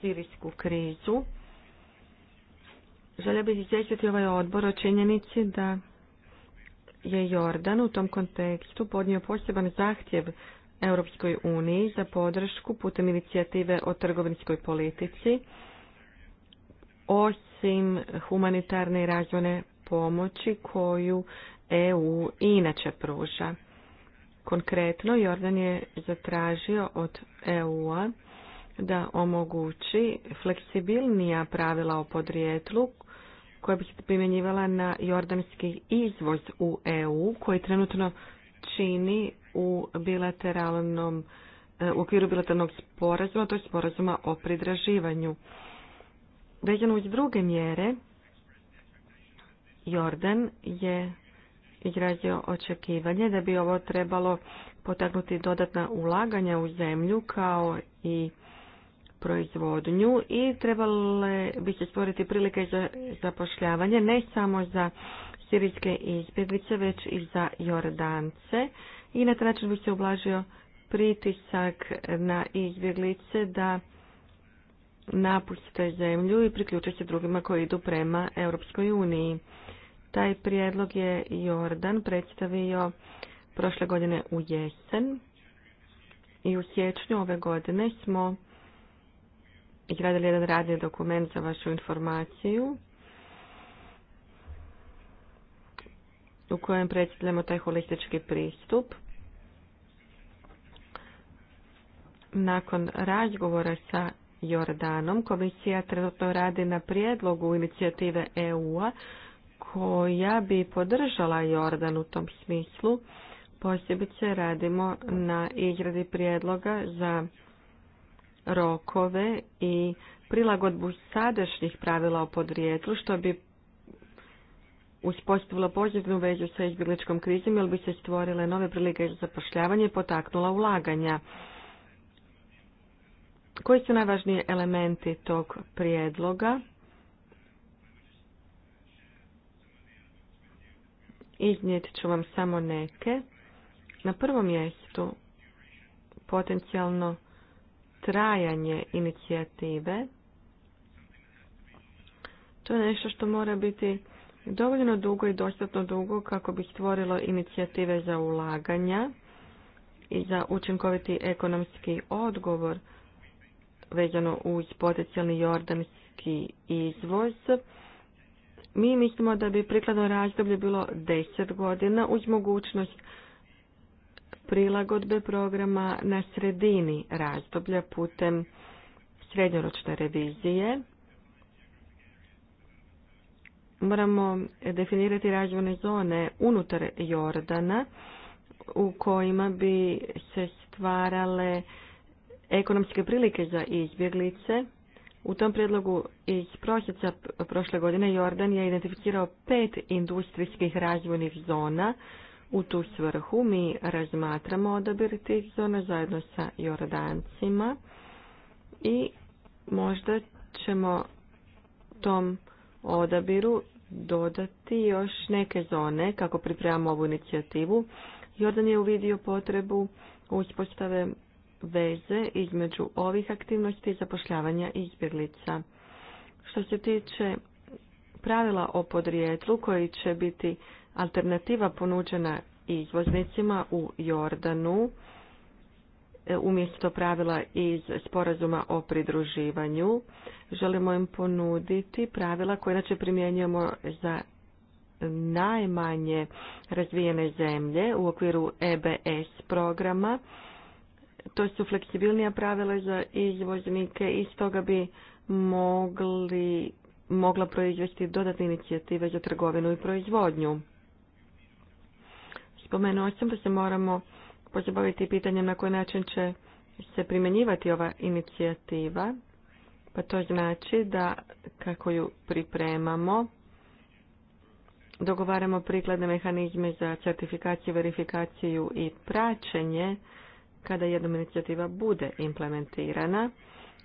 sirijsku krizu. Želio bih izvijestiti ovaj odbor o činjenici da je Jordan u tom kontekstu podnio poseban zahtjev Europskoj uniji za podršku putem inicijative o trgovinskoj politici, osim humanitarne i razvojne pomoći koju EU inače pruža. Konkretno, Jordan je zatražio od EU-a da omogući fleksibilnija pravila o podrijetlu koja bi se primjenjivala na jordanski izvoz u EU koji trenutno čini u bilateralnom e, u okviru bilateralnog sporazuma, to je sporazuma o pridraživanju. Vezano uz druge mjere, Jordan je izrazio očekivanje da bi ovo trebalo potaknuti dodatna ulaganja u zemlju kao i proizvodnju i trebale bi se stvoriti prilike za zapošljavanje ne samo za sirijske izbjeglice već i za Jordance i na taj način bi se ublažio pritisak na izbjeglice da napuste zemlju i priključe se drugima koji idu prema Europskoj uniji. Taj prijedlog je Jordan predstavio prošle godine u jesen i u sječnju ove godine smo izradili jedan radni dokument za vašu informaciju u kojem predstavljamo taj holistički pristup. Nakon razgovora sa Jordanom, komisija trenutno radi na prijedlogu inicijative EU-a ja bi podržala Jordan u tom smislu. Posebice radimo na izradi prijedloga za rokove i prilagodbu sadašnjih pravila o podrijetlu, što bi uspostavilo pozitivnu vezu sa izbjegličkom krizom, jer bi se stvorile nove prilike za zapošljavanje i potaknula ulaganja. Koji su najvažniji elementi tog prijedloga? Iznijet ću vam samo neke. Na prvom mjestu potencijalno trajanje inicijative. To je nešto što mora biti dovoljno dugo i dostatno dugo kako bi stvorilo inicijative za ulaganja i za učinkoviti ekonomski odgovor vezano uz potencijalni jordanski izvoz mi mislimo da bi prikladno razdoblje bilo 10 godina uz mogućnost prilagodbe programa na sredini razdoblja putem srednjoročne revizije. Moramo definirati razvojne zone unutar Jordana u kojima bi se stvarale ekonomske prilike za izbjeglice. U tom prijedlogu iz prosjeca prošle godine Jordan je identificirao pet industrijskih razvojnih zona. U tu svrhu mi razmatramo odabir tih zona zajedno sa Jordancima i možda ćemo tom odabiru dodati još neke zone kako pripremamo ovu inicijativu. Jordan je uvidio potrebu uspostave veze između ovih aktivnosti i zapošljavanja izbjeglica. Što se tiče pravila o podrijetlu koji će biti alternativa ponuđena izvoznicima u Jordanu, e, umjesto pravila iz sporazuma o pridruživanju, želimo im ponuditi pravila koje inače primjenjujemo za najmanje razvijene zemlje u okviru EBS programa to su fleksibilnija pravila za izvoznike i stoga bi mogli, mogla proizvesti dodatne inicijative za trgovinu i proizvodnju. Spomenuo sam da se moramo pozabaviti pitanjem na koji način će se primjenjivati ova inicijativa, pa to znači da kako ju pripremamo, dogovaramo prikladne mehanizme za certifikaciju, verifikaciju i praćenje kada jedna inicijativa bude implementirana.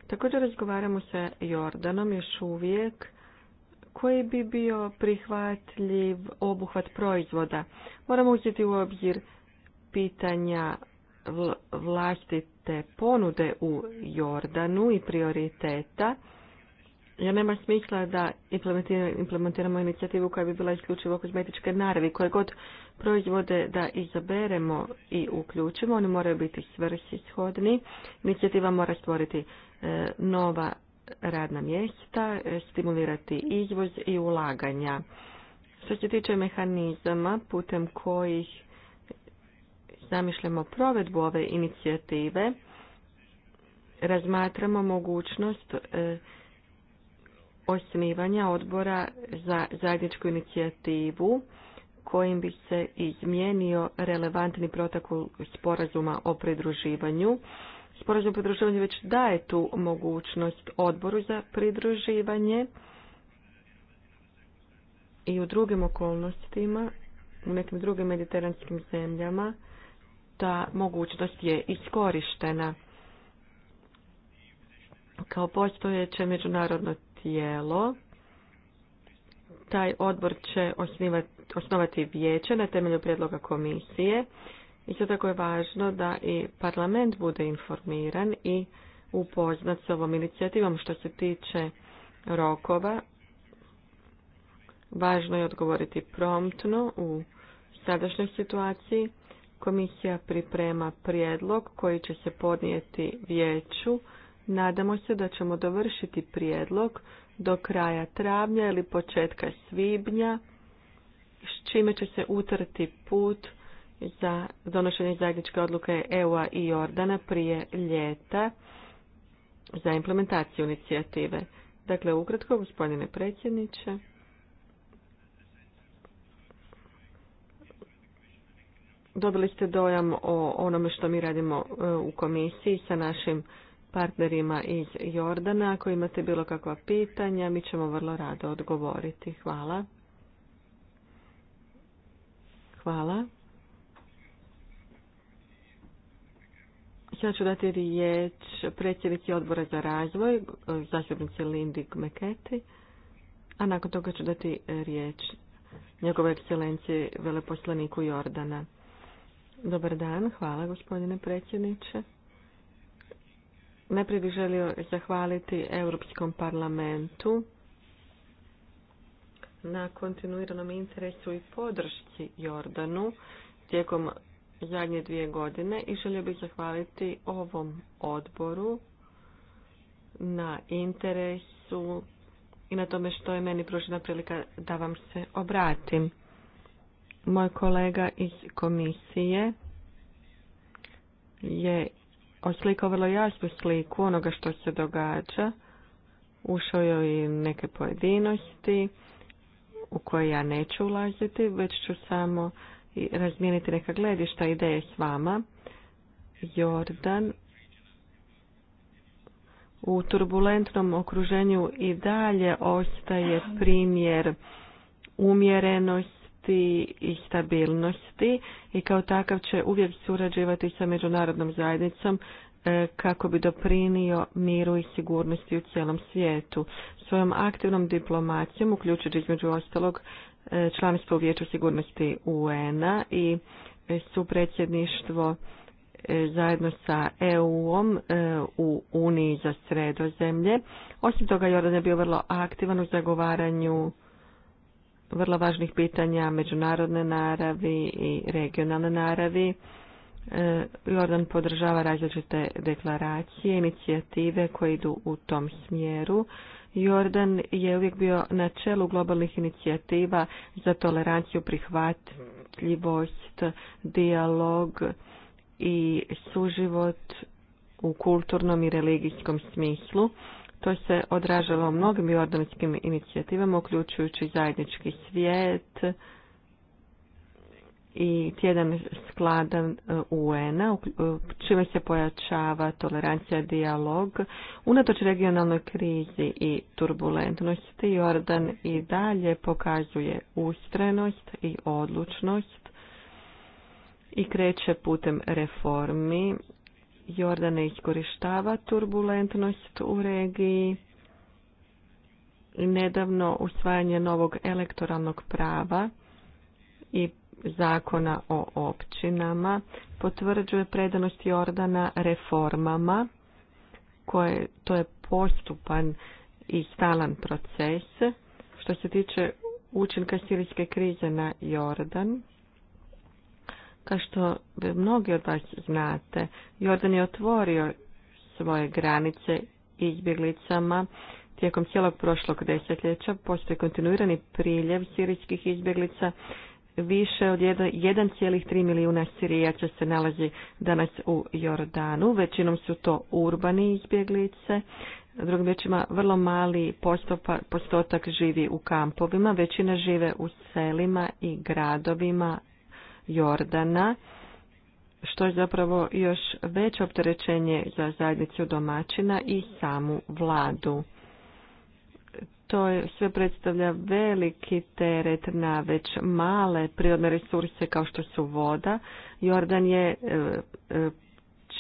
Također razgovaramo sa Jordanom još uvijek koji bi bio prihvatljiv obuhvat proizvoda. Moramo uzeti u obzir pitanja vlastite ponude u Jordanu i prioriteta. Ja nema smisla da implementiramo inicijativu koja bi bila isključivo kozmetičke naravi. Koje god proizvode da izaberemo i uključimo, oni moraju biti svrsishodni. Inicijativa mora stvoriti e, nova radna mjesta, e, stimulirati izvoz i ulaganja. Što se tiče mehanizama putem kojih zamišljamo provedbu ove inicijative, razmatramo mogućnost e, osnivanja odbora za zajedničku inicijativu kojim bi se izmijenio relevantni protokol sporazuma o pridruživanju. Sporazum o pridruživanju već daje tu mogućnost odboru za pridruživanje i u drugim okolnostima, u nekim drugim mediteranskim zemljama, ta mogućnost je iskorištena. Kao postojeće međunarodno tijelo. Taj odbor će osnivati, osnovati vijeće na temelju prijedloga komisije. Isto tako je važno da i parlament bude informiran i upoznat s ovom inicijativom što se tiče rokova. Važno je odgovoriti promptno u sadašnjoj situaciji. Komisija priprema prijedlog koji će se podnijeti vijeću Nadamo se da ćemo dovršiti prijedlog do kraja travnja ili početka svibnja, s čime će se utrti put za donošenje zajedničke odluke EU-a i Jordana prije ljeta za implementaciju inicijative. Dakle, ukratko, gospodine predsjedniče. Dobili ste dojam o onome što mi radimo e, u komisiji sa našim partnerima iz Jordana. Ako imate bilo kakva pitanja, mi ćemo vrlo rado odgovoriti. Hvala. Hvala. Ja ću dati riječ predsjednici odbora za razvoj, zastupnici Lindy Meketi, a nakon toga ću dati riječ njegove ekscelencije veleposlaniku Jordana. Dobar dan, hvala gospodine predsjedniče. Najprije bih želio zahvaliti Europskom parlamentu na kontinuiranom interesu i podršci Jordanu tijekom zadnje dvije godine i želio bih zahvaliti ovom odboru na interesu i na tome što je meni pružena prilika da vam se obratim. Moj kolega iz komisije je oslikao vrlo jasnu sliku onoga što se događa. Ušao je i neke pojedinosti u koje ja neću ulaziti, već ću samo razmijeniti neka gledišta ideje s vama. Jordan u turbulentnom okruženju i dalje ostaje primjer umjerenosti i stabilnosti i kao takav će uvijek surađivati sa međunarodnom zajednicom e, kako bi doprinio miru i sigurnosti u cijelom svijetu. Svojom aktivnom diplomacijom, uključujući između ostalog e, članstvo u Vijeću sigurnosti UN-a i e, supredsjedništvo zajedno sa EU-om u Uniji za sredozemlje. Osim toga, Jordan je bio vrlo aktivan u zagovaranju vrlo važnih pitanja međunarodne naravi i regionalne naravi. E, Jordan podržava različite deklaracije, inicijative koje idu u tom smjeru. Jordan je uvijek bio na čelu globalnih inicijativa za toleranciju, prihvatljivost, dijalog i suživot u kulturnom i religijskom smislu. To se odražava u mnogim jordanskim inicijativama, uključujući zajednički svijet i tjedan skladan e, UN-a, čime se pojačava tolerancija, dijalog. Unatoč regionalnoj krizi i turbulentnosti, Jordan i dalje pokazuje ustrenost i odlučnost i kreće putem reformi Jordan iskorištava turbulentnost u regiji i nedavno usvajanje novog elektoralnog prava i zakona o općinama potvrđuje predanost Jordana reformama koje to je postupan i stalan proces što se tiče učinka sirijske krize na Jordan kao što mnogi od vas znate, Jordan je otvorio svoje granice izbjeglicama tijekom cijelog prošlog desetljeća. Postoji kontinuirani priljev sirijskih izbjeglica. Više od 1,3 milijuna sirijaca se nalazi danas u Jordanu. Većinom su to urbani izbjeglice. Drugim rječima, vrlo mali postotak živi u kampovima. Većina žive u selima i gradovima Jordana, što je zapravo još veće opterećenje za zajednicu domaćina i samu vladu. To je, sve predstavlja veliki teret na već male prirodne resurse kao što su voda. Jordan je e, e,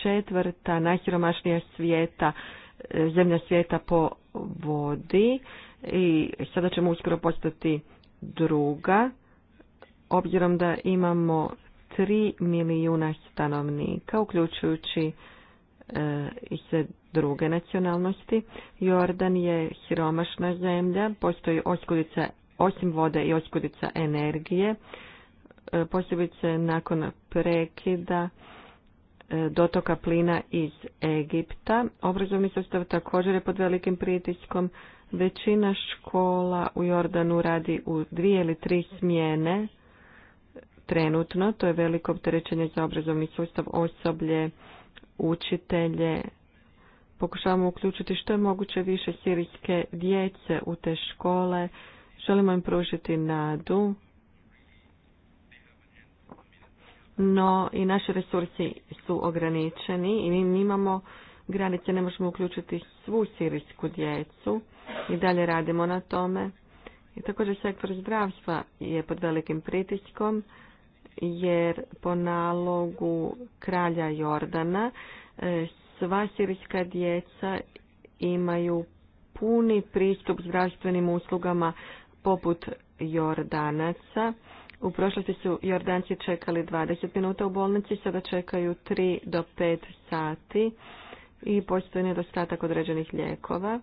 četvrta najsiromašnija svijeta, e, zemlja svijeta po vodi i sada ćemo uskoro postati druga obzirom da imamo 3 milijuna stanovnika, uključujući e, i se druge nacionalnosti. Jordan je siromašna zemlja, postoji oskudica, osim vode i oskudica energije, e, posebice nakon prekida e, dotoka plina iz Egipta. Obrazovni sustav također je pod velikim pritiskom. Većina škola u Jordanu radi u dvije ili tri smjene, trenutno. To je veliko opterećenje za obrazovni sustav, osoblje, učitelje. Pokušavamo uključiti što je moguće više sirijske djece u te škole. Želimo im pružiti nadu. No i naši resursi su ograničeni i mi imamo granice, ne možemo uključiti svu sirijsku djecu i dalje radimo na tome. I također sektor zdravstva je pod velikim pritiskom jer po nalogu kralja Jordana e, sva sirijska djeca imaju puni pristup zdravstvenim uslugama poput Jordanaca. U prošlosti su Jordanci čekali 20 minuta u bolnici, sada čekaju 3 do 5 sati i postoji nedostatak određenih lijekova.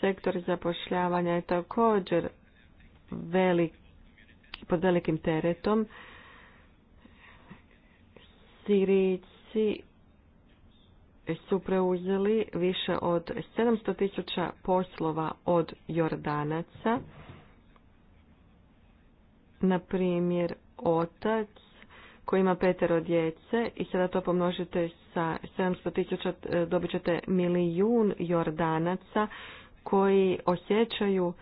Sektor zapošljavanja je također velik, pod velikim teretom. Sirici su preuzeli više od 700 tisuća poslova od Jordanaca. Na primjer, otac koji ima petero djece i sada to pomnožite sa 700 tisuća, e, dobit ćete milijun Jordanaca koji osjećaju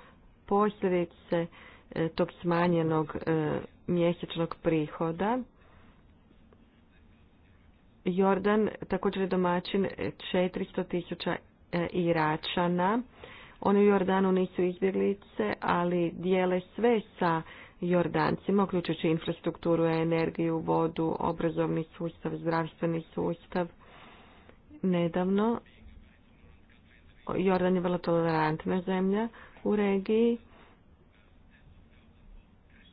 posljedice e, tog smanjenog e, mjesečnog prihoda. Jordan također je domaćin 400 tisuća e, Iračana. Oni u Jordanu nisu izbjeglice, ali dijele sve sa Jordancima, uključujući infrastrukturu, energiju, vodu, obrazovni sustav, zdravstveni sustav. Nedavno Jordan je vrlo tolerantna zemlja u regiji.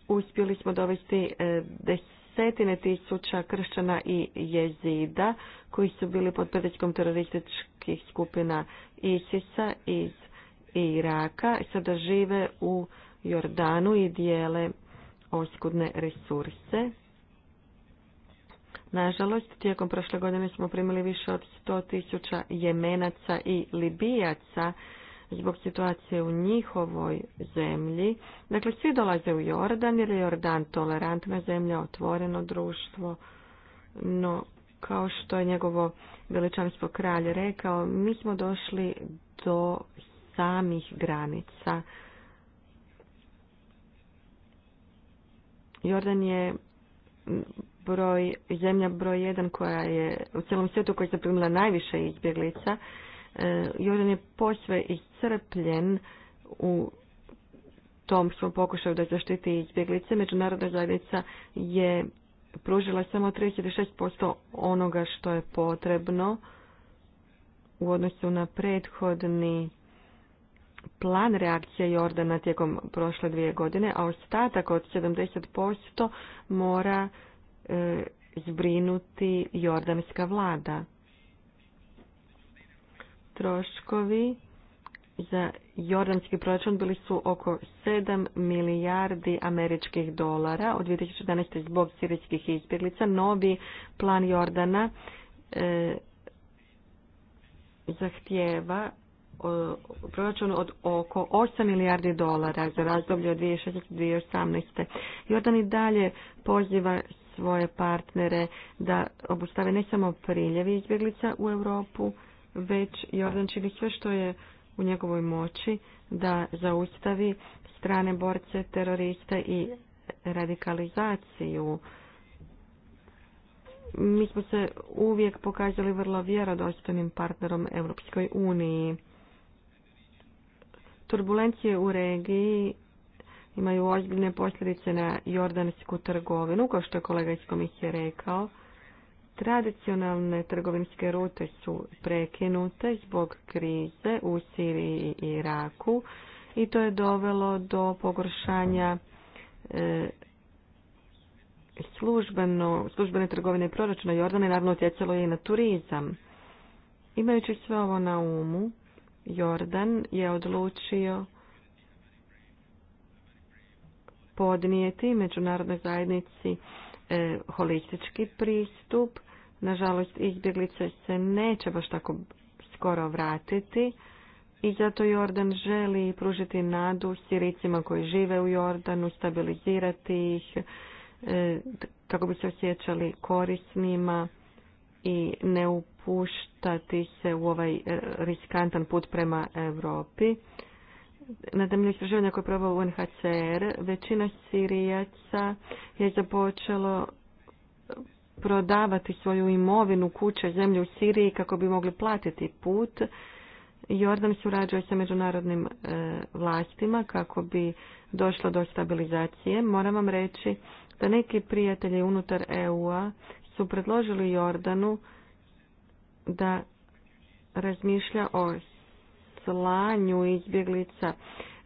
Uspjeli smo dovesti e, desetine tisuća kršćana i jezida koji su bili pod pritiskom terorističkih skupina ISIS-a iz Iraka i sada žive u Jordanu i dijele oskudne resurse. Nažalost, tijekom prošle godine smo primili više od 100 tisuća jemenaca i libijaca zbog situacije u njihovoj zemlji. Dakle, svi dolaze u Jordan jer je Jordan tolerantna zemlja, otvoreno društvo, no kao što je njegovo veličanstvo kralj rekao, mi smo došli do samih granica. Jordan je broj, zemlja broj jedan koja je u cijelom svijetu koja je zaprimila najviše izbjeglica E, Jordan je posve iscrpljen u tom svom pokušaju da zaštiti izbjeglice. Međunarodna zajednica je pružila samo 36% onoga što je potrebno u odnosu na prethodni plan reakcije Jordana tijekom prošle dvije godine, a ostatak od 70% mora e, zbrinuti jordanska vlada troškovi za jordanski proračun bili su oko 7 milijardi američkih dolara od 2011. zbog sirijskih izbjeglica. Novi plan Jordana e, zahtjeva proračun od oko 8 milijardi dolara za razdoblje od 2016-2018. Jordan i dalje poziva svoje partnere da obustave ne samo priljevi izbjeglica u Europu, već Jordan čini sve što je u njegovoj moći da zaustavi strane borce, teroriste i radikalizaciju. Mi smo se uvijek pokazali vrlo vjerodostojnim partnerom Europskoj uniji. Turbulencije u regiji imaju ozbiljne posljedice na jordansku trgovinu, kao što je kolega iz komisije rekao. Tradicionalne trgovinske rute su prekinute zbog krize u Siriji i Iraku i to je dovelo do pogoršanja e, službene trgovine proračuna Jordana i naravno utjecalo je i na turizam. Imajući sve ovo na umu, Jordan je odlučio podnijeti međunarodnoj zajednici e, holistički pristup Nažalost, izbjeglice se neće baš tako skoro vratiti i zato Jordan želi pružiti nadu Siricima koji žive u Jordanu, stabilizirati ih e, kako bi se osjećali korisnima i ne upuštati se u ovaj e, riskantan put prema Europi. Na temelju istraživanja koje je probao UNHCR, većina Sirijaca je započelo prodavati svoju imovinu, kuće, zemlju u Siriji kako bi mogli platiti put. Jordan surađuje sa međunarodnim e, vlastima kako bi došlo do stabilizacije. Moram vam reći da neki prijatelji unutar EU-a su predložili Jordanu da razmišlja o slanju izbjeglica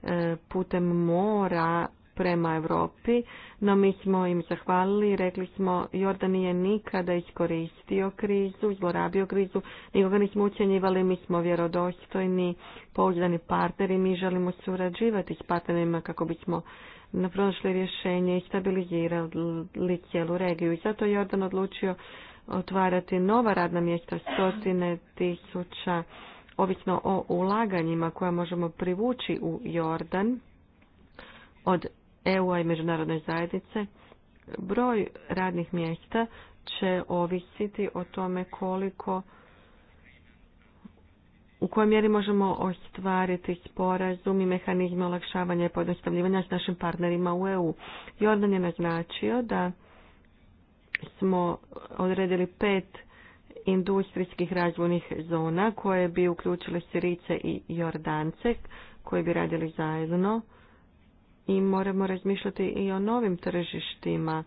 e, putem mora prema Europi, no mi smo im zahvalili i rekli smo Jordan nije nikada iskoristio krizu, zlorabio krizu, nikoga nismo ucjenjivali, mi smo vjerodostojni, pouzdani partneri, mi želimo surađivati s partnerima kako bismo pronašli rješenje i stabilizirali cijelu regiju. I zato je Jordan odlučio otvarati nova radna mjesta, stotine tisuća, ovisno o ulaganjima koja možemo privući u Jordan od EU-a i međunarodne zajednice, broj radnih mjesta će ovisiti o tome koliko u kojoj mjeri možemo ostvariti sporazum i mehanizme olakšavanja i podnostavljivanja s našim partnerima u EU. Jordan je naznačio da smo odredili pet industrijskih razvojnih zona koje bi uključile Sirice i Jordance koji bi radili zajedno i moramo razmišljati i o novim tržištima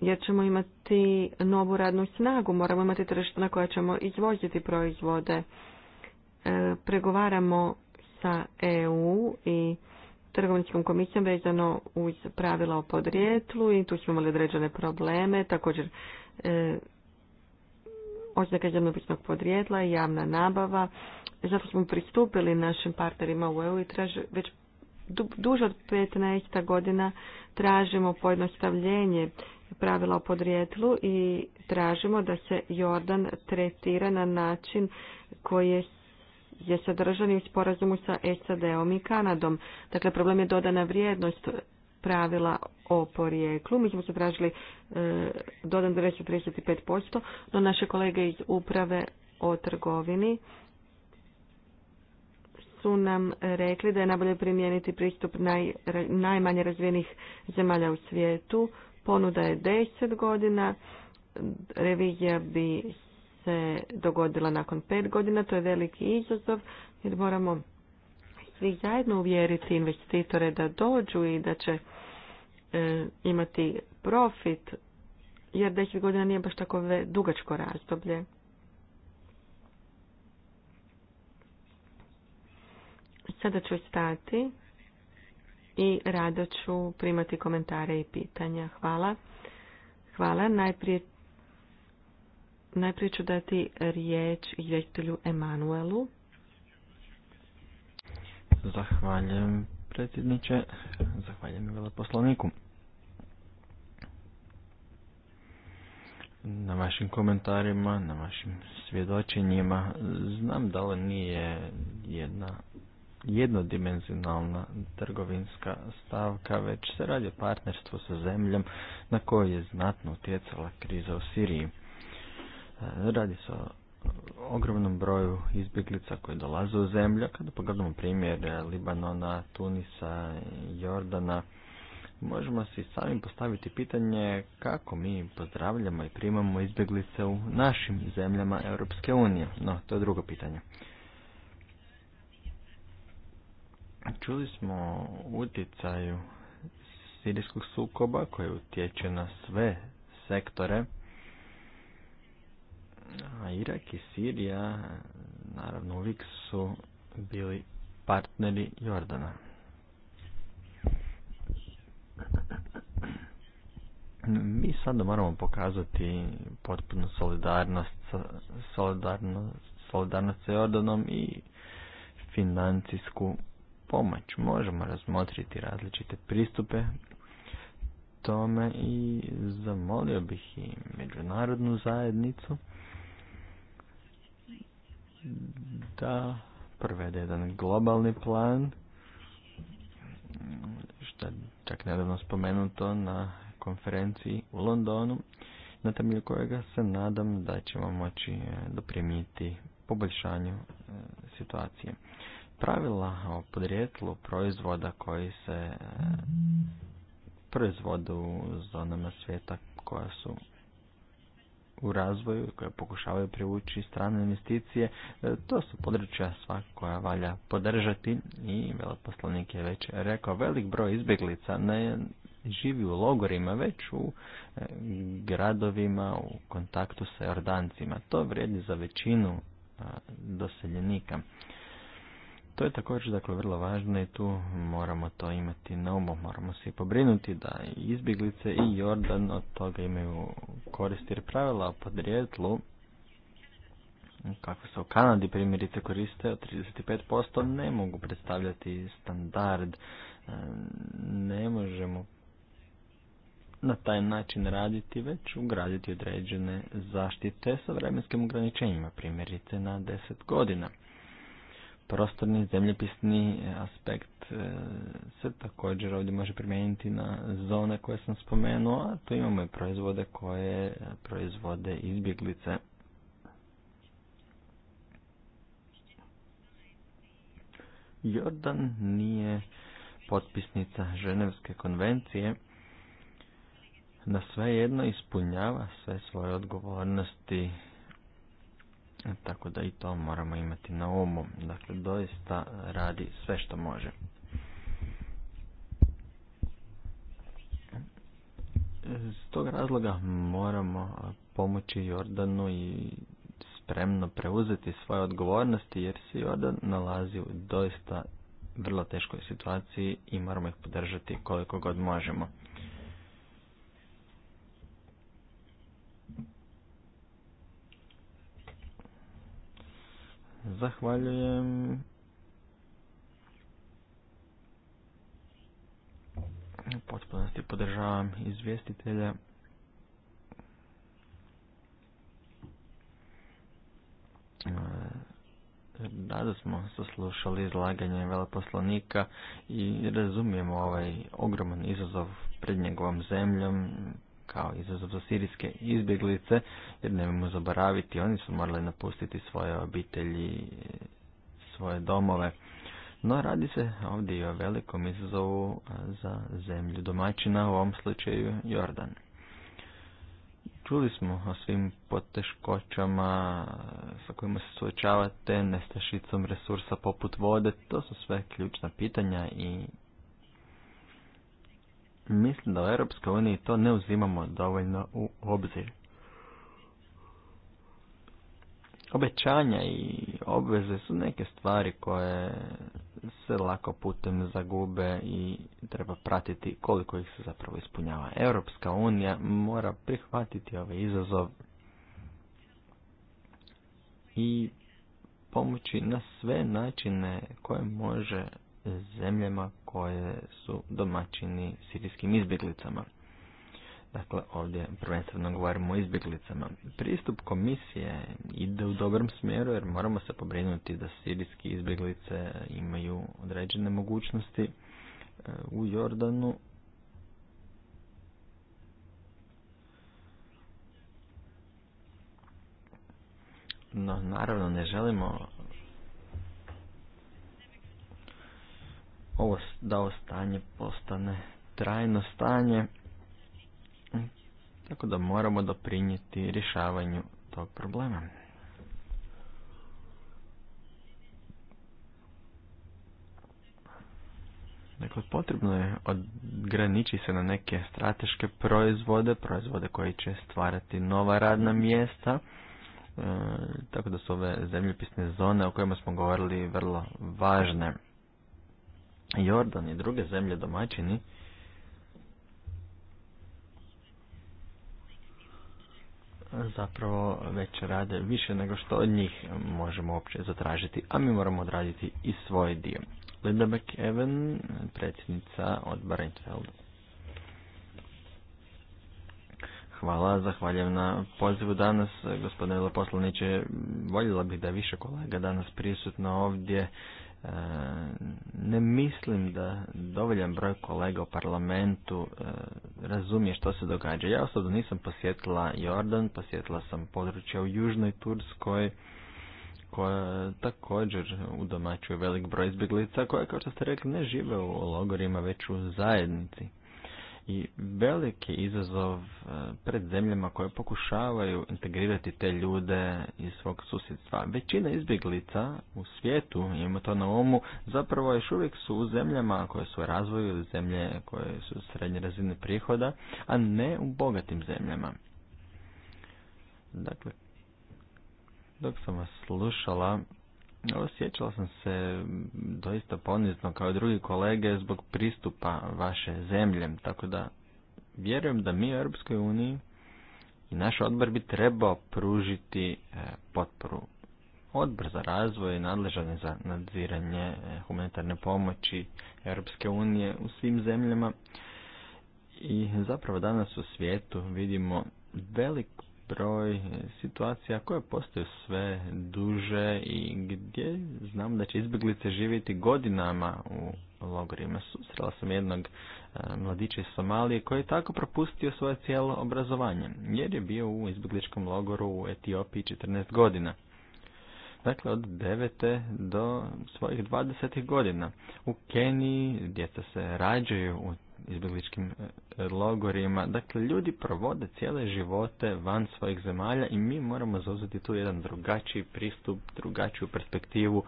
jer ćemo imati novu radnu snagu, moramo imati tržište na koja ćemo izvoziti proizvode. E, pregovaramo sa EU i trgovinskom komisijom vezano uz pravila o podrijetlu i tu smo imali određene probleme, također e, oznake zemljopisnog podrijetla i javna nabava. Zato smo pristupili našim partnerima u EU i traži, već duže od 15 godina tražimo pojednostavljenje pravila o podrijetlu i tražimo da se Jordan tretira na način koji je je sadržan u sporazumu sa SAD-om i Kanadom. Dakle, problem je dodana vrijednost pravila o porijeklu. Mi smo se tražili e, dodan posto no naše kolege iz uprave o trgovini su nam rekli da je najbolje primijeniti pristup naj, najmanje razvijenih zemalja u svijetu. Ponuda je 10 godina, revizija bi se dogodila nakon 5 godina, to je veliki izazov jer moramo svi zajedno uvjeriti investitore da dođu i da će e, imati profit, jer 10 godina nije baš tako dugačko razdoblje. Sada ću stati i rado ću primati komentare i pitanja. Hvala. Hvala. Najprije, najprije ću dati riječ izvjestitelju Emanuelu. Zahvaljujem predsjedniče, zahvaljujem veleposlaniku. na vašim komentarima, na vašim svjedočenjima. Znam da ovo nije jedna jednodimenzionalna trgovinska stavka, već se radi o partnerstvu sa zemljom na kojoj je znatno utjecala kriza u Siriji. Radi se o ogromnom broju izbjeglica koji dolaze u zemlju, kada pogledamo primjer Libanona, Tunisa, Jordana, možemo si sami postaviti pitanje kako mi pozdravljamo i primamo izbjeglice u našim zemljama Europske unije. No, to je drugo pitanje. Čuli smo o utjecaju sirijskog sukoba koji utječe na sve sektore Irak i Sirija naravno uvijek su bili partneri Jordana. Mi sada moramo pokazati potpunu solidarnost, solidarnost, solidarnost sa Jordanom i financijsku pomoć. Možemo razmotriti različite pristupe tome i zamolio bih i međunarodnu zajednicu da provede jedan globalni plan, što je čak nedavno spomenuto na konferenciji u Londonu, na temelju kojega se nadam da ćemo moći e, doprimiti poboljšanju e, situacije. Pravila o podrijetlu proizvoda koji se e, proizvodu u zonama svijeta koja su u razvoju, koje pokušavaju privući strane investicije, e, to su područja sva koja valja podržati i veleposlanik je već rekao velik broj izbjeglica ne živi u logorima, već u e, gradovima u kontaktu sa Jordancima. To vrijedi za većinu doseljenika. To je također dakle, vrlo važno i tu moramo to imati na umu. Moramo se pobrinuti da izbjeglice i Jordan od toga imaju koristi jer pravila o podrijetlu kako se u Kanadi primjerice koriste od 35% ne mogu predstavljati standard. Ne možemo na taj način raditi, već ugraditi određene zaštite sa vremenskim ograničenjima, primjerice na 10 godina prostorni, zemljepisni aspekt e, se također ovdje može primijeniti na zone koje sam spomenuo, a tu imamo i proizvode koje proizvode izbjeglice. Jordan nije potpisnica Ženevske konvencije, na svejedno ispunjava sve svoje odgovornosti E, tako da i to moramo imati na umu. Dakle, doista radi sve što može. Iz tog razloga moramo pomoći Jordanu i spremno preuzeti svoje odgovornosti jer se Jordan nalazi u doista vrlo teškoj situaciji i moramo ih podržati koliko god možemo. Zahvaljujem. U potpunosti podržavam izvjestitelja. E, rado smo saslušali izlaganje veleposlanika i razumijemo ovaj ogroman izazov pred njegovom zemljom, kao izazov za sirijske izbjeglice, jer nemojmo zaboraviti, oni su morali napustiti svoje obitelji, svoje domove. No radi se ovdje i o velikom izazovu za zemlju domaćina, u ovom slučaju Jordan. Čuli smo o svim poteškoćama sa kojima se suočavate, nestašicom resursa poput vode, to su sve ključna pitanja i Mislim da u Europskoj uniji to ne uzimamo dovoljno u obzir. Obećanja i obveze su neke stvari koje se lako putem zagube i treba pratiti koliko ih se zapravo ispunjava. Europska unija mora prihvatiti ovaj izazov i pomoći na sve načine koje može zemljama koje su domaćini sirijskim izbjeglicama. Dakle, ovdje prvenstveno govorimo o izbjeglicama. Pristup komisije ide u dobrom smjeru jer moramo se pobrinuti da sirijski izbjeglice imaju određene mogućnosti e, u Jordanu. No, naravno, ne želimo ovo, da stanje postane trajno stanje, tako da moramo doprinijeti rješavanju tog problema. Dakle, potrebno je odgraniči se na neke strateške proizvode, proizvode koji će stvarati nova radna mjesta, e, tako da su ove zemljopisne zone o kojima smo govorili vrlo važne. Jordan i druge zemlje domaćini zapravo već rade više nego što od njih možemo uopće zatražiti, a mi moramo odraditi i svoj dio. Linda McEwen, predsjednica od Intfeld. Hvala, zahvaljujem na pozivu danas. Gospodine poslaniće, voljela bih da je više kolega danas prisutno ovdje E, ne mislim da dovoljan broj kolega u parlamentu e, razumije što se događa. Ja osobno nisam posjetila Jordan, posjetila sam područje u Južnoj Turskoj koja također udomačuje velik broj izbjeglica koje, kao što ste rekli, ne žive u logorima već u zajednici i veliki izazov e, pred zemljama koje pokušavaju integrirati te ljude iz svog susjedstva. Većina izbjeglica u svijetu, imamo to na umu, zapravo još uvijek su u zemljama koje su razvoju ili zemlje koje su srednje razine prihoda, a ne u bogatim zemljama. Dakle, dok sam vas slušala, Osjećala sam se doista ponizno kao i drugi kolege zbog pristupa vaše zemlje, tako da vjerujem da mi u Europskoj uniji i naš odbor bi trebao pružiti e, potporu. Odbor za razvoj i nadležan za nadziranje e, humanitarne pomoći Europske unije u svim zemljama i zapravo danas u svijetu vidimo velik broj situacija koje postaju sve duže i gdje znam da će izbjeglice živjeti godinama u logorima. Susrela sam jednog e, mladića iz Somalije koji je tako propustio svoje cijelo obrazovanje jer je bio u izbjegličkom logoru u Etiopiji 14 godina. Dakle, od 9. do svojih 20. godina. U Keniji djeca se rađaju u izbjegličkim e, logorima. Dakle, ljudi provode cijele živote van svojih zemalja i mi moramo zauzeti tu jedan drugačiji pristup, drugačiju perspektivu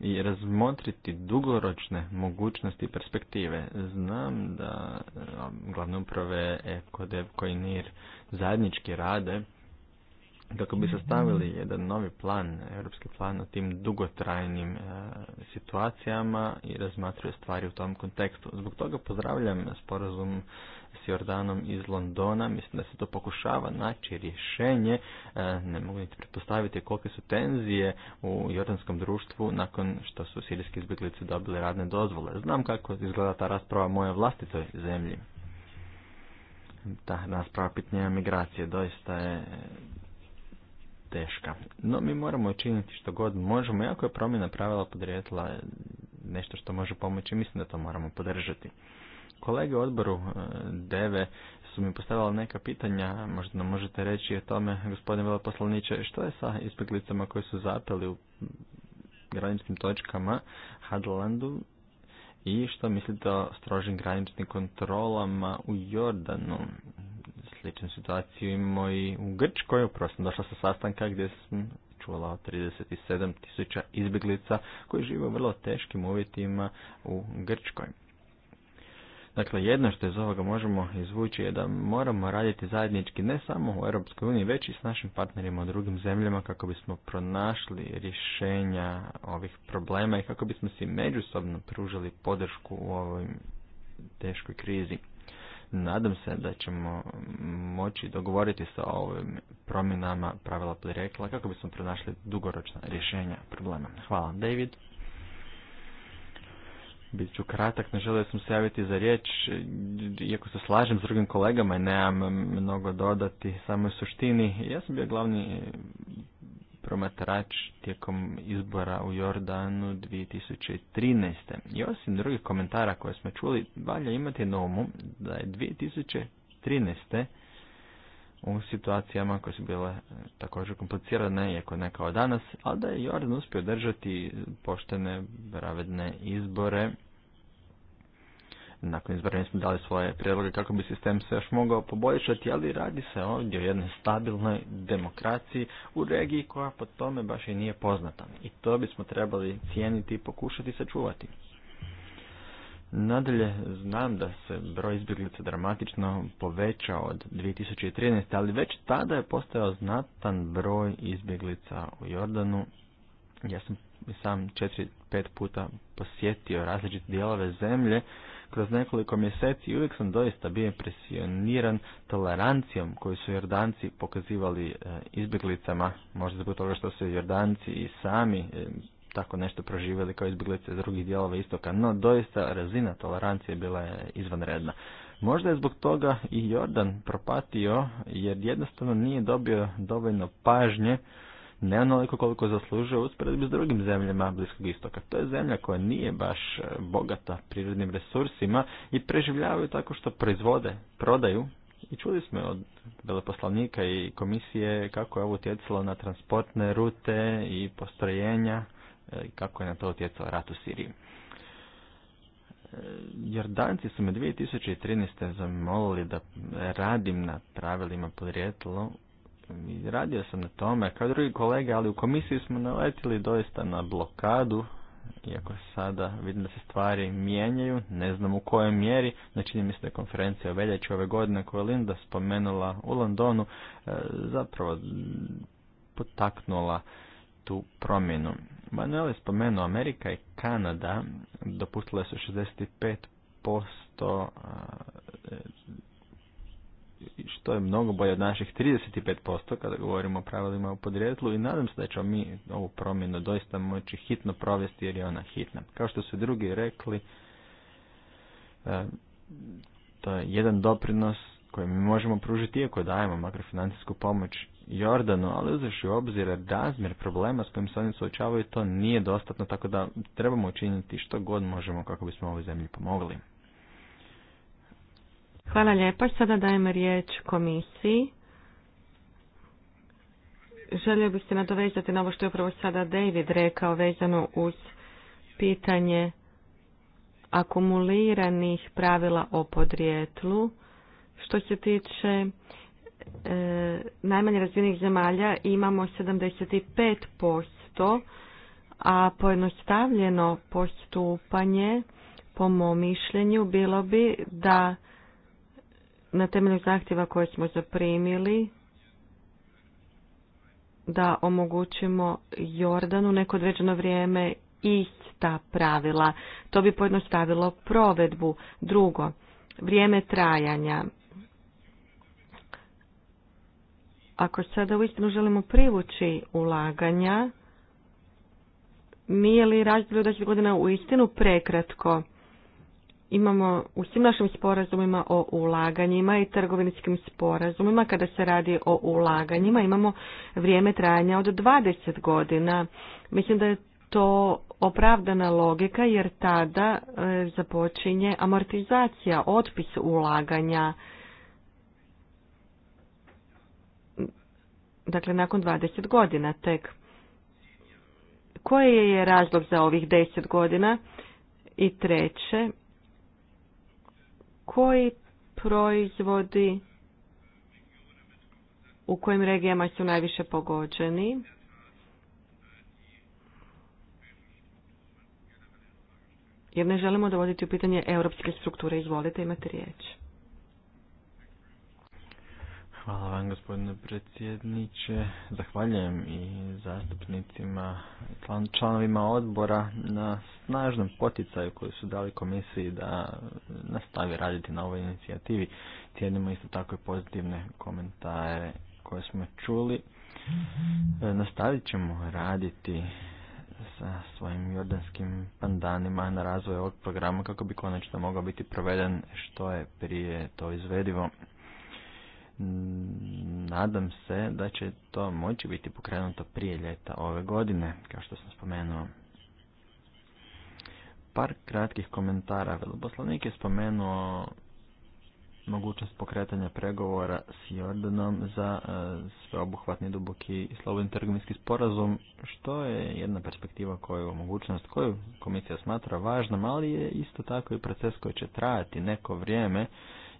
i razmotriti dugoročne mogućnosti i perspektive. Znam da e, glavne uprave ECODEV koji NIR zajednički rade kako bi sastavili mhm. jedan novi plan, europski plan o tim dugotrajnim e, situacijama i razmatraju stvari u tom kontekstu. Zbog toga pozdravljam sporazum s Jordanom iz Londona, mislim da se to pokušava naći rješenje, e, ne mogu niti pretpostaviti kolike su tenzije u jordanskom društvu nakon što su sirijski izbjeglice dobili radne dozvole. Znam kako izgleda ta rasprava moje vlastitoj zemlji. Ta rasprava migracije doista je teška. No mi moramo učiniti što god možemo, jako je promjena pravila podrijetla nešto što može pomoći, mislim da to moramo podržati. Kolege u odboru e, DEVE su mi postavili neka pitanja, možda možete reći o tome, gospodine veleposlaniče, što je sa ispeglicama koji su zapeli u graničnim točkama Hadlandu i što mislite o strožim graničnim kontrolama u Jordanu? Sličnu situaciju imamo i u Grčkoj. Upravo sam došla sa sastanka gdje sam čula o 37 tisuća izbjeglica koji žive u vrlo teškim uvjetima u Grčkoj. Dakle, jedno što iz ovoga možemo izvući je da moramo raditi zajednički ne samo u Europskoj uniji, već i s našim partnerima u drugim zemljama kako bismo pronašli rješenja ovih problema i kako bismo si međusobno pružili podršku u ovoj teškoj krizi. Nadam se da ćemo moći dogovoriti sa ovim promjenama pravila prirekla kako bismo pronašli dugoročna rješenja problema. Hvala David. Bit ću kratak, ne želio sam se javiti za riječ, iako se slažem s drugim kolegama i nemam mnogo dodati, samo suštini. Ja sam bio glavni promatrač tijekom izbora u Jordanu 2013. I osim drugih komentara koje smo čuli, valja imati na umu da je 2013. u situacijama koje su bile e, također komplicirane, iako ne kao danas, ali da je Jordan uspio držati poštene, pravedne izbore nakon izbora smo dali svoje prijedloge kako bi sistem se još mogao poboljšati, ali radi se ovdje o jednoj stabilnoj demokraciji u regiji koja po tome baš i nije poznata. I to bismo trebali cijeniti i pokušati sačuvati. Nadalje, znam da se broj izbjeglica dramatično povećao od 2013. ali već tada je postao znatan broj izbjeglica u Jordanu. Ja sam sam četiri, pet puta posjetio različite dijelove zemlje kroz nekoliko mjeseci i uvijek sam doista bio impresioniran tolerancijom koju su Jordanci pokazivali e, izbjeglicama, možda zbog toga što su Jordanci i sami e, tako nešto proživjeli kao izbjeglice iz drugih dijelova istoka, no doista razina tolerancije bila je izvanredna. Možda je zbog toga i Jordan propatio jer jednostavno nije dobio dovoljno pažnje ne onoliko koliko zaslužuje usporedbi s drugim zemljama Bliskog istoka. To je zemlja koja nije baš e, bogata prirodnim resursima i preživljavaju tako što proizvode, prodaju i čuli smo od veleposlanika i komisije kako je ovo utjecalo na transportne rute i postrojenja e, i kako je na to utjecao rat u Siriji. E, Jordanci su me 2013. zamolili da radim na pravilima podrijetlo i radio sam na tome, kao drugi kolege, ali u komisiji smo naletili doista na blokadu, iako sada vidim da se stvari mijenjaju, ne znam u kojoj mjeri, znači mi se da konferencija veljače ove godine koju je Linda spomenula u Londonu, e, zapravo potaknula tu promjenu. Manuel je spomenuo Amerika i Kanada dopustile su 65% što je mnogo bolje od naših 35% kada govorimo o pravilima u podrijetlu i nadam se da ćemo mi ovu promjenu doista moći hitno provesti jer je ona hitna. Kao što su drugi rekli, e, to je jedan doprinos koji mi možemo pružiti iako dajemo makrofinancijsku pomoć Jordanu, ali uzevši u obzir razmjer problema s kojim se oni suočavaju, to nije dostatno, tako da trebamo učiniti što god možemo kako bismo ovoj zemlji pomogli. Hvala lijepa. Sada dajem riječ komisiji. Želio bih se nadovezati na ovo što je upravo sada David rekao vezano uz pitanje akumuliranih pravila o podrijetlu. Što se tiče e, najmanje razvijenih zemalja imamo 75%, a pojednostavljeno postupanje po mom mišljenju bilo bi da na temelju zahtjeva koje smo zaprimili da omogućimo Jordanu neko određeno vrijeme ista pravila. To bi pojednostavilo provedbu. Drugo, vrijeme trajanja. Ako sada uistinu želimo privući ulaganja, nije li razdoblje od 10 godina uistinu prekratko? imamo u svim našim sporazumima o ulaganjima i trgovinskim sporazumima, kada se radi o ulaganjima, imamo vrijeme trajanja od 20 godina. Mislim da je to opravdana logika jer tada e, započinje amortizacija, otpis ulaganja. Dakle, nakon 20 godina tek. Koji je razlog za ovih 10 godina? I treće, koji proizvodi u kojim regijama su najviše pogođeni. Jer ne želimo dovoditi u pitanje europske strukture. Izvolite, imate riječ. Hvala vam gospodine predsjedniče. Zahvaljujem i zastupnicima i članovima odbora na snažnom poticaju koji su dali komisiji da nastavi raditi na ovoj inicijativi. Cijenimo isto tako i pozitivne komentare koje smo čuli. E, nastavit ćemo raditi sa svojim jordanskim pandanima na razvoju ovog programa kako bi konačno mogao biti proveden što je prije to izvedivo. Mm, nadam se da će to moći biti pokrenuto prije ljeta ove godine, kao što sam spomenuo. Par kratkih komentara. Veloposlanik je spomenuo mogućnost pokretanja pregovora s Jordanom za e, sveobuhvatni duboki i slobodni trgovinski sporazum, što je jedna perspektiva koju mogućnost koju komisija smatra važnom, ali je isto tako i proces koji će trajati neko vrijeme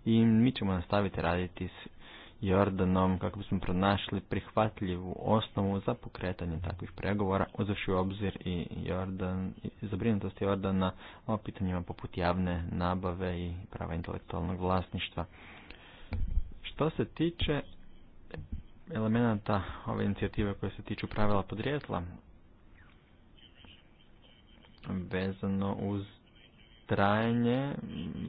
i mi ćemo nastaviti raditi s Jordanom kako bismo pronašli prihvatljivu osnovu za pokretanje takvih pregovora, uzavši u obzir i Jordan, i zabrinutost Jordana o pitanjima poput javne nabave i prava intelektualnog vlasništva. Što se tiče elemenata ove inicijative koje se tiču pravila podrijetla, vezano uz trajanje,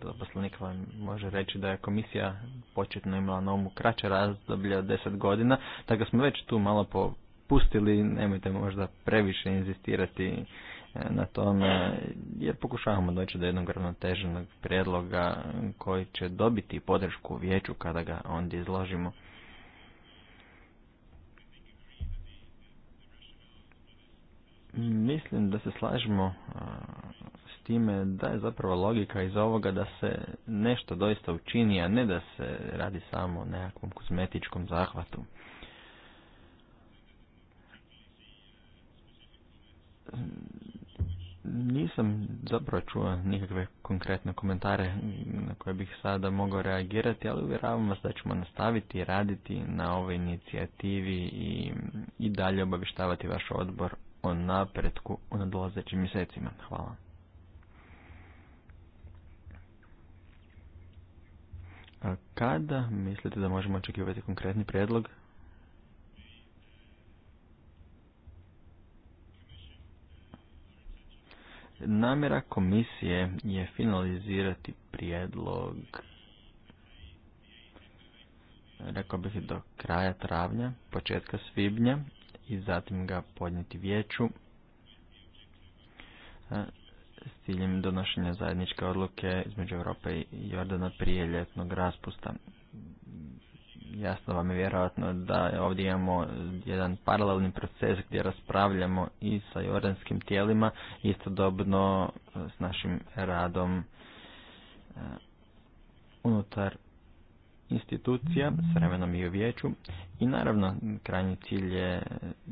zaposlenik vam može reći da je komisija početno imala na umu kraće razdoblje od deset godina, tako ga smo već tu malo popustili, nemojte možda previše inzistirati e, na tome, jer pokušavamo doći do jednog ravnoteženog prijedloga koji će dobiti podršku u vijeću kada ga onda izložimo. Mislim da se slažemo time da je zapravo logika iz ovoga da se nešto doista učini, a ne da se radi samo o nekakvom kozmetičkom zahvatu. Nisam zapravo čuo nikakve konkretne komentare na koje bih sada mogao reagirati, ali uvjeravam vas da ćemo nastaviti raditi na ovoj inicijativi i, i dalje obavištavati vaš odbor o napretku u nadolazećim mjesecima. Hvala. Kada mislite da možemo očekivati konkretni prijedlog? Namjera komisije je finalizirati prijedlog rekao bih do kraja travnja, početka svibnja i zatim ga podnijeti vijeću s ciljem donošenja zajedničke odluke između Europe i Jordana prije ljetnog raspusta. Jasno vam je vjerojatno da ovdje imamo jedan paralelni proces gdje raspravljamo i sa jordanskim tijelima, istodobno s našim radom e, unutar institucija, s vremenom i u vijeću. I naravno, krajnji cilj je,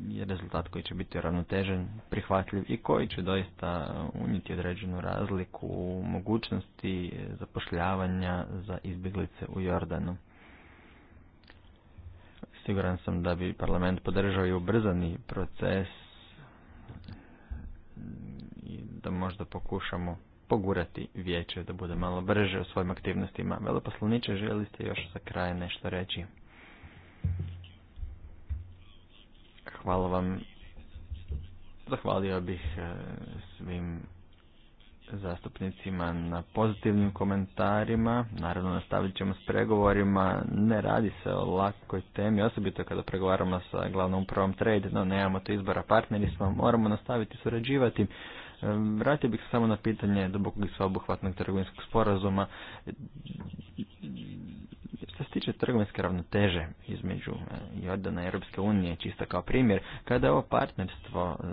je rezultat koji će biti ravnotežen, prihvatljiv i koji će doista unijeti određenu razliku u mogućnosti zapošljavanja za izbjeglice u Jordanu. Siguran sam da bi parlament podržao i ubrzani proces i da možda pokušamo pogurati vijeće da bude malo brže u svojim aktivnostima. Veloposlovniče, želi ste još za kraj nešto reći? Hvala vam. Zahvalio bih e, svim zastupnicima na pozitivnim komentarima. Naravno, nastavit ćemo s pregovorima. Ne radi se o lakoj temi, osobito kada pregovaramo sa glavnom upravom trade, no nemamo to izbora partneri smo, moramo nastaviti surađivati Vratio bih se samo na pitanje dubokog i sveobuhvatnog trgovinskog sporazuma. Što se tiče trgovinske ravnoteže između e, Jordana i Europske unije, čisto kao primjer, kada je ovo partnerstvo e,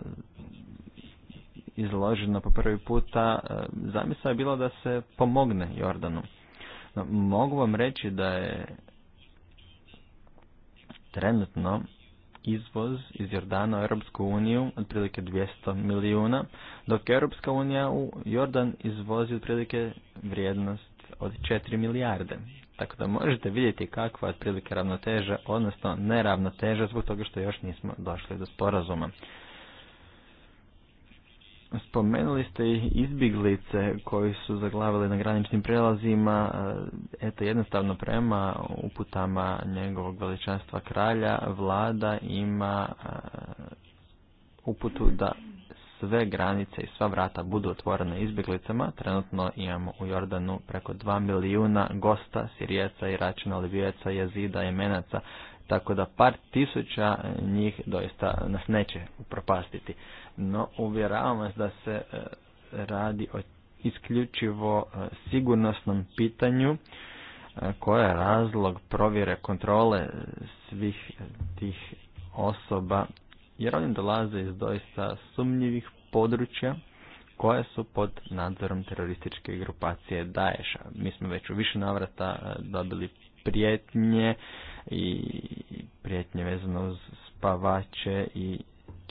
izloženo po prvi puta, e, zamisla je bila da se pomogne Jordanu. mogu vam reći da je trenutno izvoz iz Jordana u Europsku uniju otprilike 200 milijuna, dok Europska unija u Jordan izvozi otprilike vrijednost od 4 milijarde. Tako da možete vidjeti kakva je otprilike ravnoteža, odnosno neravnoteža zbog toga što još nismo došli do sporazuma. Spomenuli ste i izbjeglice koji su zaglavili na graničnim prelazima, e, eto jednostavno prema uputama njegovog veličanstva kralja, vlada ima e, uputu da sve granice i sva vrata budu otvorene izbjeglicama. Trenutno imamo u Jordanu preko 2 milijuna gosta, sirijeca, iračina, libijeca, jezida, jemenaca, tako da par tisuća njih doista nas neće upropastiti no uvjeravam vas da se e, radi o isključivo e, sigurnosnom pitanju e, koja je razlog provjere kontrole svih tih osoba jer oni dolaze iz doista sumnjivih područja koje su pod nadzorom terorističke grupacije Daesha. Mi smo već u više navrata dobili prijetnje i prijetnje vezano uz spavače i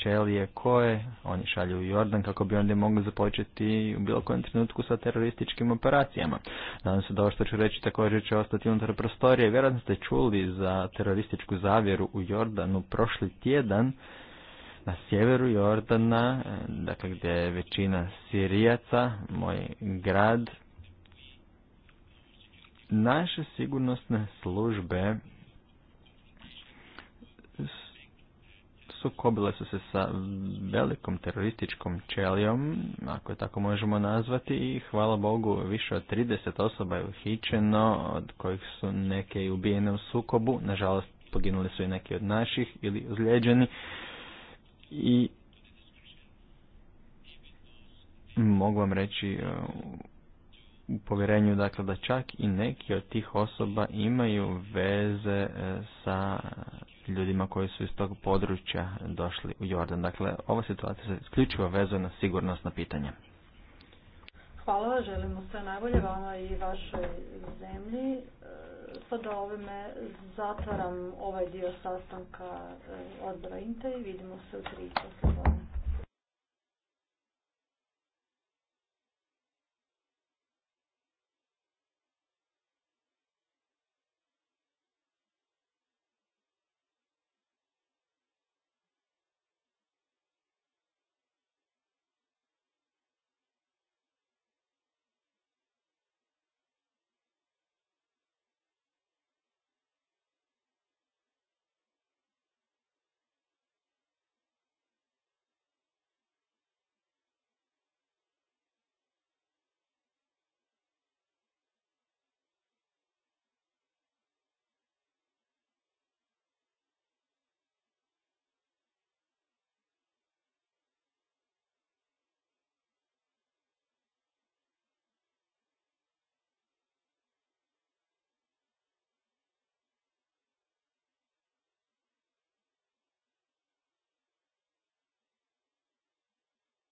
ćelije koje oni šalju u Jordan kako bi onda mogli započeti u bilo kojem trenutku sa terorističkim operacijama. Nadam se da ovo što ću reći također će ostati unutar prostorije. Vjerojatno ste čuli za terorističku zavjeru u Jordanu prošli tjedan na sjeveru Jordana, dakle gdje je većina Sirijaca, moj grad, naše sigurnosne službe sukobile su se sa velikom terorističkom čelijom, ako je tako možemo nazvati, i hvala Bogu više od 30 osoba je uhićeno, od kojih su neke i ubijene u sukobu, nažalost poginuli su i neki od naših ili ozlijeđeni. I mogu vam reći e, u povjerenju dakle da čak i neki od tih osoba imaju veze e, sa ljudima koji su iz tog područja došli u Jordan. Dakle, ova situacija se isključivo vezuje na sigurnosna pitanja. Hvala, želimo sve najbolje vama i vašoj zemlji. E, Sada ovime zatvaram ovaj dio sastanka e, odbora INTE i vidimo se u